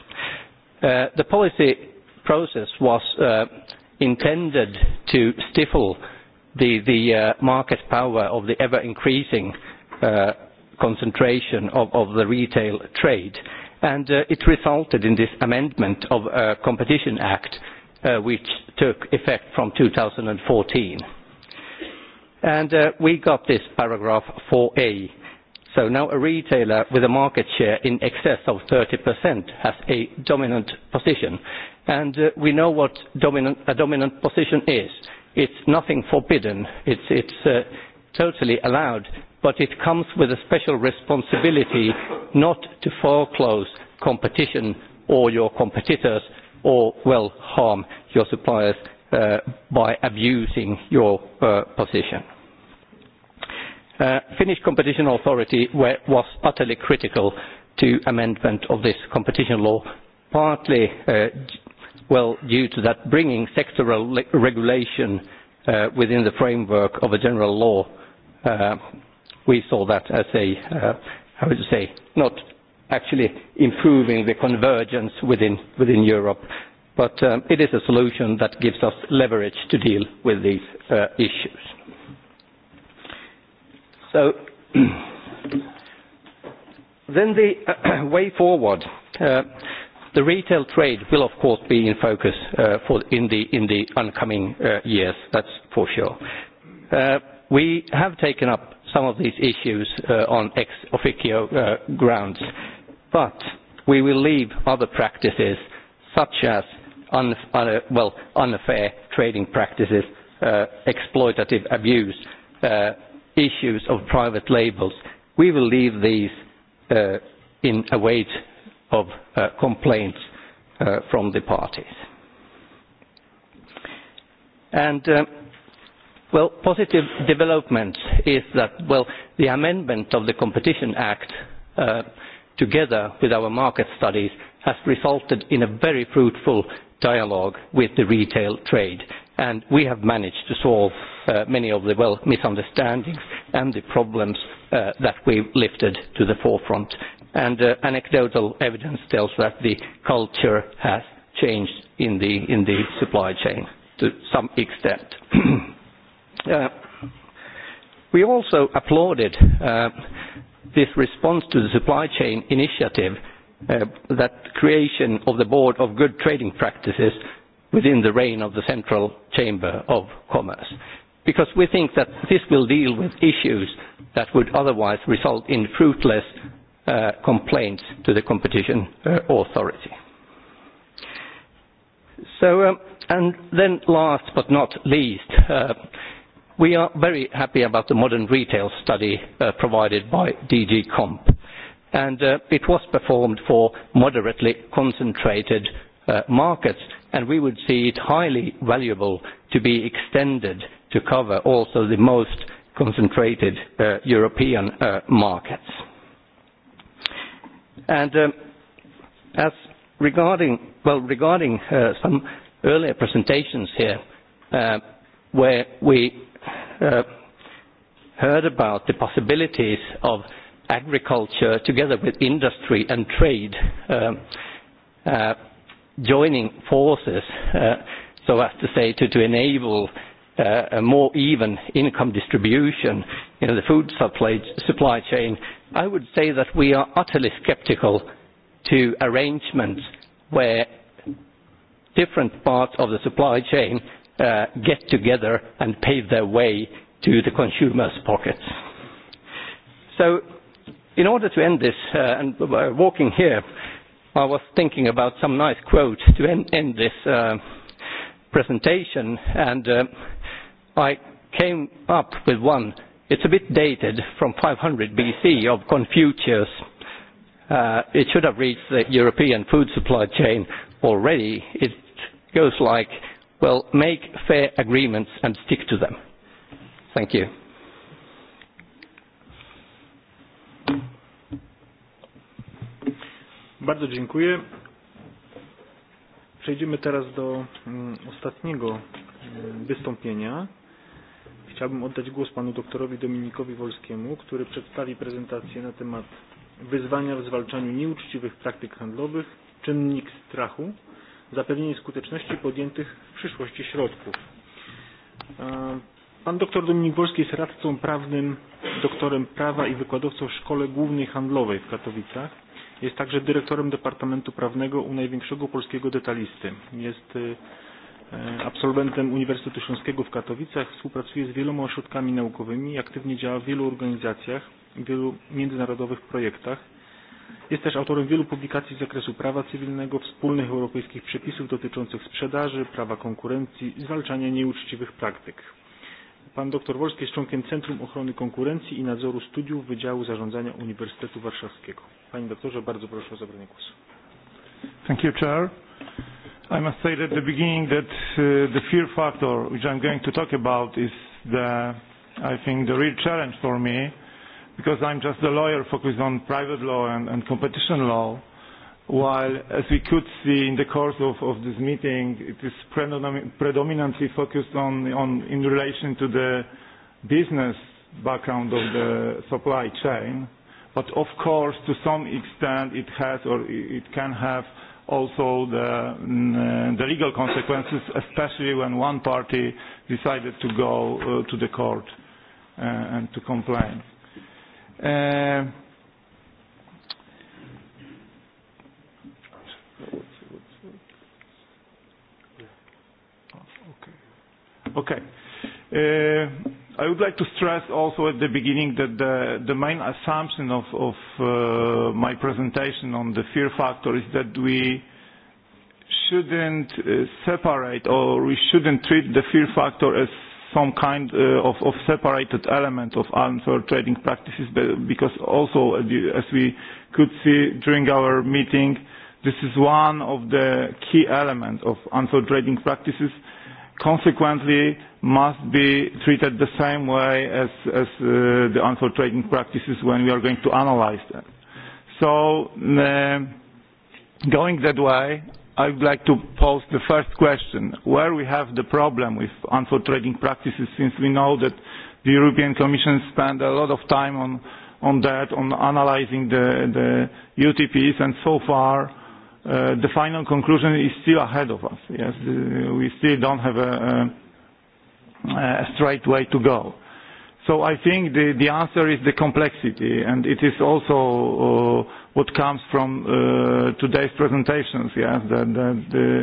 Uh, the policy process was uh, intended to stifle the, the uh, market power of the ever-increasing uh, concentration of, of the retail trade. And uh, it resulted in this amendment of uh, Competition Act, uh, which took effect from 2014 and uh, we got this paragraph 4a. So now a retailer with a market share in excess of 30% has a dominant position. And uh, we know what dominant, a dominant position is. It's nothing forbidden. It's, it's uh, totally allowed. But it comes with a special responsibility not to foreclose competition or your competitors or, well, harm your suppliers uh, by abusing your uh, position the uh, Finnish competition authority was utterly critical to amendment of this competition law, partly uh, well due to that bringing sectoral regulation uh, within the framework of a general law. Uh, we saw that as a, uh, how would you say, not actually improving the convergence within, within Europe, but um, it is a solution that gives us leverage to deal with these uh, issues. So then the uh, way forward. Uh, the retail trade will of course be in focus uh, for in the in the oncoming uh, years. That's for sure. Uh, we have taken up some of these issues uh, on ex officio uh, grounds, but we will leave other practices such as un, un, well, unfair trading practices, uh, exploitative abuse, uh, issues of private labels. We will leave these uh, in a wait of uh, complaints uh, from the parties. And, uh, well, positive development is that, well, the amendment of the Competition Act, uh, together with our market studies, has resulted in a very fruitful dialogue with the retail trade and we have managed to solve uh, many of the well misunderstandings and the problems uh, that we lifted to the forefront. And uh, anecdotal evidence tells that the culture has changed in the, in the supply chain to some extent. uh, we also applauded uh, this response to the supply chain initiative uh, that creation of the Board of Good Trading Practices within the reign of the Central Chamber of Commerce. Because we think that this will deal with issues that would otherwise result in fruitless uh, complaints to the competition uh, authority. So, um, and then last but not least, uh, we are very happy about the modern retail study uh, provided by DG Comp. And uh, it was performed for moderately concentrated uh, markets and we would see it highly valuable to be extended to cover also the most concentrated uh, European uh, markets. And um, as regarding, well, regarding uh, some earlier presentations here, uh, where we uh, heard about the possibilities of agriculture together with industry and trade, um, uh, joining forces uh, so as to say to, to enable uh, a more even income distribution in the food supply, supply chain, I would say that we are utterly skeptical to arrangements where different parts of the supply chain uh, get together and pave their way to the consumer's pockets. So in order to end this, uh, and uh, walking here, I was thinking about some nice quotes to end, end this uh, presentation, and uh, I came up with one. It's a bit dated from 500 BC of Confucius. Uh, it should have reached the European food supply chain already. It goes like, well, make fair agreements and stick to them. Thank you. Bardzo dziękuję. Przejdziemy teraz do mm, ostatniego mm, wystąpienia. Chciałbym oddać głos panu doktorowi Dominikowi Wolskiemu, który przedstawi prezentację na temat wyzwania w zwalczaniu nieuczciwych praktyk handlowych, czynnik strachu, zapewnienie skuteczności podjętych w przyszłości środków. Pan doktor Dominik Wolski jest radcą prawnym, doktorem prawa i wykładowcą w Szkole Głównej Handlowej w Katowicach Jest także dyrektorem Departamentu Prawnego u największego polskiego detalisty. Jest absolwentem Uniwersytetu Śląskiego w Katowicach, współpracuje z wieloma ośrodkami naukowymi, aktywnie działa w wielu organizacjach, w wielu międzynarodowych projektach. Jest też autorem wielu publikacji z zakresu prawa cywilnego, wspólnych europejskich przepisów dotyczących sprzedaży, prawa konkurencji i zwalczania nieuczciwych praktyk. Pan dr Wolski jest członkiem Centrum Ochrony Konkurencji i Nadzoru Studiów Wydziału Zarządzania Uniwersytetu Warszawskiego. Panie doktorze, bardzo proszę o zabranie głosu. Thank you, Chair. I must say at the beginning that uh, the fear factor which I'm going to talk about is the, I think, the real challenge for me because I'm just a lawyer focused on private law and, and competition law while as we could see in the course of, of this meeting, it is predominantly focused on, on in relation to the business background of the supply chain. But of course, to some extent, it has or it can have also the, mm, uh, the legal consequences, especially when one party decided to go uh, to the court uh, and to complain. Uh, Okay. Uh, I would like to stress also at the beginning that the, the main assumption of, of uh, my presentation on the fear factor is that we shouldn't uh, separate or we shouldn't treat the fear factor as some kind uh, of, of separated element of unfair trading practices because also as we could see during our meeting this is one of the key elements of unfair trading practices consequently must be treated the same way as, as uh, the unfair trading practices when we are going to analyze them. So uh, going that way, I would like to pose the first question. Where we have the problem with unfair trading practices since we know that the European Commission spent a lot of time on, on that, on analyzing the, the UTPs and so far Uh, the final conclusion is still ahead of us. Yes, uh, we still don't have a, a, a straight way to go. So I think the, the answer is the complexity, and it is also uh, what comes from uh, today's presentations. Yes, that, that the,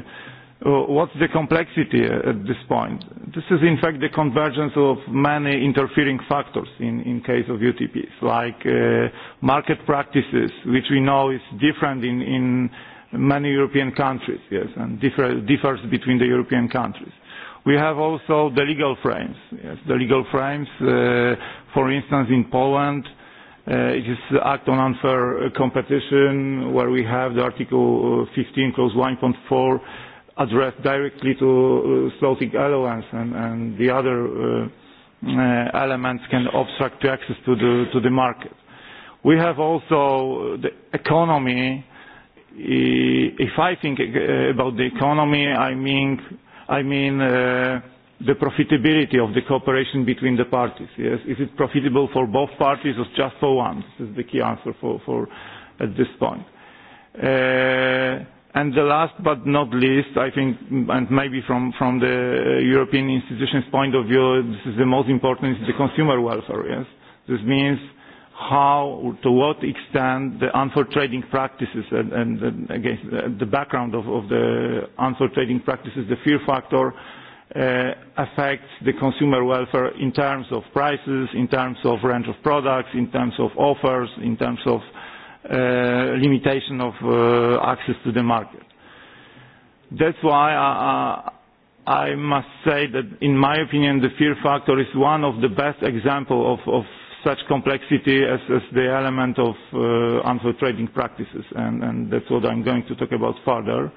uh, what's the complexity at this point? This is in fact the convergence of many interfering factors in, in case of UTPs, like uh, market practices, which we know is different in, in many European countries, yes, and differ, differs between the European countries. We have also the legal frames. Yes, the legal frames, uh, for instance, in Poland, uh, it is the Act on Unfair uh, Competition, where we have the Article 15, uh, Clause 1.4, addressed directly to uh, floating allowance and, and the other uh, uh, elements can obstruct access to the, to the market. We have also the economy if I think uh, about the economy, I mean, I mean uh, the profitability of the cooperation between the parties. Yes, is it profitable for both parties or just for one? This is the key answer for, for at this point. Uh, and the last but not least, I think, and maybe from, from the European institutions' point of view, this is the most important, is the consumer welfare. Yes, this means how or to what extent the unfair trading practices and, and, and against uh, the background of, of the unfair trading practices, the fear factor uh, affects the consumer welfare in terms of prices, in terms of range of products, in terms of offers, in terms of uh, limitation of uh, access to the market. That's why I, I must say that in my opinion the fear factor is one of the best examples of, of such complexity as, as the element of uh, unfair trading practices, and, and that's what I'm going to talk about further.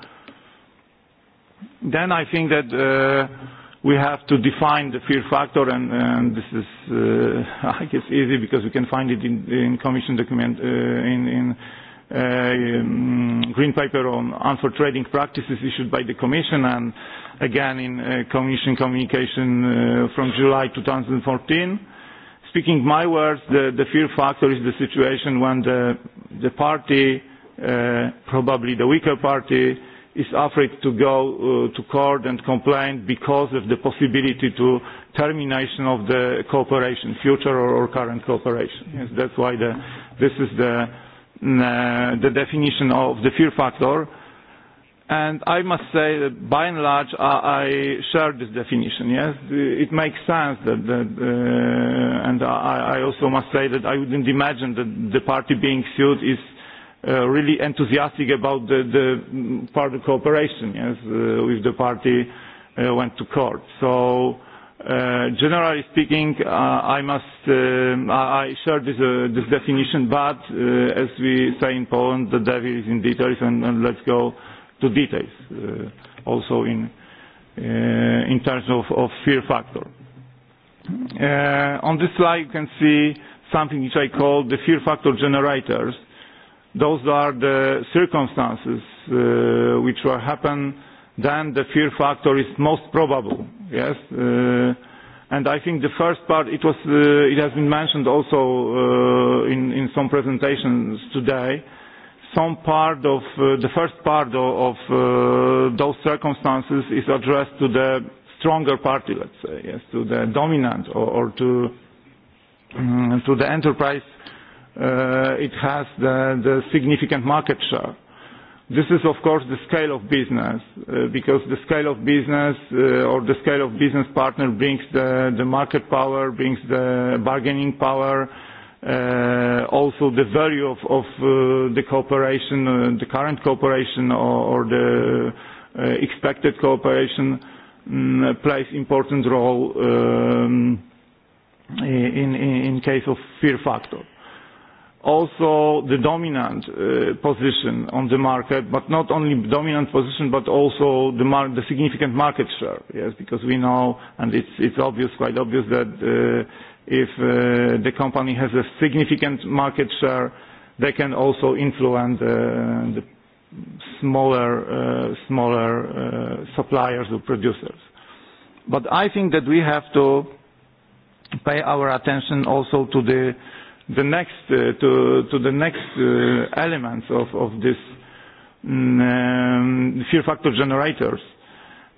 Then I think that uh, we have to define the fear factor, and, and this is, uh, I guess, easy because we can find it in, in Commission document, uh, in, in uh, um, green paper on unfair trading practices issued by the Commission, and again in uh, Commission communication uh, from July 2014 speaking my words, the, the fear factor is the situation when the, the party, uh, probably the weaker party, is afraid to go uh, to court and complain because of the possibility to termination of the cooperation, future or, or current cooperation. Yes, that's why the, this is the, mm, uh, the definition of the fear factor and I must say that by and large I, I share this definition. Yes, it makes sense that, that uh, and I, I also must say that I wouldn't imagine that the party being sued is uh, really enthusiastic about the, the mm, further cooperation yes, uh, with the party uh, went to court. So. Uh, generally speaking, uh, I must uh, I share this, uh, this definition, but uh, as we say in Poland, the devil is in details, and, and let's go to details, uh, also in, uh, in terms of, of fear factor. Uh, on this slide, you can see something which I call the fear factor generators. Those are the circumstances uh, which will happen, then the fear factor is most probable. Yes. Uh, And I think the first part, it, was, uh, it has been mentioned also uh, in, in some presentations today, some part of uh, the first part of, of uh, those circumstances is addressed to the stronger party, let's say, yes, to the dominant or, or to um, to the enterprise. Uh, it has the, the significant market share. This is, of course, the scale of business, uh, because the scale of business uh, or the scale of business partner brings the, the market power, brings the bargaining power, uh, uh, also the value of, of uh, the cooperation, uh, the current cooperation or, or the uh, expected cooperation um, plays important role um, in, in, in case of fear factor. Also, the dominant uh, position on the market, but not only dominant position, but also the, mar the significant market share. Yes, because we know, and it's, it's obvious, quite obvious that uh, if uh, the company has a significant market share, they can also influence uh, the smaller, uh, smaller uh, suppliers or producers. But I think that we have to pay our attention also to the, the next, uh, to, to the next uh, elements of, of this mm, um, fear factor generators.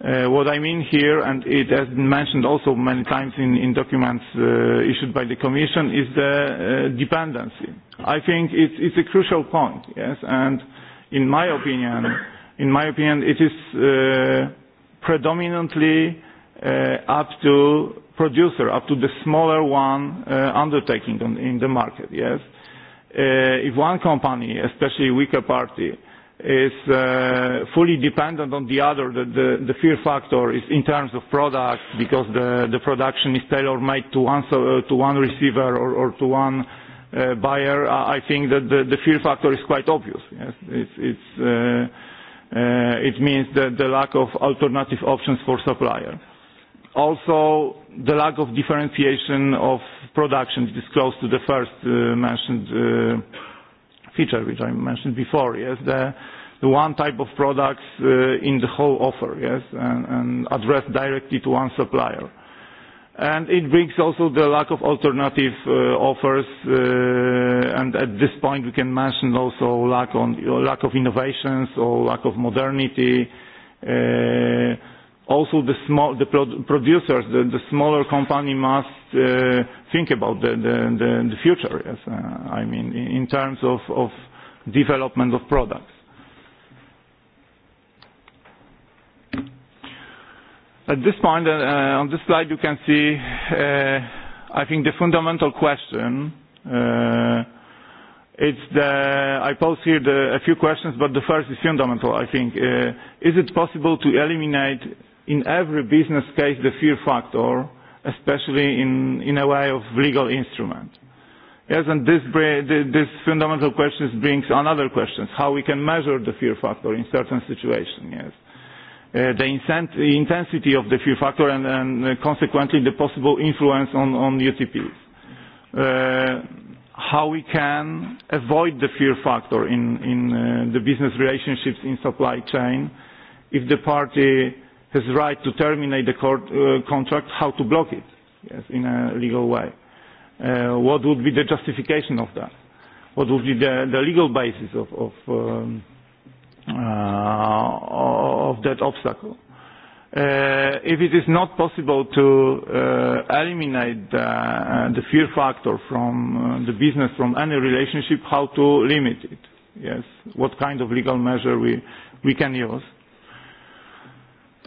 Uh, what I mean here, and it has been mentioned also many times in, in documents uh, issued by the Commission, is the uh, dependency. I think it's, it's a crucial point, yes, and in my opinion, in my opinion, it is uh, predominantly uh, up to producer, up to the smaller one uh, undertaking on, in the market, yes. Uh, if one company, especially weaker party, uh, is uh, fully dependent on the other. The, the, the fear factor is in terms of products because the, the production is tailor-made to one, so, uh, to one receiver or, or to one uh, buyer. I think that the, the fear factor is quite obvious. Yes? It's, it's, uh, uh, it means that the lack of alternative options for supplier. Also, the lack of differentiation of production, is close to the first uh, mentioned uh, feature which I mentioned before, yes, the, the one type of products uh, in the whole offer, yes, and, and addressed directly to one supplier. And it brings also the lack of alternative uh, offers, uh, and at this point we can mention also lack, on, lack of innovations or lack of modernity, uh, also the small the pro producers the, the smaller company must uh, think about the the, the, the future yes uh, i mean in terms of of development of products at this point uh, uh, on this slide you can see uh, i think the fundamental question uh, it's the I pose here the, a few questions, but the first is fundamental. I think uh, is it possible to eliminate in every business case the fear factor, especially in, in a way of legal instrument. Yes, and this, this fundamental question brings another question, how we can measure the fear factor in certain situations, yes. Uh, the intensity of the fear factor and, and uh, consequently the possible influence on, on UTPs. Uh, how we can avoid the fear factor in, in uh, the business relationships in supply chain if the party his right to terminate the court, uh, contract, how to block it yes, in a legal way. Uh, what would be the justification of that? What would be the, the legal basis of, of, um, uh, of that obstacle? Uh, if it is not possible to uh, eliminate the, uh, the fear factor from uh, the business from any relationship, how to limit it? Yes, what kind of legal measure we, we can use?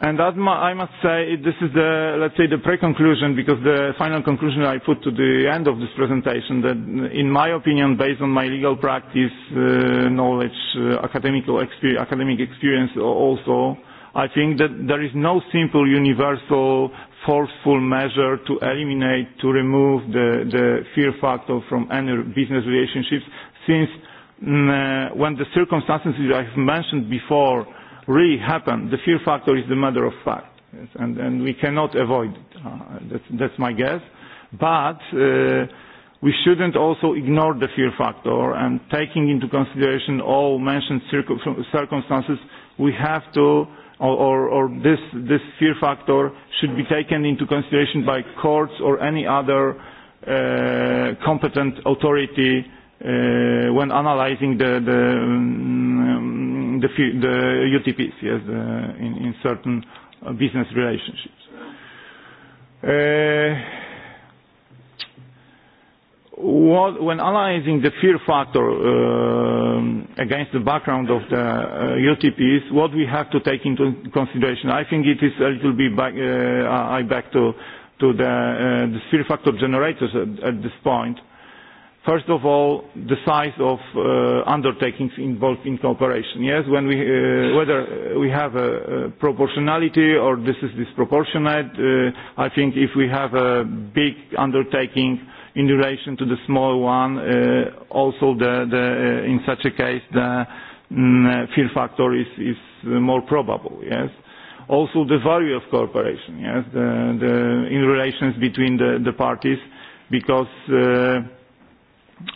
And that, I must say, this is the, let's say, the pre-conclusion, because the final conclusion I put to the end of this presentation, that in my opinion, based on my legal practice, uh, knowledge, uh, academic, experience, academic experience also, I think that there is no simple, universal, forceful measure to eliminate, to remove the, the fear factor from any business relationships, since mm, uh, when the circumstances I have mentioned before really happen. the fear factor is the matter of fact, yes, and, and we cannot avoid it. Uh, that's, that's my guess. But uh, we shouldn't also ignore the fear factor, and taking into consideration all mentioned circumstances, we have to, or, or, or this, this fear factor should be taken into consideration by courts or any other uh, competent authority uh, when analyzing the, the um, the, the UTPs yes, the, in, in certain uh, business relationships. Uh, what, when analyzing the fear factor uh, against the background of the uh, UTPs, what we have to take into consideration, I think it is a little bit back, uh, I back to, to the, uh, the fear factor generators at, at this point First of all, the size of uh, undertakings involved in cooperation. Yes, when we, uh, whether we have a, a proportionality or this is disproportionate, uh, I think if we have a big undertaking in relation to the small one, uh, also the, the, uh, in such a case the um, fear factor is, is more probable. Yes also the value of cooperation, yes, the, the in relations between the, the parties, because uh,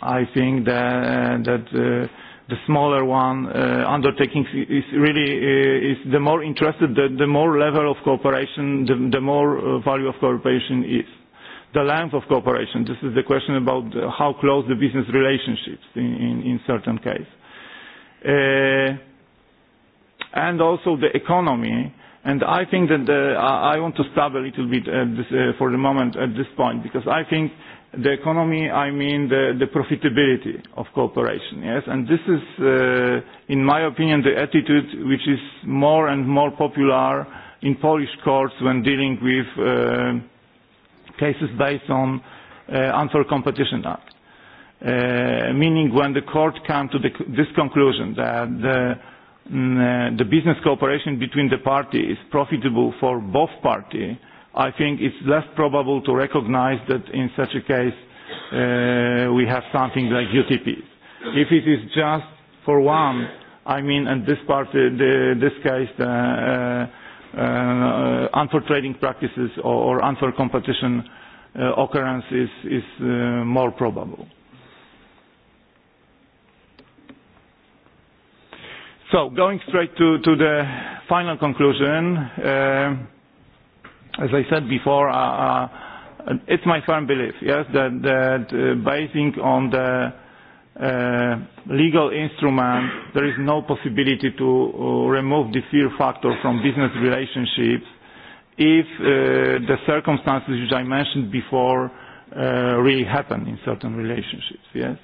I think that, uh, that uh, the smaller one uh, undertakings is really uh, is the more interested, the, the more level of cooperation, the, the more uh, value of cooperation is. The length of cooperation. This is the question about how close the business relationships in, in, in certain case. Uh, and also the economy. And I think that I want to stop a little bit at this, uh, for the moment at this point because I think the economy, I mean the, the profitability of cooperation. Yes, and this is, uh, in my opinion, the attitude which is more and more popular in Polish courts when dealing with uh, cases based on uh, unfair competition act. Uh, meaning when the court comes to the, this conclusion that the, mm, uh, the business cooperation between the parties is profitable for both parties, I think it's less probable to recognize that in such a case uh, we have something like UTPs. If it is just for one, I mean, in this part, uh, the, this case, the uh, uh, uh, unfair trading practices or, or unfair competition uh, occurrence is, is uh, more probable. So, going straight to, to the final conclusion, uh, as I said before, uh, uh, it's my firm belief, yes, that, that uh, basing on the uh, legal instrument, there is no possibility to uh, remove the fear factor from business relationships if uh, the circumstances which I mentioned before uh, really happen in certain relationships, yes.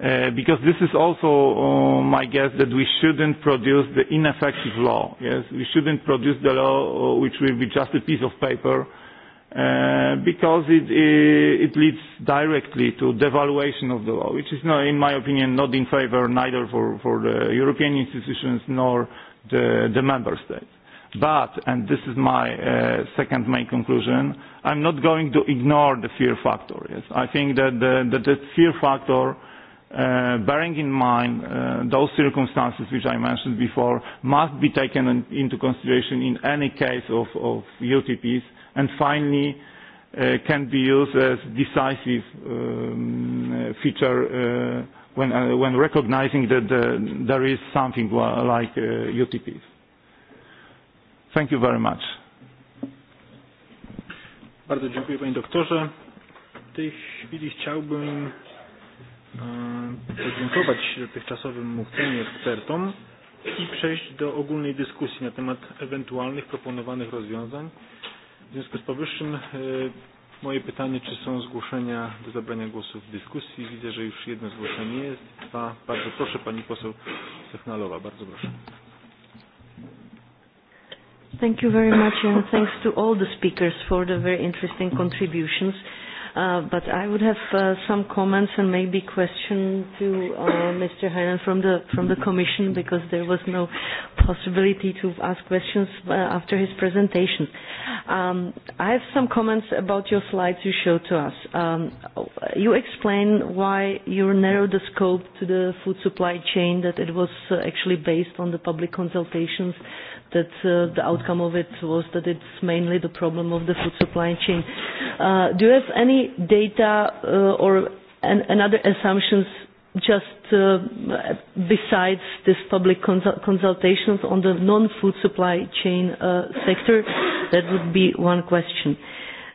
Uh, because this is also uh, my guess that we shouldn't produce the ineffective law. Yes, we shouldn't produce the law uh, which will be just a piece of paper, uh, because it, it leads directly to devaluation of the law, which is, not, in my opinion, not in favor neither for, for the European institutions nor the, the member states. But, and this is my uh, second main conclusion, I'm not going to ignore the fear factor. Yes, I think that the, that the fear factor uh, bearing in mind uh, those circumstances which I mentioned before, must be taken in, into consideration in any case of, of UTPs, and finally uh, can be used as decisive um, feature uh, when, uh, when recognizing that the, there is something like uh, UTPs. Thank you very much. Bardzo dziękuję panie doktorze. W tej chwili chciałbym podziękować dotychczasowym mówcom i ekspertom i przejść do ogólnej dyskusji na temat ewentualnych proponowanych rozwiązań. W związku z powyższym e, moje pytanie, czy są zgłoszenia do zabrania głosu w dyskusji? Widzę, że już jedno zgłoszenie jest. Dwa. Bardzo proszę, pani poseł Sechnalowa. Bardzo proszę. Thank you very much and thanks to all the speakers for the very interesting contributions. Uh, but I would have uh, some comments and maybe question to uh, Mr. Heinen from the from the Commission because there was no possibility to ask questions uh, after his presentation. Um, I have some comments about your slides you showed to us. Um, you explain why you narrowed the scope to the food supply chain that it was uh, actually based on the public consultations uh, that uh, the outcome of it was that it's mainly the problem of the food supply chain. Uh, do you have any data uh, or an, another assumptions just uh, besides this public consul- consultations on the non-food supply chain uh, sector? That would be one question.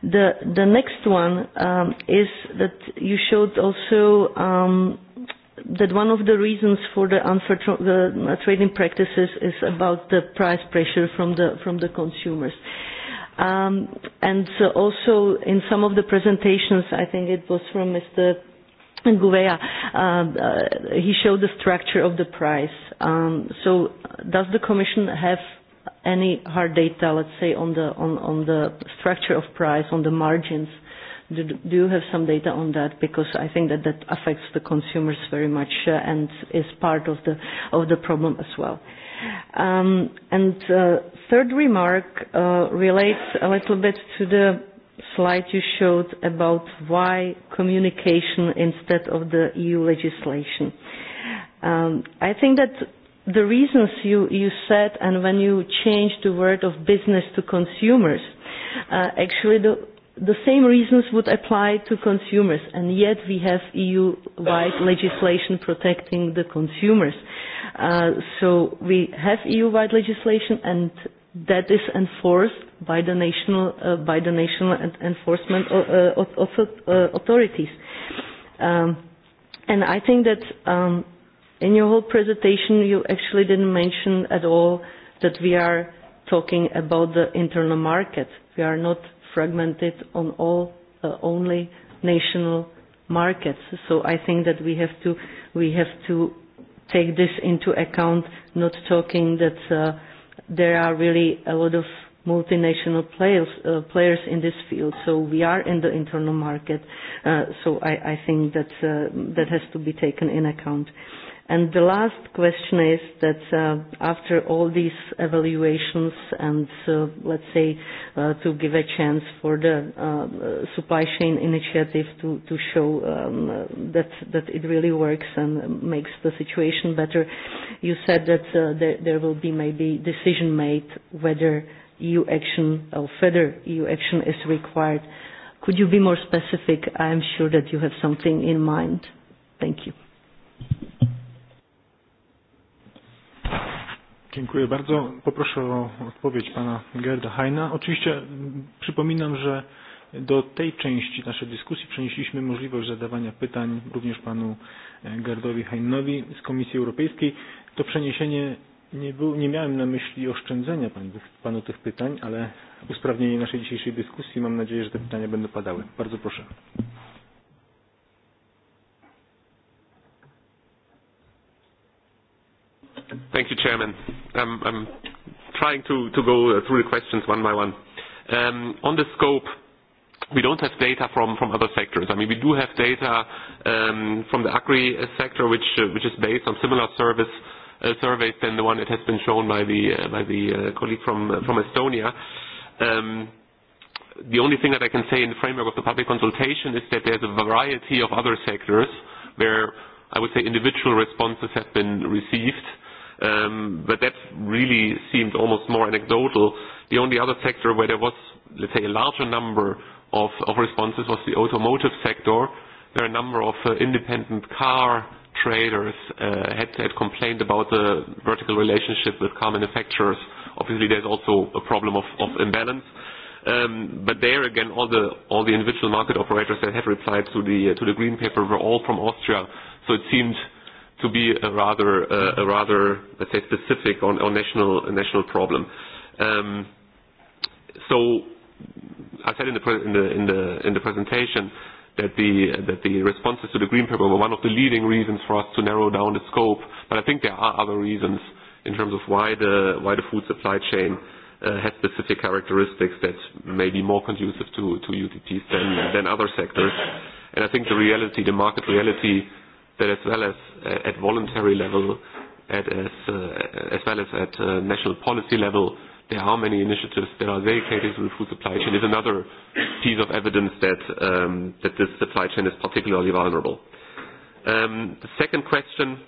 The, the next one um, is that you showed also um, that one of the reasons for the unfair tra the uh, trading practices is about the price pressure from the from the consumers. Um, and so also in some of the presentations, I think it was from Mr. Gouveia, uh, uh, he showed the structure of the price. Um, so does the Commission have any hard data, let's say, on the on, on the structure of price, on the margins? Do, you have some data on that? Because I think that that affects the consumers very much uh, and is part of the of the problem as well. Um, and uh, third remark uh, relates a little bit to the slide you showed about why communication instead of the EU legislation. Um, I think that the reasons you, you said and when you changed the word of business to consumers, uh, actually the the same reasons would apply to consumers, and yet we have EU-wide legislation protecting the consumers. Uh, so we have EU-wide legislation, and that is enforced by the national uh, by the national enforcement uh, uh, uh, authorities. Um, and I think that um, in your whole presentation, you actually didn't mention at all that we are talking about the internal market. We are not fragmented on all uh, only national markets. So I think that we have to we have to take this into account, not talking that uh, there are really a lot of multinational players uh, players in this field. So we are in the internal market. Uh, so I, I think that uh, that has to be taken in account. Uh, And the last question is that uh, after all these evaluations and uh, let's say uh, to give a chance for the uh, supply chain initiative to, to show um, that, that it really works and makes the situation better, you said that uh, there, there will be maybe decision made whether EU action or further EU action is required. Could you be more specific? I am sure that you have something in mind. Thank you. Dziękuję bardzo. Poproszę o odpowiedź pana Gerda Heina. Oczywiście przypominam, że do tej części naszej dyskusji przenieśliśmy możliwość zadawania pytań również panu e, Gerdowi Heinowi z Komisji Europejskiej. To przeniesienie nie, był, nie miałem na myśli oszczędzenia panu, panu tych pytań, ale usprawnienie naszej dzisiejszej dyskusji. Mam nadzieję, że te pytania będą padały. Bardzo proszę. Thank you, Chairman. Um, I'm, trying to, go uh, through the questions one by one. Um, on the scope, we don't have data from, other sectors. I mean, we do have data um, from the agri sector, which, uh, is based on similar uh, surveys than the one that has been shown by the, colleague from, Estonia. the only thing that I can say in the framework of the public consultation is that there's a variety of other sectors where I would say individual responses have been received Um, but that really seemed almost more anecdotal. The only other sector where there was, let's say, a larger number of, of responses was the automotive sector. There are a number of uh, independent car traders uh, had, had complained about the vertical relationship with car manufacturers. Obviously, there's also a problem of, of imbalance. Um, but there again, all the all the individual market operators that had replied to the uh, to the green paper were all from Austria, so it seemed to be a rather, uh, a rather let's say, specific on, on national, national problem. Um, so I said in the, pre- in the, in the, in the presentation that the, that the responses to the Green Paper were one of the leading reasons for us to narrow down the scope, but I think there are other reasons in terms of why the, why the food supply chain uh, has specific characteristics that may be more conducive to, to UTPs than, than other sectors. And I think the reality, the market reality but as well as uh, at voluntary level, at as, uh, as well as at uh, national policy level, there are many initiatives that are dedicated to the food supply chain. Is another piece of evidence that um, that this supply chain is particularly vulnerable. Um, the second question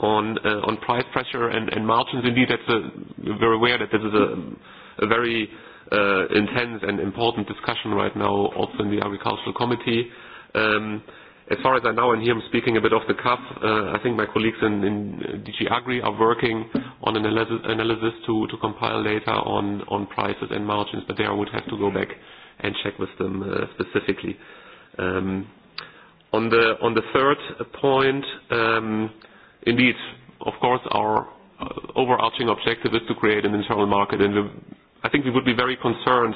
on uh, on price pressure and, and margins. Indeed, that's a, we're aware that this is a, a very uh, intense and important discussion right now, also in the agricultural committee. Um, as far as I know, and here I'm speaking a bit off the cuff, uh, I think my colleagues in, in DG Agri are working on an analysis, to, to compile data on, on prices and margins, but there I would have to go back and check with them uh, specifically. Um, on, the, on the third point, um, indeed, of course, our uh, overarching objective is to create an internal market, and I think we would be very concerned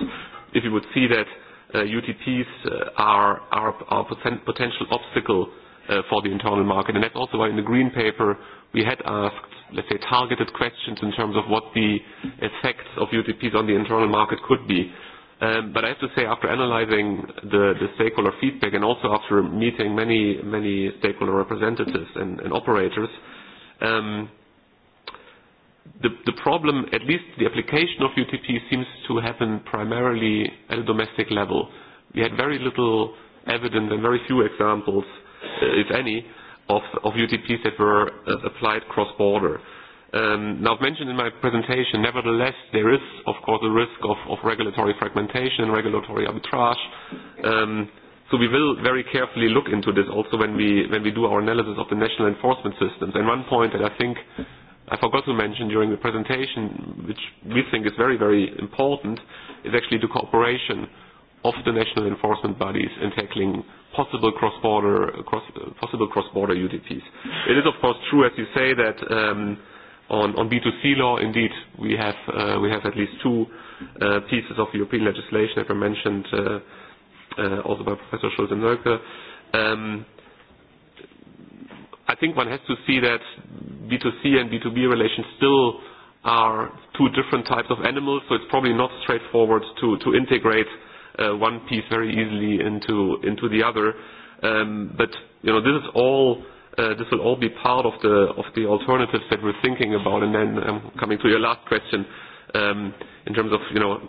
if we would see that UTPs uh, uh, are, a potential obstacle uh, for the internal market. And that's also why in the green paper we had asked, let's say, targeted questions in terms of what the effects of UTPs on the internal market could be. Um, but I have to say, after analyzing the, the stakeholder feedback and also after meeting many, many stakeholder representatives and, and operators, um, the, the problem, at least the application of UTP, seems to happen primarily at a domestic level. We had very little evidence and very few examples, uh, if any, of, of UTPs that were uh, applied cross-border. Um, now, I've mentioned in my presentation, nevertheless, there is, of course, a risk of, of regulatory fragmentation and regulatory arbitrage. Um, so we will very carefully look into this also when we, when we do our analysis of the national enforcement systems. And one point that I think I forgot to mention during the presentation, which we think is very, very important, is actually the cooperation of the national enforcement bodies in tackling possible cross-border cross, possible cross-border UDPs. It is of course true, as you say, that um, on, on B2C law, indeed, we have uh, we have at least two uh, pieces of European legislation, that were mentioned, uh, uh, also by Professor Schulz and Um, I think one has to see that B2C and B2B relations still are two different types of animals, so it's probably not straightforward to, to integrate uh, one piece very easily into, into the other. Um, but you know, this is all uh, this will all be part of the of the alternatives that we're thinking about. And then um, coming to your last question, um, in terms of you know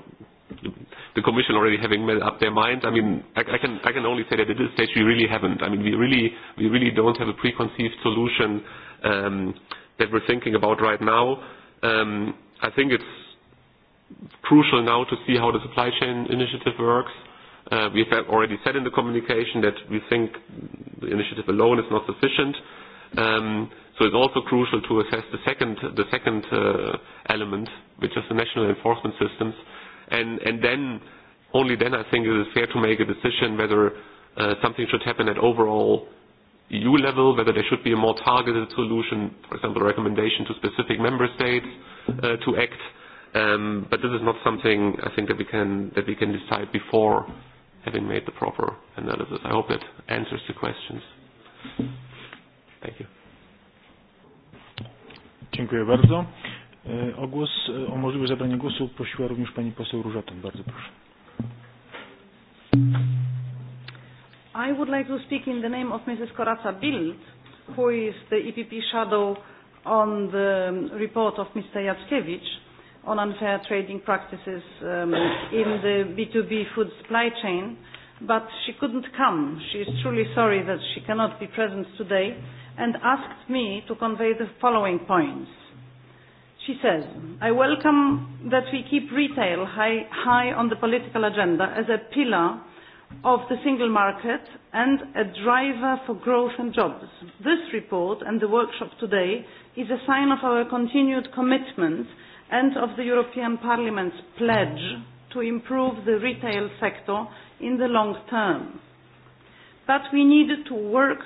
the Commission already having made up their mind. I mean, mm. I, I, can, I can only say that at this stage we really haven't. I mean, we really, we really don't have a preconceived solution um, that we're thinking about right now. Um, I think it's crucial now to see how the supply chain initiative works. Uh, we have already said in the communication that we think the initiative alone is not sufficient. Um, so it's also crucial to assess the second, the second uh, element, which is the national enforcement systems and, and then only then I think it is fair to make a decision whether uh, something should happen at overall EU level, whether there should be a more targeted solution, for example, a recommendation to specific member states uh, to act. Um, but this is not something I think that we can that we can decide before having made the proper analysis. I hope that answers the questions. Thank you. Dziękuję bardzo. E, o głos, e, o możliwość zabrania głosu prosiła również pani poseł Różaton. Bardzo proszę. I would like to speak in the name of Mrs. Koraca Bild, who is the EPP shadow on the report of Mr. Jackiewicz on unfair trading practices um, in the B2B food supply chain, but she couldn't come. She is truly sorry that she cannot be present today and asked me to convey the following points. She says, I welcome that we keep retail high, high on the political agenda as a pillar of the single market and a driver for growth and jobs. This report and the workshop today is a sign of our continued commitment and of the European Parliament's pledge to improve the retail sector in the long term. But we need to work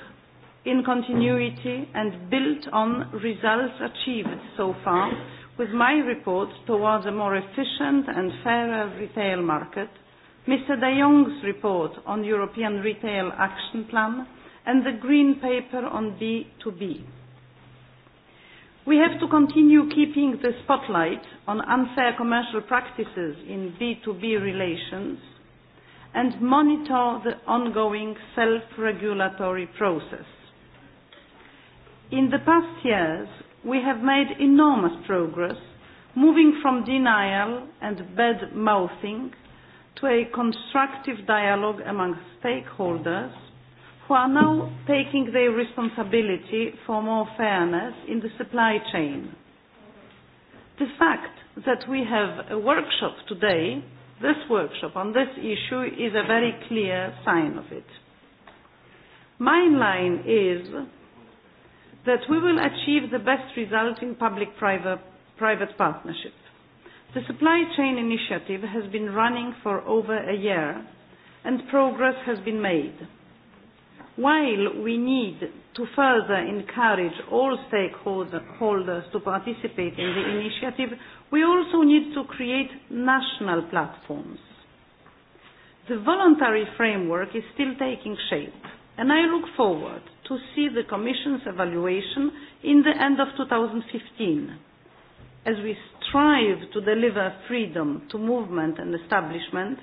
in continuity and built on results achieved so far with my report towards a more efficient and fairer retail market, Mr. de Jong's report on European Retail Action Plan, and the Green Paper on B2B. We have to continue keeping the spotlight on unfair commercial practices in B2B relations and monitor the ongoing self-regulatory process. In the past years, we have made enormous progress, moving from denial and bad mouthing to a constructive dialogue among stakeholders who are now taking their responsibility for more fairness in the supply chain. The fact that we have a workshop today, this workshop on this issue, is a very clear sign of it. My line is that we will achieve the best result in public-private partnership. The supply chain initiative has been running for over a year, and progress has been made. While we need to further encourage all stakeholders to participate in the initiative, we also need to create national platforms. The voluntary framework is still taking shape, and I look forward to see the Commission's evaluation in the end of 2015. As we strive to deliver freedom to movement and establishment,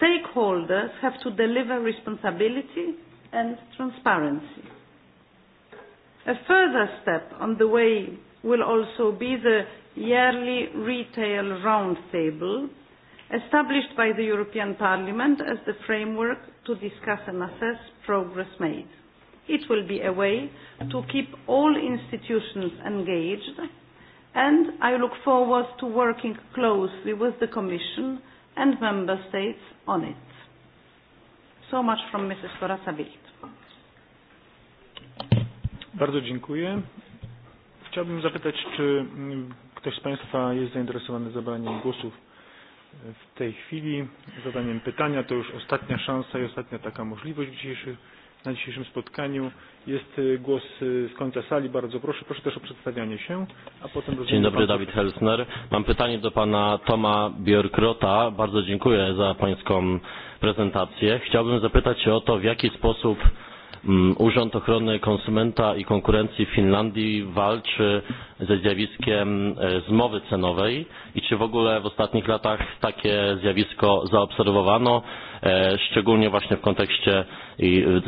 stakeholders have to deliver responsibility and transparency. A further step on the way will also be the yearly retail roundtable established by the European Parliament as the framework to discuss and assess progress made. It will be a way to keep all institutions engaged, and I look forward to working closely with the Commission and Member States on it. So much from Mrs. corazza wild Bardzo dziękuję. Chciałbym zapytać, czy mm, ktoś z Państwa jest zainteresowany zabraniem głosu w tej chwili, zadaniem pytania. To już ostatnia szansa i ostatnia taka możliwość w dzisiejszym na dzisiejszym spotkaniu. Jest głos z końca sali. Bardzo proszę. Proszę też o przedstawianie się, a potem Dzień dobry, Dawid Helsner. Mam pytanie do pana Toma Björkrota. Bardzo dziękuję za pańską prezentację. Chciałbym zapytać się o to, w jaki sposób Mm, Urząd Ochrony Konsumenta i Konkurencji w Finlandii walczy ze zjawiskiem e, zmowy cenowej i czy w ogóle w ostatnich latach takie zjawisko zaobserwowano, e, szczególnie właśnie w kontekście e,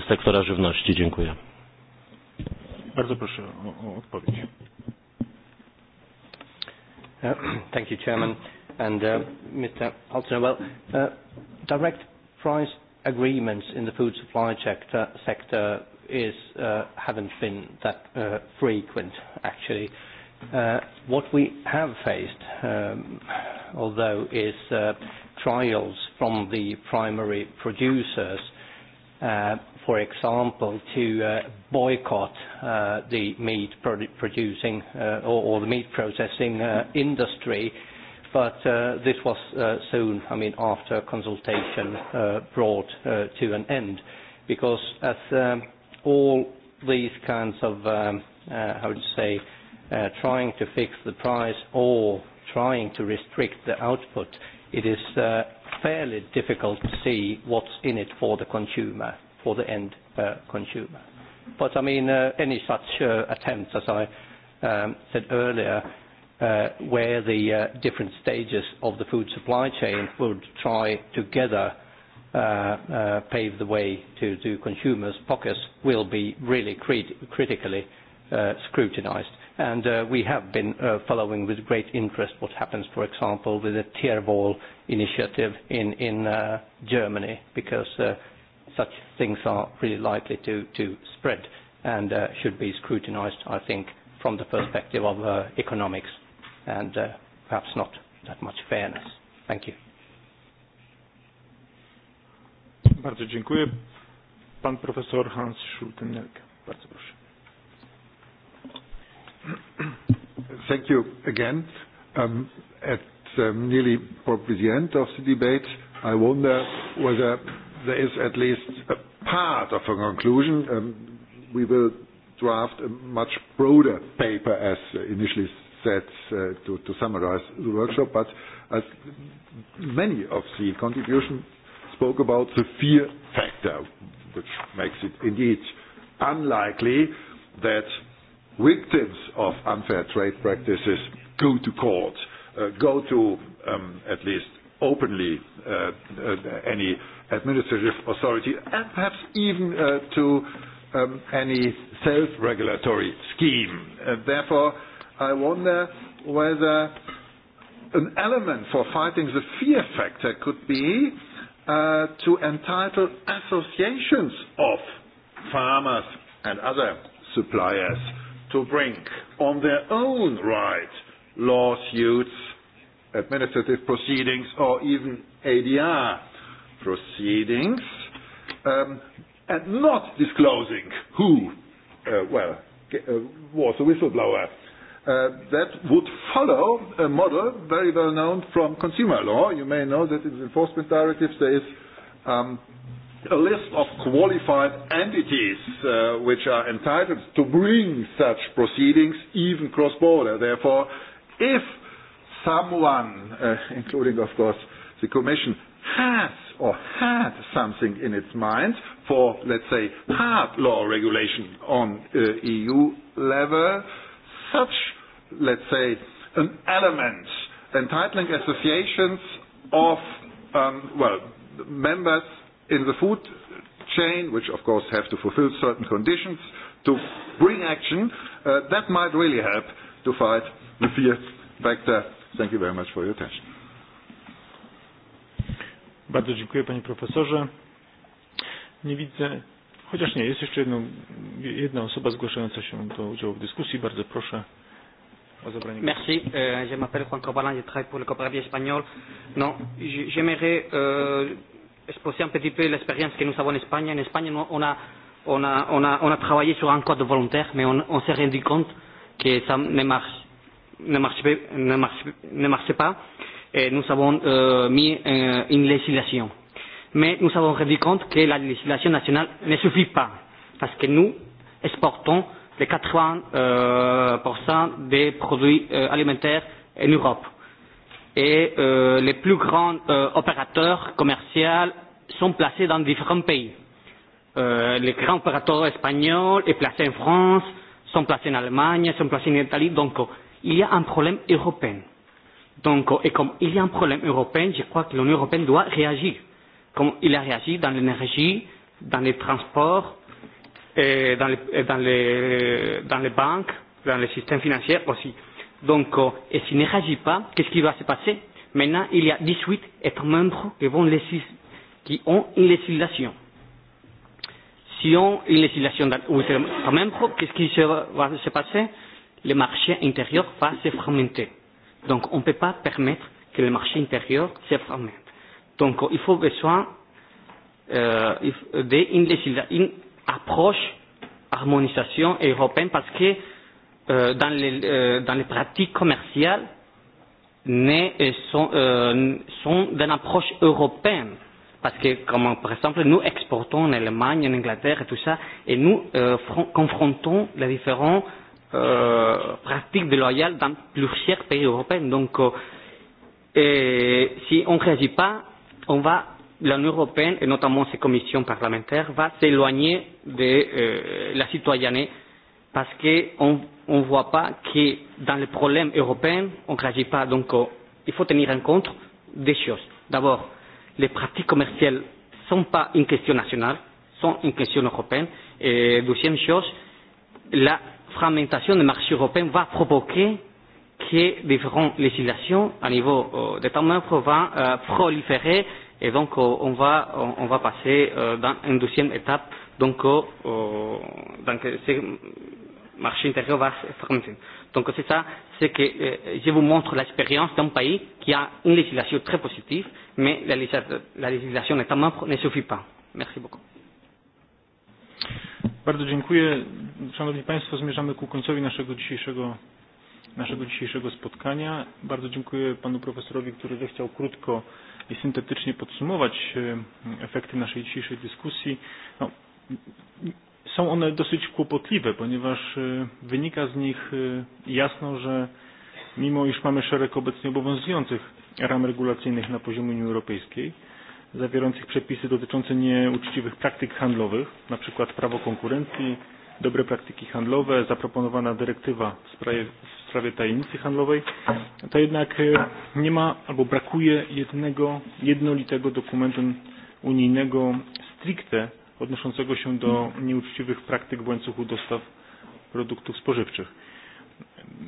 sektora żywności? Dziękuję. Bardzo proszę o, o odpowiedź. Uh, thank you, Chairman. And uh, Mr. Altner, well, uh, direct price agreements in the food supply sector, uh, haven't been that uh, frequent, actually. Uh, what we have faced, um, although, is trials from the primary producers, for example, to boycott the meat producing or, the meat processing industry but uh, this was uh, soon, I mean, after consultation uh, brought uh, to an end, because as um, all these kinds of, um, uh, how would you say, uh, trying to fix the price or trying to restrict the output, it is uh, fairly difficult to see what's in it for the consumer, for the end uh, consumer. But I mean, uh, any such uh, attempts, as I um, said earlier, Uh, where the uh, different stages of the food supply chain would try together uh, uh, pave the way to, to consumers' pockets will be really crit critically uh, scrutinized. And uh, we have been uh, following with great interest what happens, for example, with the Tierwohl initiative in, in uh, Germany, because uh, such things are really likely to, to spread and uh, should be scrutinized, I think, from the perspective of uh, economics and uh, perhaps not that much fairness. Thank you. Bardzo dziękuję. Pan profesor Hans Schultenberg. Bardzo proszę. Thank you again. Um, at um, nearly probably the end of the debate, I wonder whether there is at least a part of a conclusion. Um, we will draft a much broader paper as initially said uh, to, to summarize the workshop, but as many of the contributions spoke about the fear factor, which makes it indeed unlikely that victims of unfair trade practices go to court, uh, go to um, at least openly uh, uh, any administrative authority, and perhaps even uh, to um, any self-regulatory scheme. Uh, therefore, I wonder whether an element for fighting the fear factor could be uh, to entitle associations of farmers and other suppliers to bring on their own right lawsuits, administrative proceedings, or even ADR proceedings, um, and not disclosing who, uh, well, uh, was a whistleblower Uh, that would follow a model very well known from consumer law. You may know that in the enforcement directives there is um, a list of qualified entities uh, which are entitled to bring such proceedings even cross-border. Therefore, if someone, uh, including of course the Commission, has or had something in its mind for, let's say, hard law regulation on uh, EU level, such, let's say, an element entitling associations of, um, well, members in the food chain, which of course have to fulfill certain conditions to bring action, uh, that might really help to fight the fear factor. Thank you very much for your attention. Bardzo dziękuję panie profesorze. Nie widzę Chociaż nie, jest jeszcze jedną, jedna osoba zgłaszająca się do udziału w dyskusji. Bardzo proszę. o zabranie głosu. Merci. Euh, je m'appelle Juan Cobalan, je travaille pour le coopérative espagnol. No, j'aimerais euh, exposer un petit peu l'expérience que nous avons en Espagne. En Espagne, on a, on a, on a, on a travaillé sur un code volontaire, mais on, on s'est rendu compte que ça ne marche, ne marchait, ne marche, ne marche pas. Et nous avons euh, mis euh, une législation mais nous avons rendu compte que la législation nationale ne suffit pas, parce que nous exportons les 80% euh, des produits euh, alimentaires en Europe. Et euh, les plus grands euh, opérateurs commerciaux sont placés dans différents pays. Euh, les grands opérateurs espagnols sont placés en France, sont placés en Allemagne, sont placés en Italie. Donc, il y a un problème européen. Donc, et comme il y a un problème européen, je crois que l'Union européenne doit réagir comme il a réagi dans l'énergie, dans les transports, et euh, dans, les, et euh, dans, les, euh, dans les banques, dans les systèmes financiers aussi. Donc, euh, et s'il ne réagit pas, qu'est-ce qui va se passer Maintenant, il y a 18 États membres qui, vont les, qui ont une législation. Si on a une législation dans les États membres, qu'est-ce qui se va, va se passer Le marché intérieur va se fragmenter. Donc, on ne peut pas permettre que le marché intérieur se fragmente. Donc il faut besoin euh, d'une approche harmonisation européenne parce que euh, dans, les, euh, dans les pratiques commerciales né, sont, euh, sont d'une approche européenne. Parce que, comme par exemple, nous exportons en Allemagne, en Angleterre et tout ça, et nous euh, confrontons les différentes euh, pratiques déloyales dans plusieurs pays européens. Donc, euh, et si on ne réagit pas, on va l'Union européenne et notamment ses commissions parlementaires va s'éloigner de euh, la citoyenneté parce qu'on ne voit pas que dans les problèmes européens, on ne réagit pas. Donc, oh, il faut tenir en compte des choses. D'abord, les pratiques commerciales ne sont pas une question nationale, sont une question européenne. Et deuxième chose, la fragmentation des marchés européens va provoquer que différentes législations à niveau euh, d'État membre vont euh, proliférer et donc euh, on, va, on, on va passer euh, dans une deuxième étape donc, euh, euh donc euh, ce marché intérieur va se fermer. Donc c'est ça, c'est que euh, je vous montre l'expérience d'un pays qui a une législation très positive, mais la, la législation d'État membre ne suffit pas. Merci beaucoup. Bardzo dziękuję. Szanowni Państwo, zmierzamy ku końcowi naszego dzisiejszego naszego dzisiejszego spotkania. Bardzo dziękuję panu profesorowi, który zechciał krótko i syntetycznie podsumować e, efekty naszej dzisiejszej dyskusji. No, są one dosyć kłopotliwe, ponieważ e, wynika z nich e, jasno, że mimo iż mamy szereg obecnie obowiązujących ram regulacyjnych na poziomie Unii Europejskiej, zawierających przepisy dotyczące nieuczciwych praktyk handlowych, np. prawo konkurencji, dobre praktyki handlowe, zaproponowana dyrektywa w sprawie, w sprawie tajemnicy handlowej, to jednak e, nie ma albo brakuje jednego, jednolitego dokumentu unijnego stricte odnoszącego się do nieuczciwych praktyk w łańcuchu dostaw produktów spożywczych.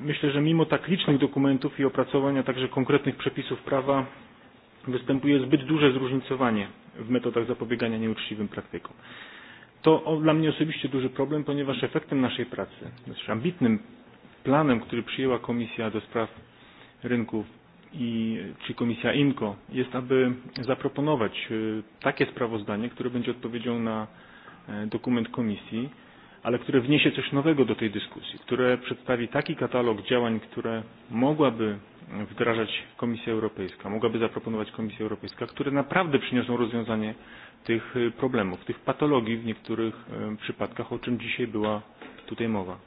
Myślę, że mimo tak licznych dokumentów i opracowania także konkretnych przepisów prawa występuje zbyt duże zróżnicowanie w metodach zapobiegania nieuczciwym praktykom to dla mnie osobiście duży problem, ponieważ efektem naszej pracy, naszym ambitnym planem, który przyjęła Komisja do Spraw Rynków i, czy Komisja INCO, jest, aby zaproponować takie sprawozdanie, które będzie odpowiedzią na e, dokument Komisji, ale które wniesie coś nowego do tej dyskusji, które przedstawi taki katalog działań, które mogłaby wdrażać Komisja Europejska, mogłaby zaproponować Komisja Europejska, które naprawdę przyniosą rozwiązanie tych problemów, tych patologii w niektórych przypadkach, o czym dzisiaj była tutaj mowa.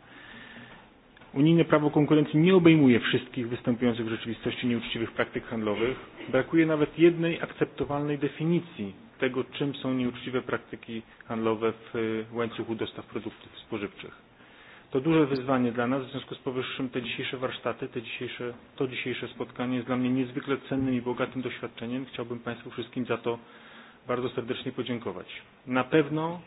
Unijne prawo konkurencji nie obejmuje wszystkich występujących w rzeczywistości nieuczciwych praktyk handlowych. Brakuje nawet jednej akceptowalnej definicji tego, czym są nieuczciwe praktyki handlowe w łańcuchu dostaw produktów spożywczych. To duże wyzwanie dla nas, w związku z powyższym te dzisiejsze warsztaty, te dzisiejsze, to dzisiejsze spotkanie jest dla mnie niezwykle cennym i bogatym doświadczeniem. Chciałbym Państwu wszystkim za to bardzo serdecznie podziękować. Na pewno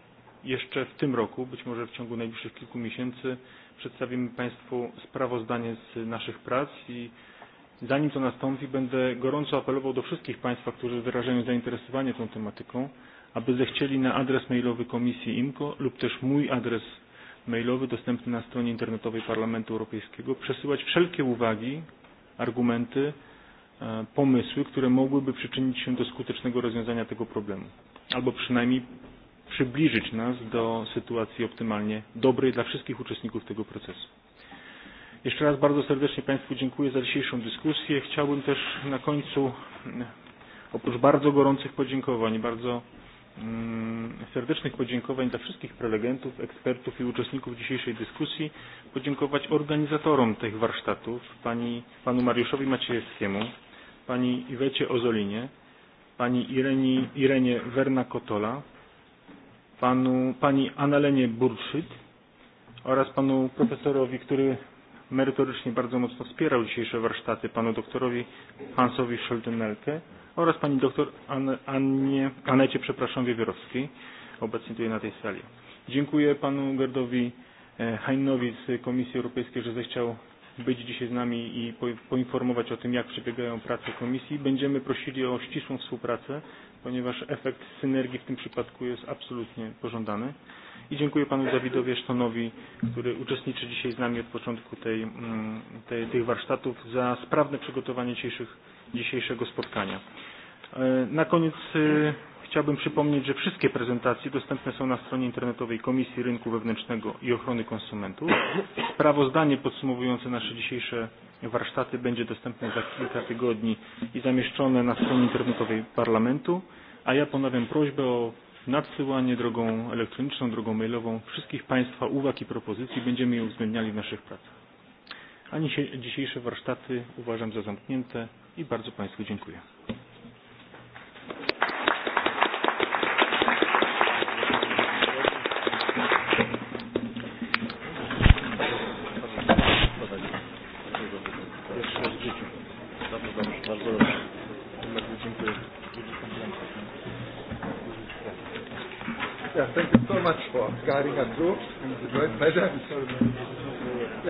jeszcze w tym roku, być może w ciągu najbliższych kilku miesięcy, przedstawimy Państwu sprawozdanie z naszych prac i zanim to nastąpi, będę gorąco apelował do wszystkich Państwa, którzy wyrażają zainteresowanie tą tematyką, aby zechcieli na adres mailowy Komisji IMCO lub też mój adres mailowy dostępny na stronie internetowej Parlamentu Europejskiego przesyłać wszelkie uwagi, argumenty, E, pomysły, które mogłyby przyczynić się do skutecznego rozwiązania tego problemu, albo przynajmniej przybliżyć nas do sytuacji optymalnie dobrej dla wszystkich uczestników tego procesu. Jeszcze raz bardzo serdecznie Państwu dziękuję za dzisiejszą dyskusję. Chciałbym też na końcu, mm, oprócz bardzo gorących podziękowań, bardzo mm, serdecznych podziękowań dla wszystkich prelegentów, ekspertów i uczestników dzisiejszej dyskusji, podziękować organizatorom tych warsztatów, pani, panu Mariuszowi Maciejewskiemu, pani Iwecie Ozolinie, pani Irenie, Irenie Werna-Kotola, panu, pani Analenie Burszyt oraz panu profesorowi, który merytorycznie bardzo mocno wspierał dzisiejsze warsztaty, panu doktorowi Hansowi Scholtenelke oraz pani doktor Annie, Anecie przepraszam, Wiewiorowskiej, obecnie tutaj na tej sali. Dziękuję panu Gerdowi e, Heinowi z Komisji Europejskiej, że zechciał być dzisiaj z nami i poinformować o tym, jak przebiegają prace komisji. Będziemy prosili o ścisłą współpracę, ponieważ efekt synergii w tym przypadku jest absolutnie pożądany. I dziękuję panu Dawidowi Sztonowi, który uczestniczy dzisiaj z nami od początku tej, mm, tej, tych warsztatów, za sprawne przygotowanie dzisiejszych, dzisiejszego spotkania. E, na koniec e, Chciałbym przypomnieć, że wszystkie prezentacje dostępne są na stronie internetowej Komisji Rynku Wewnętrznego i Ochrony Konsumentów. Sprawozdanie podsumowujące nasze dzisiejsze warsztaty będzie dostępne za kilka tygodni i zamieszczone na stronie internetowej Parlamentu, a ja ponawiam prośbę o nadsyłanie drogą elektroniczną, drogą mailową wszystkich Państwa uwag i propozycji. Będziemy je uwzględniali w naszych pracach. A dzisiejsze warsztaty uważam za zamknięte i bardzo Państwu dziękuję. Karin got through, and it was